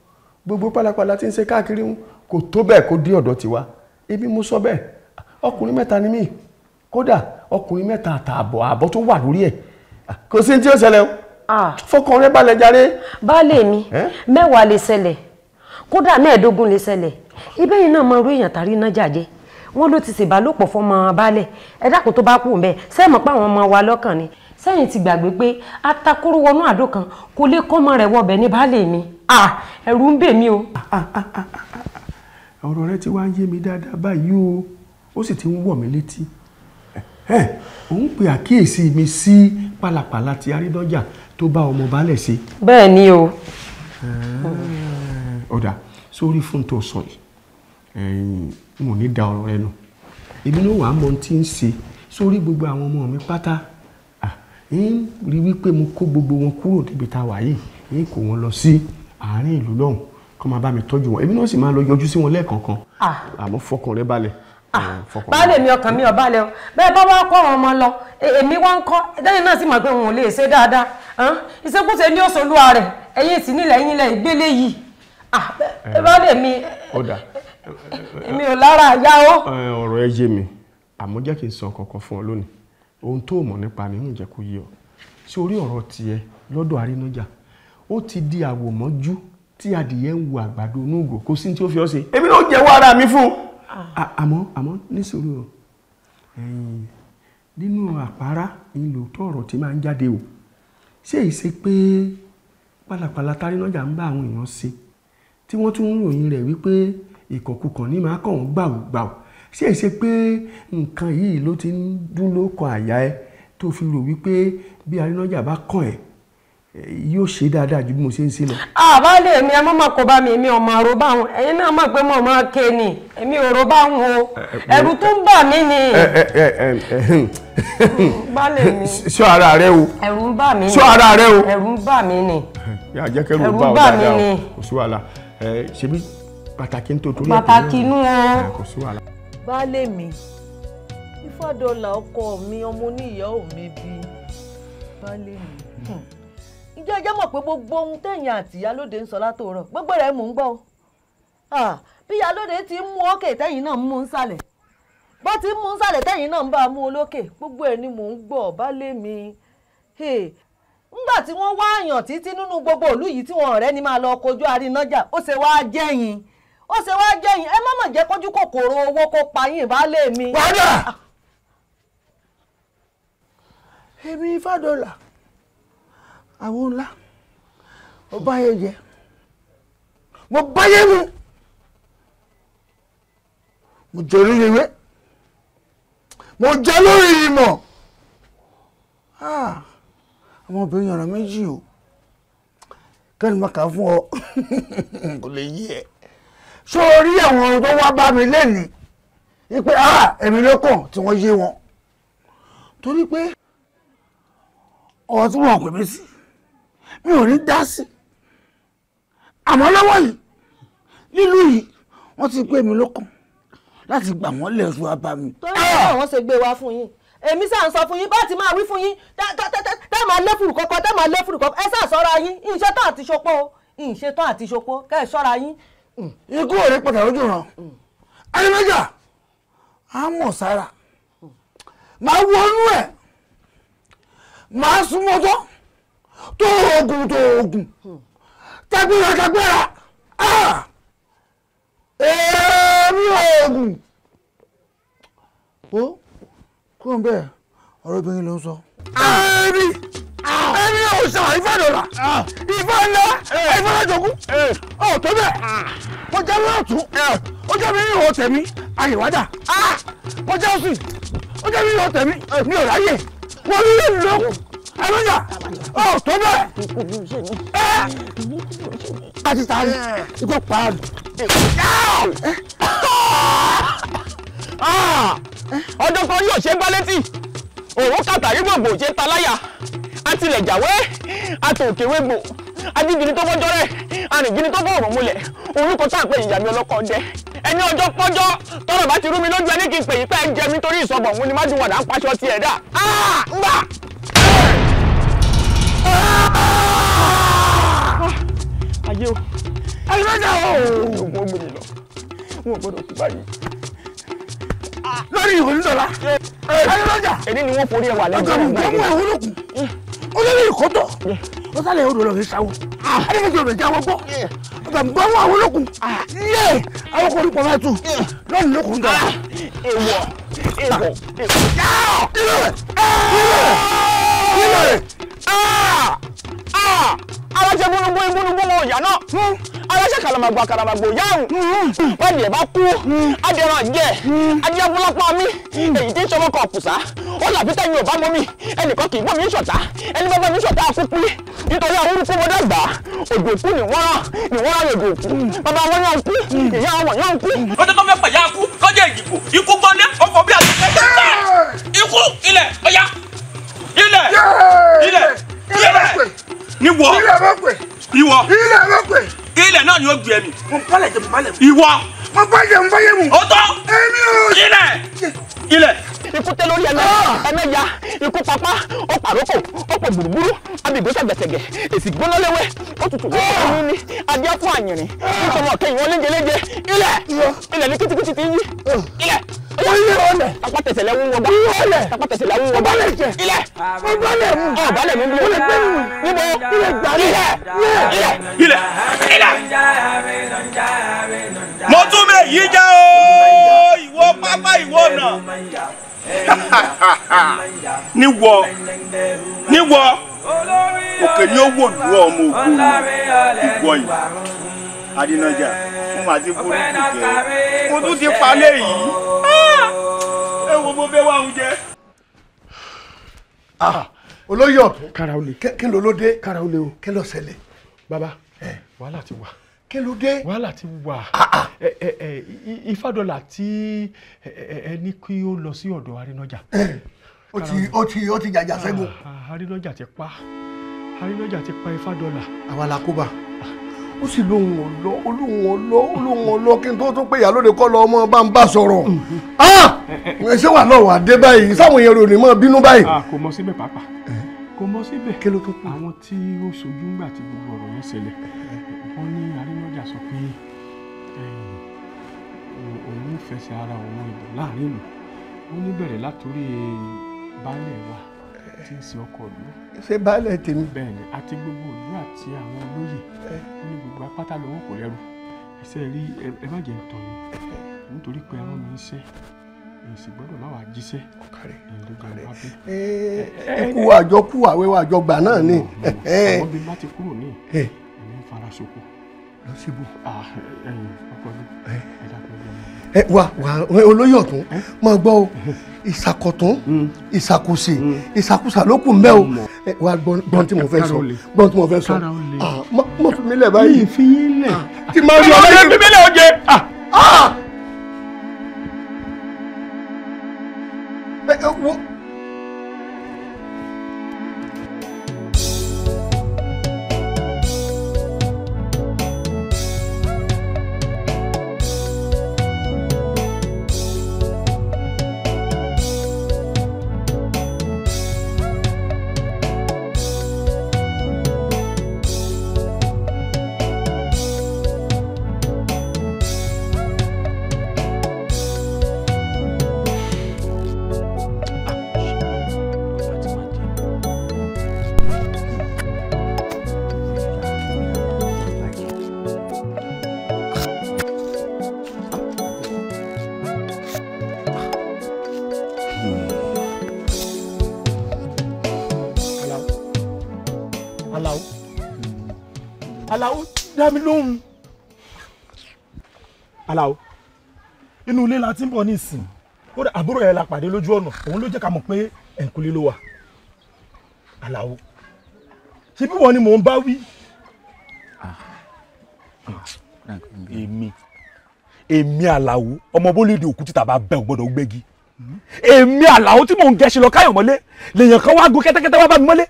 gbogbo pálapàla tí ń ṣe káàkiri kò tó bẹ́ẹ̀ kó dé ọ̀dọ̀ tiwa ebi mo sọ bẹ́ẹ̀ ọkùnrin mẹ́ta ni mí kódà ọkùnrin mẹ́ta àtààbọ̀ ààbọ̀ tó wà lórí ẹ̀ kò sí tí ó ṣẹlẹ̀ o fọkàn rẹ balẹ̀ jàre. baálé
mi mẹ́wàá lè ṣẹlẹ̀ kódà mẹ́ẹ̀ẹ́dógún lè ṣẹlẹ̀ ibẹ̀ yìí náà mọ irú èèyàn tàrí náà jàjẹ́ wọ́n ló ti ṣèbálòpọ̀ fọmọ baálẹ̀ ẹ dákun tó bá kù ń bẹ sẹ́ẹ̀mọ̀ pé àwọn ọmọ wa lọ́kàn ni sẹ́yìn ti gbàgbé pé atakóró wọnú àdó kan kò lè kọ́mọ rẹ̀ wọbẹ̀ ní baálé mi ẹ̀rù ń bè mí
ọ̀rọ̀ rẹ ti wá ń yé mi dáadáa báyìí o ó sì ti ń wọ̀ mí létí ẹ òun pe àkíyèsí mi sí pálapàla ti arídọ́jà tó bá ọmọ balẹ̀ ṣe. bẹ́ẹ̀ ni o. ọ̀dà sórí fún tó sọ yìí n ò ní da ọ̀rọ̀ rẹ nù èmi ló wàá mọ tí ń ṣe sórí gbogbo àwọn ọmọ mi pátá ń rí wípé mo kó gbogbo wọn kúrò níbi tá a wà yìí ń kó wọn lọ sí àárín ìlú lọ́hùn kó máa bá mi tọ́jú wọn èmi náà sì máa lọ yọjú sí wọn lẹ́ẹ̀kọ̀ọ̀kan àmọ́ fọkàn rẹ balẹ̀ Ah, baálé
mi ọkàn mi ọba lẹ o bẹ́ẹ̀ bá wá kọ́ ọmọ lọ e, èmi wá ń kọ́ lẹ́yìn náà sì mọ̀ pé òun ò lè ṣe dáadáa ìṣekúṣe ní òṣòlúwa rẹ̀ ẹ̀yìn sì nílẹ̀ ẹ̀yìn lẹ̀ ìgbélé yìí
ah, baálé mi èmi ò lára àyá o. ọ̀rọ̀ ẹ yé mi àmọ́ jẹ́ kí n sọ kankan fún ọ lónìí ohun tó mọ̀ nípa mi ń jẹ́ kó yé ọ sí orí ọ̀rọ̀ tiẹ̀ lọ́dọ̀ àrínájà ó ti di àwòmọ́jú tí adìyẹ ń wo àgbàdo onúgò kò sí ní tí ó fi ọ ṣe èmi náà jẹ́wọ́ ara mi fún un àmọ́ àmọ́ ní sùúrù o nínú àpárá ìlòótọ́ ọ̀rọ̀ tí máa ń jáde o ṣé ìṣe pé pálapàla tarínájà ń bá àwọn èèyàn ṣe tí wọ́n tún ń ròyìn rẹ̀ wípé ìkọ̀kùkọ̀ ní máa kàn ń gbàùgbàù ṣé ìṣe pé nǹkan yìí ló ti ń dún lóko àyà ẹ tó fi rò wípé bí arínájà bá kàn ẹ́ yóò ṣe dáadáa ju bí mo ṣe ń ṣe lọ. àbálẹ̀ mi ẹ mọ́ máa kó bá mi èmi ọmọ àrò bá wọn ẹ̀yin náà mọ̀ pé mo máa ké ni èmi ò
rò bá wọn o ẹ̀rù tó ń bà mí ni.
balẹ̀ mi sọ ara rẹ o
ẹ̀rù ń bà mí ni sọ ara rẹ o ẹ̀rù ń bà mí ni
ẹ̀rù ń bà mí ni kò sí wàhálà ṣebí pàtàkì ń tó torí ẹ̀ pàtàkì inú wọn. kò sí wàhálà.
balẹ̀ mi ifádọ́là ọkọ mi ọmọ oníyàwó mi bí
balẹ̀ mi. Hmm
jẹ́ jẹ́ mọ̀ pé gbogbo ohun téèyàn àti ìyálóde ń sọ látòrọ̀ gbogbo rẹ̀ mò ń gbọ́ bí ìyálóde ti mú òkè tẹ́yìn náà ń mú nsàlẹ̀ bó ti ń mú nsàlẹ̀ tẹ́yìn náà ń bá a mú olókè gbogbo ẹ̀ ni mò ń gbọ́ baálé mi ńgbà tí wọ́n wá àyàn títí nínú gbogbo òlú yìí tí wọn ọ̀rẹ́ ni máa lọ kojú arínájà ó ṣe wá jẹ́yìn ó ṣe wá jẹ́yìn ẹ má mà jẹ́ kójú kòkòrò
owó kó pa yín baálé mi. wàhálà èmi fàdọ̀là àwo ńlá mo báyé jẹ mo báyé mu mo jẹ lórí ewé mo jẹ lórí ìmọ̀ ah, ọmọbìnrin ọ̀rọ̀ méjì o kẹ́ni máa kà fún ọ kò lè yí ẹ ṣó rí àwọn tó wá bá mi lẹ́nìí wípé ah, ẹ̀mí ló kàn tí wọ́n yé wọn torí pé ọ̀rọ̀ tí wọ́n pè mí sí mi ò ní dá sí
àmọ́ lọ́wọ́ yìí nílùú yìí wọ́n ti gbé mi lókun láti gbà wọ́n lẹ́rù abá mi.
torí àwọn ṣe gbé wa fún yín èmi sá ń sọ fún yín bá ti máa wí fún yín tẹ́ máa lẹ́fùrù kọ́kọ́ tẹ́ máa lẹ́fùrù kọ́kọ́ ẹ sá sọ́ra yín ìṣetán àti ṣopó ìṣetán àti ṣopó kẹ́ ẹ sọ́ra yín. Hmm. ikú òde padà lójú ràn hmm. ẹni
méjà mọ̀ sára hmm. màá wọnú ẹ̀
màá súnmọ́tọ́ tó oògùn tó oògùn tagbéra ah! oògùn
ó kúrò ń bẹ́ẹ̀ ọ̀rọ̀ ló ń sọ.
ẹni ah! ẹni ah! ò sọ ìfọdọ̀là ìfọ̀ ńlá ìfọdọ̀jọ̀kú eh! ọ̀ eh! mo jẹ́ mi ọ̀tún eh! ó jẹ́ mi ìhò tẹ̀mí àyèwádà mo jẹ́ òsì ó jẹ́ mi ìhò tẹ̀mí mi ò ráyè mo
rí ẹlọ́yà ọ tó bẹ́ẹ̀ ẹ àti sáré ikọ̀ paadu. ọjọ́ kan yóò ṣe gbá létí òun kàtàrí
gbogbo ṣe ta láyà àtìlẹ̀jàwé àtòkèwégbò ajígiri tó fọjọ́ rẹ̀ arìngiri tó fọ̀rọ̀ múlẹ̀ orúkọ tá à ń pè ìyá mi ọlọ́kọ jẹ ẹni ọjọ́ pọ́jọ́ tọrọ bá ti rú mi lójú ẹni kí n pè yí pé ẹ jẹ mi torí ìsọ̀bọ̀ òun ni má dùn wàdà ń paṣọ tiẹ̀ ah! ngbà ayé o ayé mẹ́ta o oògùn ogun mi lọ wọn ò gbọdọ̀ kú báyìí
lórí ìwé nítorí ayé mẹ́ta èdè ni wọ́n forí ẹwà lẹ́gbẹ̀ẹ́ ọjọ́
mi wọ́n mú ẹ̀wọ́n lókun olórí ìkọ́tọ̀ ó sálẹ̀ odò lọ́ọ́ fi ṣàwọ̀ adébẹ̀tì òbẹ̀ jáwọ́ gbọ́ ọ̀gá mi gbọ́wọ́ àwọn olókun yé àwọn kò ní pọ̀ mẹ́tù lọ́ọ̀nù
lókun dọ̀
èèwọ̀ èèwọ̀ èèwọ̀ aláṣẹ búnubú ibúnubú mọ
òyà náà aláṣẹ kàlàmàgbà kàlàmàgbò yáàrùn báyìí ẹ bá kú adìẹran jẹ adìẹbúlápá mi èyí tí ń sọmọ kan ọ̀pùsá ó làbí tẹ́yìn ò bá mọ́ mi
ẹnìkan kì í bọ́ mi ṣọ̀tá ẹni bá bá mi ṣọ̀tá kú pín nítorí àwọn orúkọ wọn dàgbà òdò òkú ni wọ́n rán ni wọ́n rán òdò òkú bàbá wọn yàn kú ìyá wọn yàn kú. ó tẹ́ tó fẹ́ pàyà kú
kọ́jà ìdìbò ikú gbọ́ndé ọkọ̀ bí àti kẹ́kẹ́ ilẹ̀ ilẹ̀ ilẹ̀ niwọ iwọ ilẹ̀ náà ni ó gbé mi. mo balẹ̀ jẹ mo balẹ̀ mu. iwọ. mo balẹ̀ jẹ mo balẹ̀ mu. o tọ́. èmi ò. ilẹ̀ ilẹ̀
ikú tẹ lórí ẹmẹ ah! ẹmẹja ikú papá
ó pàrókò ó pò gbùrùgbùrù abìgbó sẹgbẹsẹgẹ èsì gbóná léwé ó tutù gbóná léwé ní adé fún àyìnrín nítorí ah! ọkẹyìn wọn léjeléje ilẹ̀ ilẹ̀ ní kítíkítí ti ń yí
ah! ilẹ̀ ilẹ̀ apá tẹsẹ̀ lẹ ń wọgbà apá tẹsẹ̀ lẹ ń wọgbà ilẹ̀ ọbalẹ mu ọbalẹ mu bí wọlé pẹ̀lú níbo ilẹ̀ gbàlẹ ilẹ̀ ilẹ̀ ilẹ̀. mo tún gómìnà yìí já o
ìwọ pápá ìwọ ọ̀nà níwọ níwọ òkè ni ó wò lù ọ ọmọ ògbóni ìwọ yìí adínájà fún màá ti burú jù jẹ mo tún ti palẹ̀ yìí ẹ ah! wo mo fẹ́ wá oúnjẹ. Ah! olóyè ọ̀tún kí ló ló dé kí ló ṣẹlẹ̀. baba wàhálà ti wà kí ló dé. wàhálà ti wà ah, ah. ifádọ́là tí ẹ ní kí ó lọ sí ọ̀dọ̀ arínájà. ó ti ó ti ó ti jàjà ṣẹ́gun. arínájà ah, ti pa arínájà ti pa ifádọ́là. àwa la kó bá ó sì lóhùn ọlọ olóhùn ọlọ olóhùn ọlọ kí n tó tó pé ìyálóde kọ́ lọ ọmọ bá ń bá sọ̀rọ̀ mm-hmm. ṣé wà lọ́wọ́ àdé báyìí sáwọn èèyàn ròyìn mọ́ bínú báyìí. kò mọ síbẹ̀ pàápàá eh. kò mọ síbẹ̀ àwọn tí ó ṣojú ńgbà tí gbogbo ọ̀rọ̀ yẹn ṣẹlẹ̀ eh, eh wọ́n ní arínájà sọ pé òun fẹsẹ̀ ara òun ìbò láàrin ìlú wọ́n ní bẹ̀rẹ̀ látòrí baálẹ̀ wa tí ń sin ọkọ̀ ìlú. ṣé baálẹ̀ tèmi. bẹ́ẹ̀ ni àti gbogbo ìlú àti àwọn olóyè wọ́n ní gbogbo apáta lọ́wọ́ kò lẹ́rù ẹsẹ̀ rí ẹ má jẹ́ ntọ́ mi nítorí pé ẹran mi ń ṣe èsì gbọ́dọ̀ má wàá jíṣẹ́ ẹ kú àjọkú àwẹwà àjọgbà náà ni. Mm, mm, mm. àwọn bí má ti kúrò ní wá sóko. lọ síbò. ẹ̀yin ọkọ mi ẹ dákun ẹ jẹun. ẹ wà wà olóyè ọ̀tún máa gbọ́ o mm. ìsàkọ̀tún mm. ìsàkóso mm. ìsàkóso àlókù mbẹ́ o wà gbọ́n tí mo fẹ́ sọ gbọ́n tí mo fẹ́ sọ ah, mo fi mi lẹ̀ báyìí. mi ì fi yín lẹ̀. ti máa ń lọ ọlọ́yẹ bíbélé oje. lóhùn. Alao inú ilé la ti ń bọ̀ ní ìsìn kódà àbúrò ẹ̀ la pàdé lójú ọ̀nà òun ló jẹ́ ká mọ̀ pé ẹ̀ǹkulé ló wà. Alao ṣé bí wọ́n ni mò ń bá wí. èmi èmi Alao ọmọ bólúdì òkú títà bá bẹ ò gbọ́dọ̀ gbégi èmi Alao tí mò ń gẹṣin lọ káyọ̀ mọ́lé lèèyàn kan wá gun kẹ́tẹ́kẹ́tẹ́ wá bá mi mọ́lé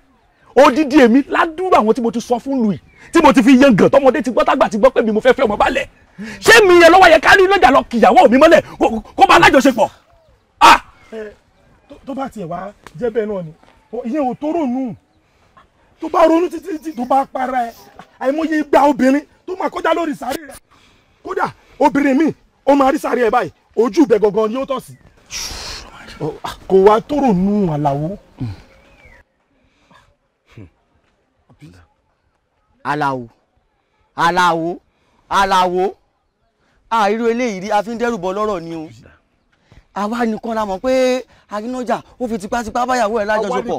odidi èmi ládùúgbò àwọn tí mo ti sọ fún lùi tí mo ti fi yan gàn tọmọdé ti gbọ́ tágbà ti gbọ́ pé mi mo fẹ́ fẹ́ ọmọ balẹ̀ ṣé mi yẹn lọ́wọ́ yẹ kárí lọ́jà lọ kìyàwó mi mọ́lẹ̀ kó bá alájọṣepọ̀ ah. tó bá tiẹ̀ wá jẹ́ bẹ́ẹ̀ náà ni ìyẹn ò tó ronú tó bá ronú títí títí tó bá para ẹ àìmọye igba obìnrin tó máa kọjá lórí sáré rẹ kódà obìnrin mi ó máa rí sáré ẹ báyìí ojú ibẹ̀ gangan ni ó tọ̀ sí kò wá tó ronú àlàó aláwo aláwo aláwo àìrú eléyìí rí a fi ń dẹ́rù bọ́ lọ́rọ̀ ni o àwa nìkan la mọ̀ pé arínájà ó fi tipátipá báyàwó ẹ̀
lájọṣepọ̀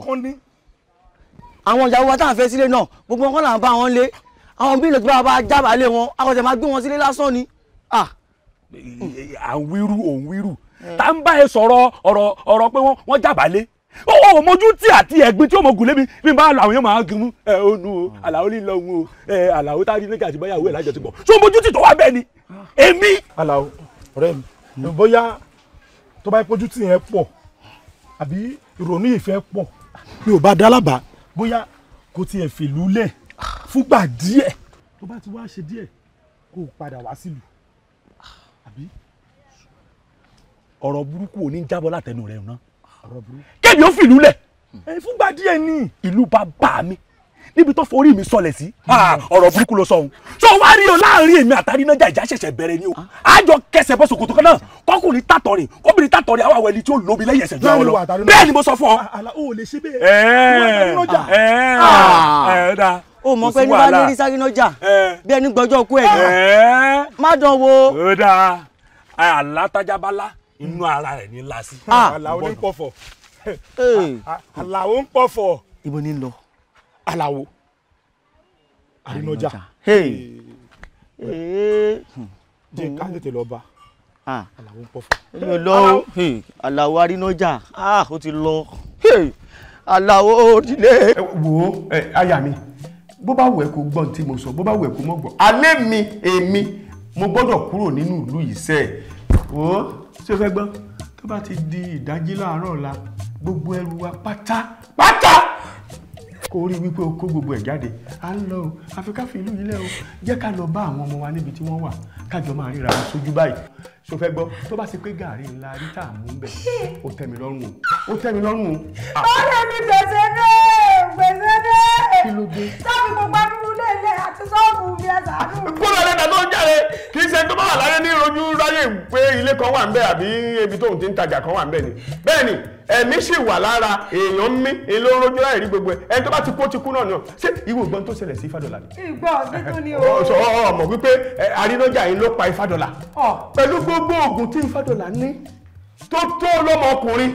àwọn ìyàwó wa tá à ń fẹ́ sílé náà gbogbo wọn là ń bá wọn lé àwọn bílẹ̀ tó bá bá
jábàálé wọn akọ̀tẹ̀ máa gbé wọn sílé lásán ni. à òun wíru tá ń bá ẹ sọ̀rọ̀ ọ̀rọ̀ pé wọ́n jábàálé ó mojú tí àti ẹ̀gbin tí ó mọ gùn lébi bí n bá lọ àwọn èèyàn máa gun ẹ onu o ah. àlàó lílọ ohun o ẹ àlàó tá a rí nígbà tí báyàwó ẹ lájọ ti bọ ṣó mojú tí tó wá bẹ́ẹ̀ ni ah. èmi. àlàó ọ̀rẹ́ mi bóyá tó bá pojú tí yẹn pọ̀ àbí ìrònú ìfẹ́ pọ̀ mi ò bá dá lábàá bóyá kò tiẹ̀ fèlú lẹ̀ fúgbà díẹ̀ tó bá ti wá ṣe díẹ̀ kó o padà wá sílùú àbí. ọ̀rọ̀ burúkú kéde ó fìlú lẹ̀ fúngbà díẹ̀ ní ìlú bàbá mi níbi tó forí mi sọlẹ̀ sí hmm. ah, ọ̀rọ̀ burúkú ló sọ òun tó wá rí o láàrin èmi àtàrí náà jà ìjà ṣẹ̀ṣẹ̀ bẹ̀rẹ̀ ni o àjọ ah. kẹsẹ̀ bọ́ sòkòtò kan náà kọkùnrin tàtọ̀ rìn kóbìnrin tàtọ̀ rìn àwọn àwọn ẹni tí ó lóbi lẹ́yìn ẹ̀sẹ̀ jù àwọn lọ bẹ́ẹ̀ ni mo sọ fún ọ. o lè ṣe bẹ́ẹ̀ ẹ
ẹ ah. ẹ da
o mọ pé ní bá lórí sáré náà jà bí ẹni gbọ́jọ́ kú ẹ̀ má dán wo. ó dáa alátajábálá inú ara rẹ̀ ní lásì àlàó ń pọ̀fọ̀. ibo ni ń lọ. àlàó àrínájà jẹ ká tètè lọ bá ah. àlàó ń pọ̀fọ̀. èmi ò lọ o àlàó àrínájà ah, ó ti lọ àlàó òdìlé. wo aya mi bó bá wù ẹ́ kó gbọ́ tí mo sọ bó bá wù ẹ́ kó mọ̀ gbọ́ alẹ́ mi èmi mo gbọ́dọ̀ kúrò nínú ìlú yìí sẹ́ẹ̀ wò ṣé o fẹ́ gbọ́ tó bá ti di ìdájí láàárọ̀ ọ̀la gbogbo ẹrù wa pátá pátá kó rí wípé o kó gbogbo ẹ̀ jáde à ń lọ o àfi ìlú yìí lẹ̀ o jẹ́ ká lọ bá àwọn ọmọ wa níbi tí wọ́n wà kájọ máa ríra wọn sójú báyìí ṣó fẹ́ tó bá ṣe pé gàárì ńlá rí tá à mú bẹ̀ ó tẹ́ mi lọ́rùn o ó tẹ́ mi lọ́rùn o.
ọ̀rẹ́ mi gbèsè dé gbèsè dé kí gbogbo abúlé lè àti sọ́ọ̀bù mi ẹ̀sà kúrò lẹ́dà ló ń jáde
kì í ṣe tó bá wà láyé ní rojú ráyè pé ilé kan wà ń bẹ àbí ibi tóun ti ń tajà kan wà ń bẹ ni bẹ́ẹ̀ ni ẹ̀mí sì wà lára èèyàn mí èlò rojú láì rí gbogbo ẹ̀ ẹni tó bá ti kú ti kú náà ni ṣé ìwé ògbọ́n tó ṣẹlẹ̀ sí Ifádọ́là ni.
ìgbọ́ tuntun ni o.
sọ ọmọ wípé arínájà yìí ló pa Ifádọ́là. pẹ̀lú gbogbo oògùn tí Ifádọ́là ní tó tó lọ́mọkùnrin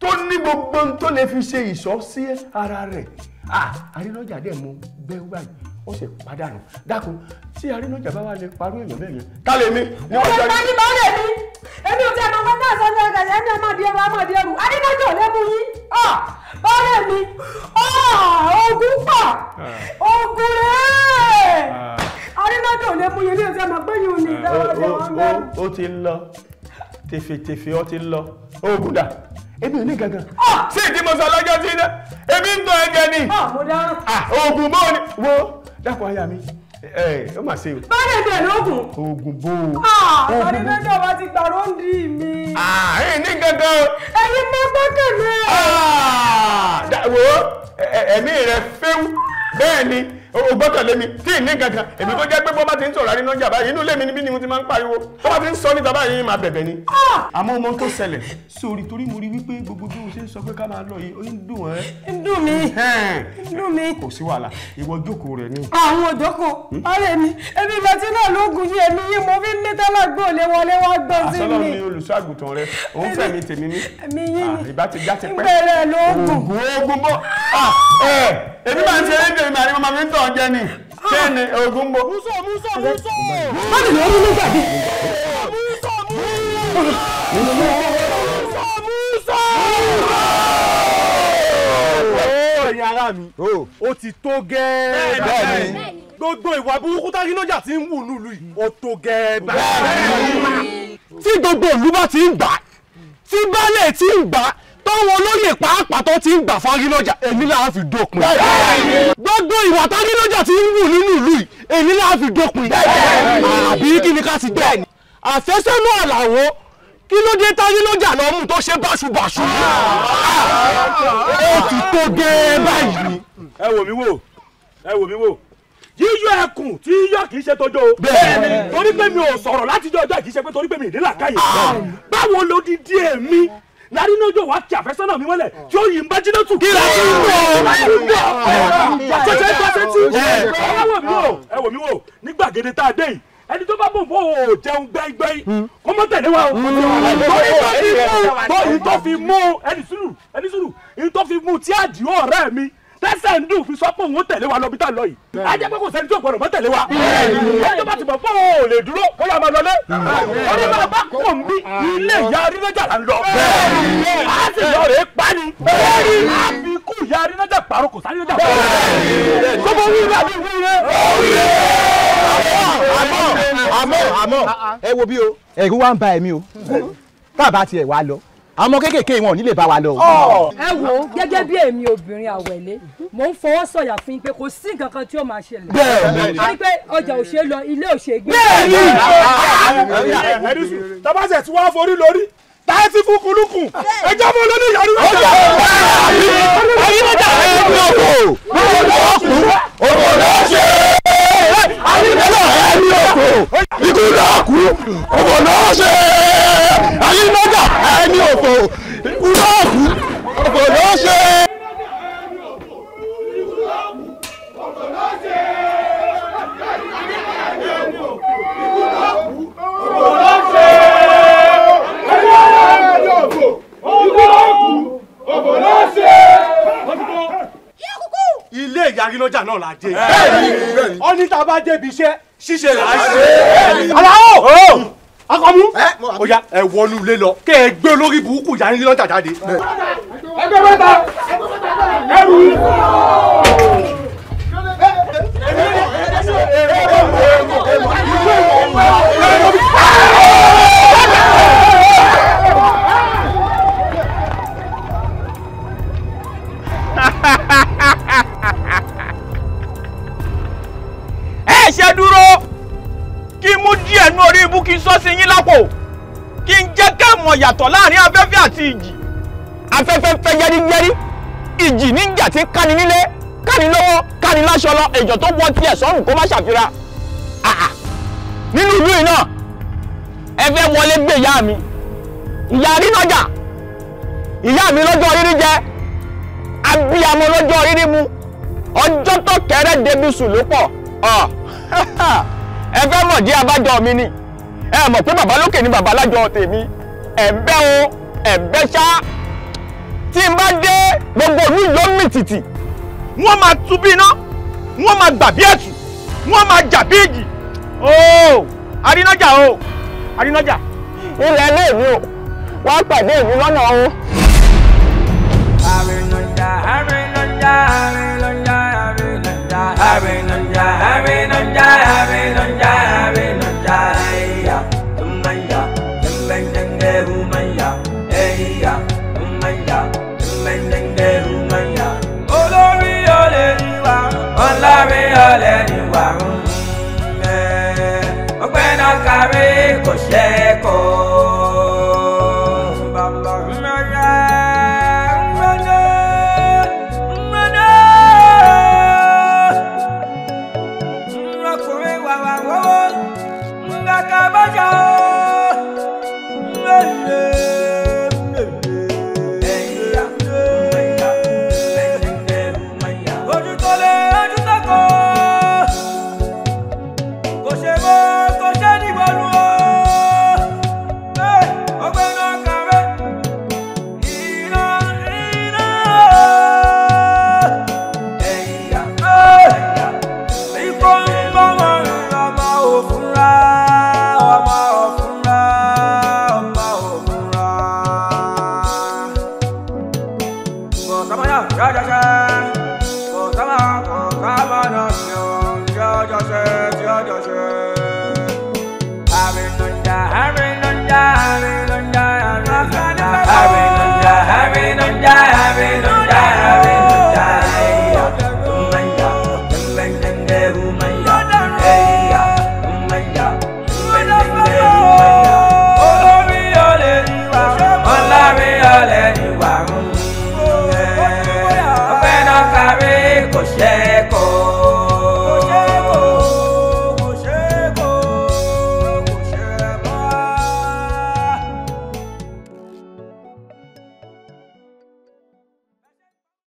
tó ní gbogbo tó lè fi ṣe ìṣọ́ sí ara rẹ̀ arínájà dẹ̀ mú bẹ́ẹ̀ wáyé ó sì pàdánù dákun tí arínájà bá wà lè parú èèyàn bẹ́ẹ̀ yẹn ká lè mi.
wọ́n lè bá ní báwọ̀lẹ̀ mi
èmi ò tí a
máa fẹ́ náà sọ́jọ́ ẹ̀ka ẹ̀ ní ọmọdé ẹ̀rù ọmọdé ẹ̀rù arínájà ò lẹ́mú yín báwọ̀lẹ̀ mi ogun pọ̀ ogun rẹ̀ arínájà ò lẹ́mú yín èmi ò tí a máa gbé yín òní ìdáwọ́ ọ̀dẹ̀ wọn bẹ́ẹ̀.
ó ti ń lọ tèfètèfè ó ti ń lọ ogun dà èmi ò ní gangan. ṣé ìdí mo sọ lọ́jọ́ sí iná èmi ń tọ́ ẹgẹ ni. mo dáhùn. oògùn bóun ni wo dákun aya mi ẹ ó mà ṣe o. báyọ̀ bẹ̀ lóògùn. oògùn bò ó. àtàrí lọ́jọ́ wa ti gbà róńdì mi. àárín ní gangan. ẹyin máa Ah, wo ẹ̀mí rẹ̀ fẹ́wú bẹ́ẹ̀ ni o gbọ́kànlé mi tí ì ní kankan èmi tó jẹ́ pé bó bá ti ń sọ̀rọ̀ àrínà jà báyìí inú ilé mi níbí ni mo ti máa ń pariwo bó bá ti ń sọ níta báyìí máa bẹ̀bẹ̀ ni. àmọ́ ọmọ tó ṣẹlẹ̀ sórí torí mo rí wípé gbogbo bí mo ṣe ń sọ pé ká máa lọ yìí ó ń dùn ẹ́. dùn mí dùn mí. kò sí wàhálà ìwọ jókòó rẹ ni.
àwọn òjòkó hmm? ọ̀rẹ́ mi ẹbí bàtí náà ló gùn yé mi yé mo fi ń mẹ́ta lágbó lé wọlé wá gbọ́ sí mi. àsọlọ mi
olùṣọ́àgùtàn onítọ̀ jẹ ni ṣé ah. ni ogun gbó. muso muso muso. má lè lọ́wọ́ nínú gbàgbé. muso muso.
muso muso.
ẹ̀yin ará mi oh. ó ti tó gẹ́ẹ́ gbogbo ìwà burúkú tágínọ́jà ti ń wù nílùú yìí ó tó gẹ́ẹ́ bẹ́ẹ̀ tí gbogbo ìlú bá ti ń gbà tí baálé ti ń gbà táwọn olóyè pàápàá tó ti ń gbà fún arílọ́jà èmi là á fi dópin. gbogbo ìwà tárílọ́jà ti ń wù nínú ìlú yìí èmi là á fi dópin. àbí kí ni ká ti gbẹ́ àfẹ́sẹ́nú àlàwọ́ kí ló dé tárílọ́jà lọ mú tó ṣe báṣubàṣu. ó ti tó dé báyìí. ẹ wò mí wò ẹ wò mí wò yíyọ ẹkùn tí yíyọ kì í ṣe tójó o. bẹ́ẹ̀ni torí pé mi ò sọ̀rọ̀ látijọ́ ọjọ́ kì í ṣe pé torí pé mi ìdílà káyè. Ah. báwo ló di díẹ̀ mi lárínájò wá kí àfẹ́sọ́nà mi mọ́lẹ̀ tí ó yìí ń bá jiná tù. kí ló ń bọ̀ ọ́ ń bọ̀ ọ́ ṣẹ̀ṣẹ̀ pàṣẹtì ẹ wò mí wò ẹ wò mí wò ní gbàgede tá a dé yìí ẹni tó bá bò bò ó jẹun gbẹ́ngbẹ́ng hmm. kó mọ́ tẹ̀lé wa o. Hmm. torí tó fi mú ẹni sùúrù ẹni sùúrù ẹni fi mú tí àdìó ọ̀rẹ́ mi tẹsẹ̀ ń dùn fi sọ pé òun ó tẹ̀lé wa lọ bí tá a lọ yìí a jẹ́ pé kò sẹ́ni tí ò gbọ́dọ̀ mọ́ tẹ̀lé wa ẹjọ́ bá ti mọ̀ fún òun ò lè dúró kó yà máa lọlé orí máa bá kò ń bí ilé ìyá arínájà là ń lọ a sì lọ rèé pani àfikún ìyá
arínájà pàrọ̀ kò sáré nájà pàrọ̀ sọ́kò wíwí àbí wíwí àmọ́ àmọ́ àmọ́ ah,
ah. ẹ wo bí o ẹ̀rù wa ń ba ẹ̀mí o tá a bá tiẹ̀ wá lọ àwọn kéékèèké wọn ò ní lè bá wa lọ.
ẹ wo gẹ́gẹ́ bí èmi obìnrin àwẹ̀lé mò ń fọwọ́ sọ̀yà fún yín pé kò sí nǹkan kan tí ó máa ṣẹlẹ̀. bẹ́ẹ̀ni a ní pé ọjà ò
ṣe lọ ilé ò ṣe gbé. bẹ́ẹ̀ni tabasẹ tí wàá forí lórí
táyé ti fún kulukun
ẹjọ́ bó ló ní ìyàrá ìwé ìjà. ayé ló dà ẹ́ ní ọkọ̀ owó lọ́ọ̀kù owó lọ́ọ̀ṣẹ́ ayé ló dà ẹ́ ní ọkọ̀ ikú lọ́ọ̀kù owó lọ́ọ̀ṣẹ́ ayé ló ẹni òfò ikú náà kú òfò ló ṣe.
ilé ìyarinlọ́jà náà la dé. ọ ní tá a bá débi iṣẹ́ ṣíṣe là á ṣe. aláwọ̀. Oh! akọmu ọya ẹ wọnú ilé lọ kẹ ẹ gbé olórí burúkú yà ní lọ́jà jáde.
ẹgbẹ́ mẹ́ta
ẹrù yìí.
yàtọ̀ láàrin afẹ́fẹ́ àti ìjì afẹ́fẹ́ fẹ́ yẹ́ríyẹ́rí ìjì níjà tí káni nílé káni lọ́wọ́ káni láṣọ lọ èjò tó wọ tiẹ̀ sọ́run kó má ṣàfihàn
nínú ìlú yìí náà ẹ fẹ́ wọlé gbé ìyá mi ìyá rínájà ìyá mi lọ́jọ́ rírí jẹ abíyamọ lọ́jọ́ rírí mu ọjọ́ tó kẹrẹ́ débi sùn ló pọ̀
ẹ fẹ́ mọ̀ jẹ́ abájọ mi ni ẹ mọ̀ pé bàbá lókè ni bàbá lájọ tèmi ẹ̀bẹ́ o ẹ̀bẹ́ ṣá tí n bá dé gbogbo ìlú yọ mí tìtì. wọ́n máa tú bí iná wọ́n máa gbà bí ẹ̀tù wọ́n máa jà bí ìjì ooo arínájà o arínájà. ilẹ̀ ilé mi o
wọ́n pàdé mi lọ́nà o. arínájà arínájà arínájà arínájà arínájà arínájà.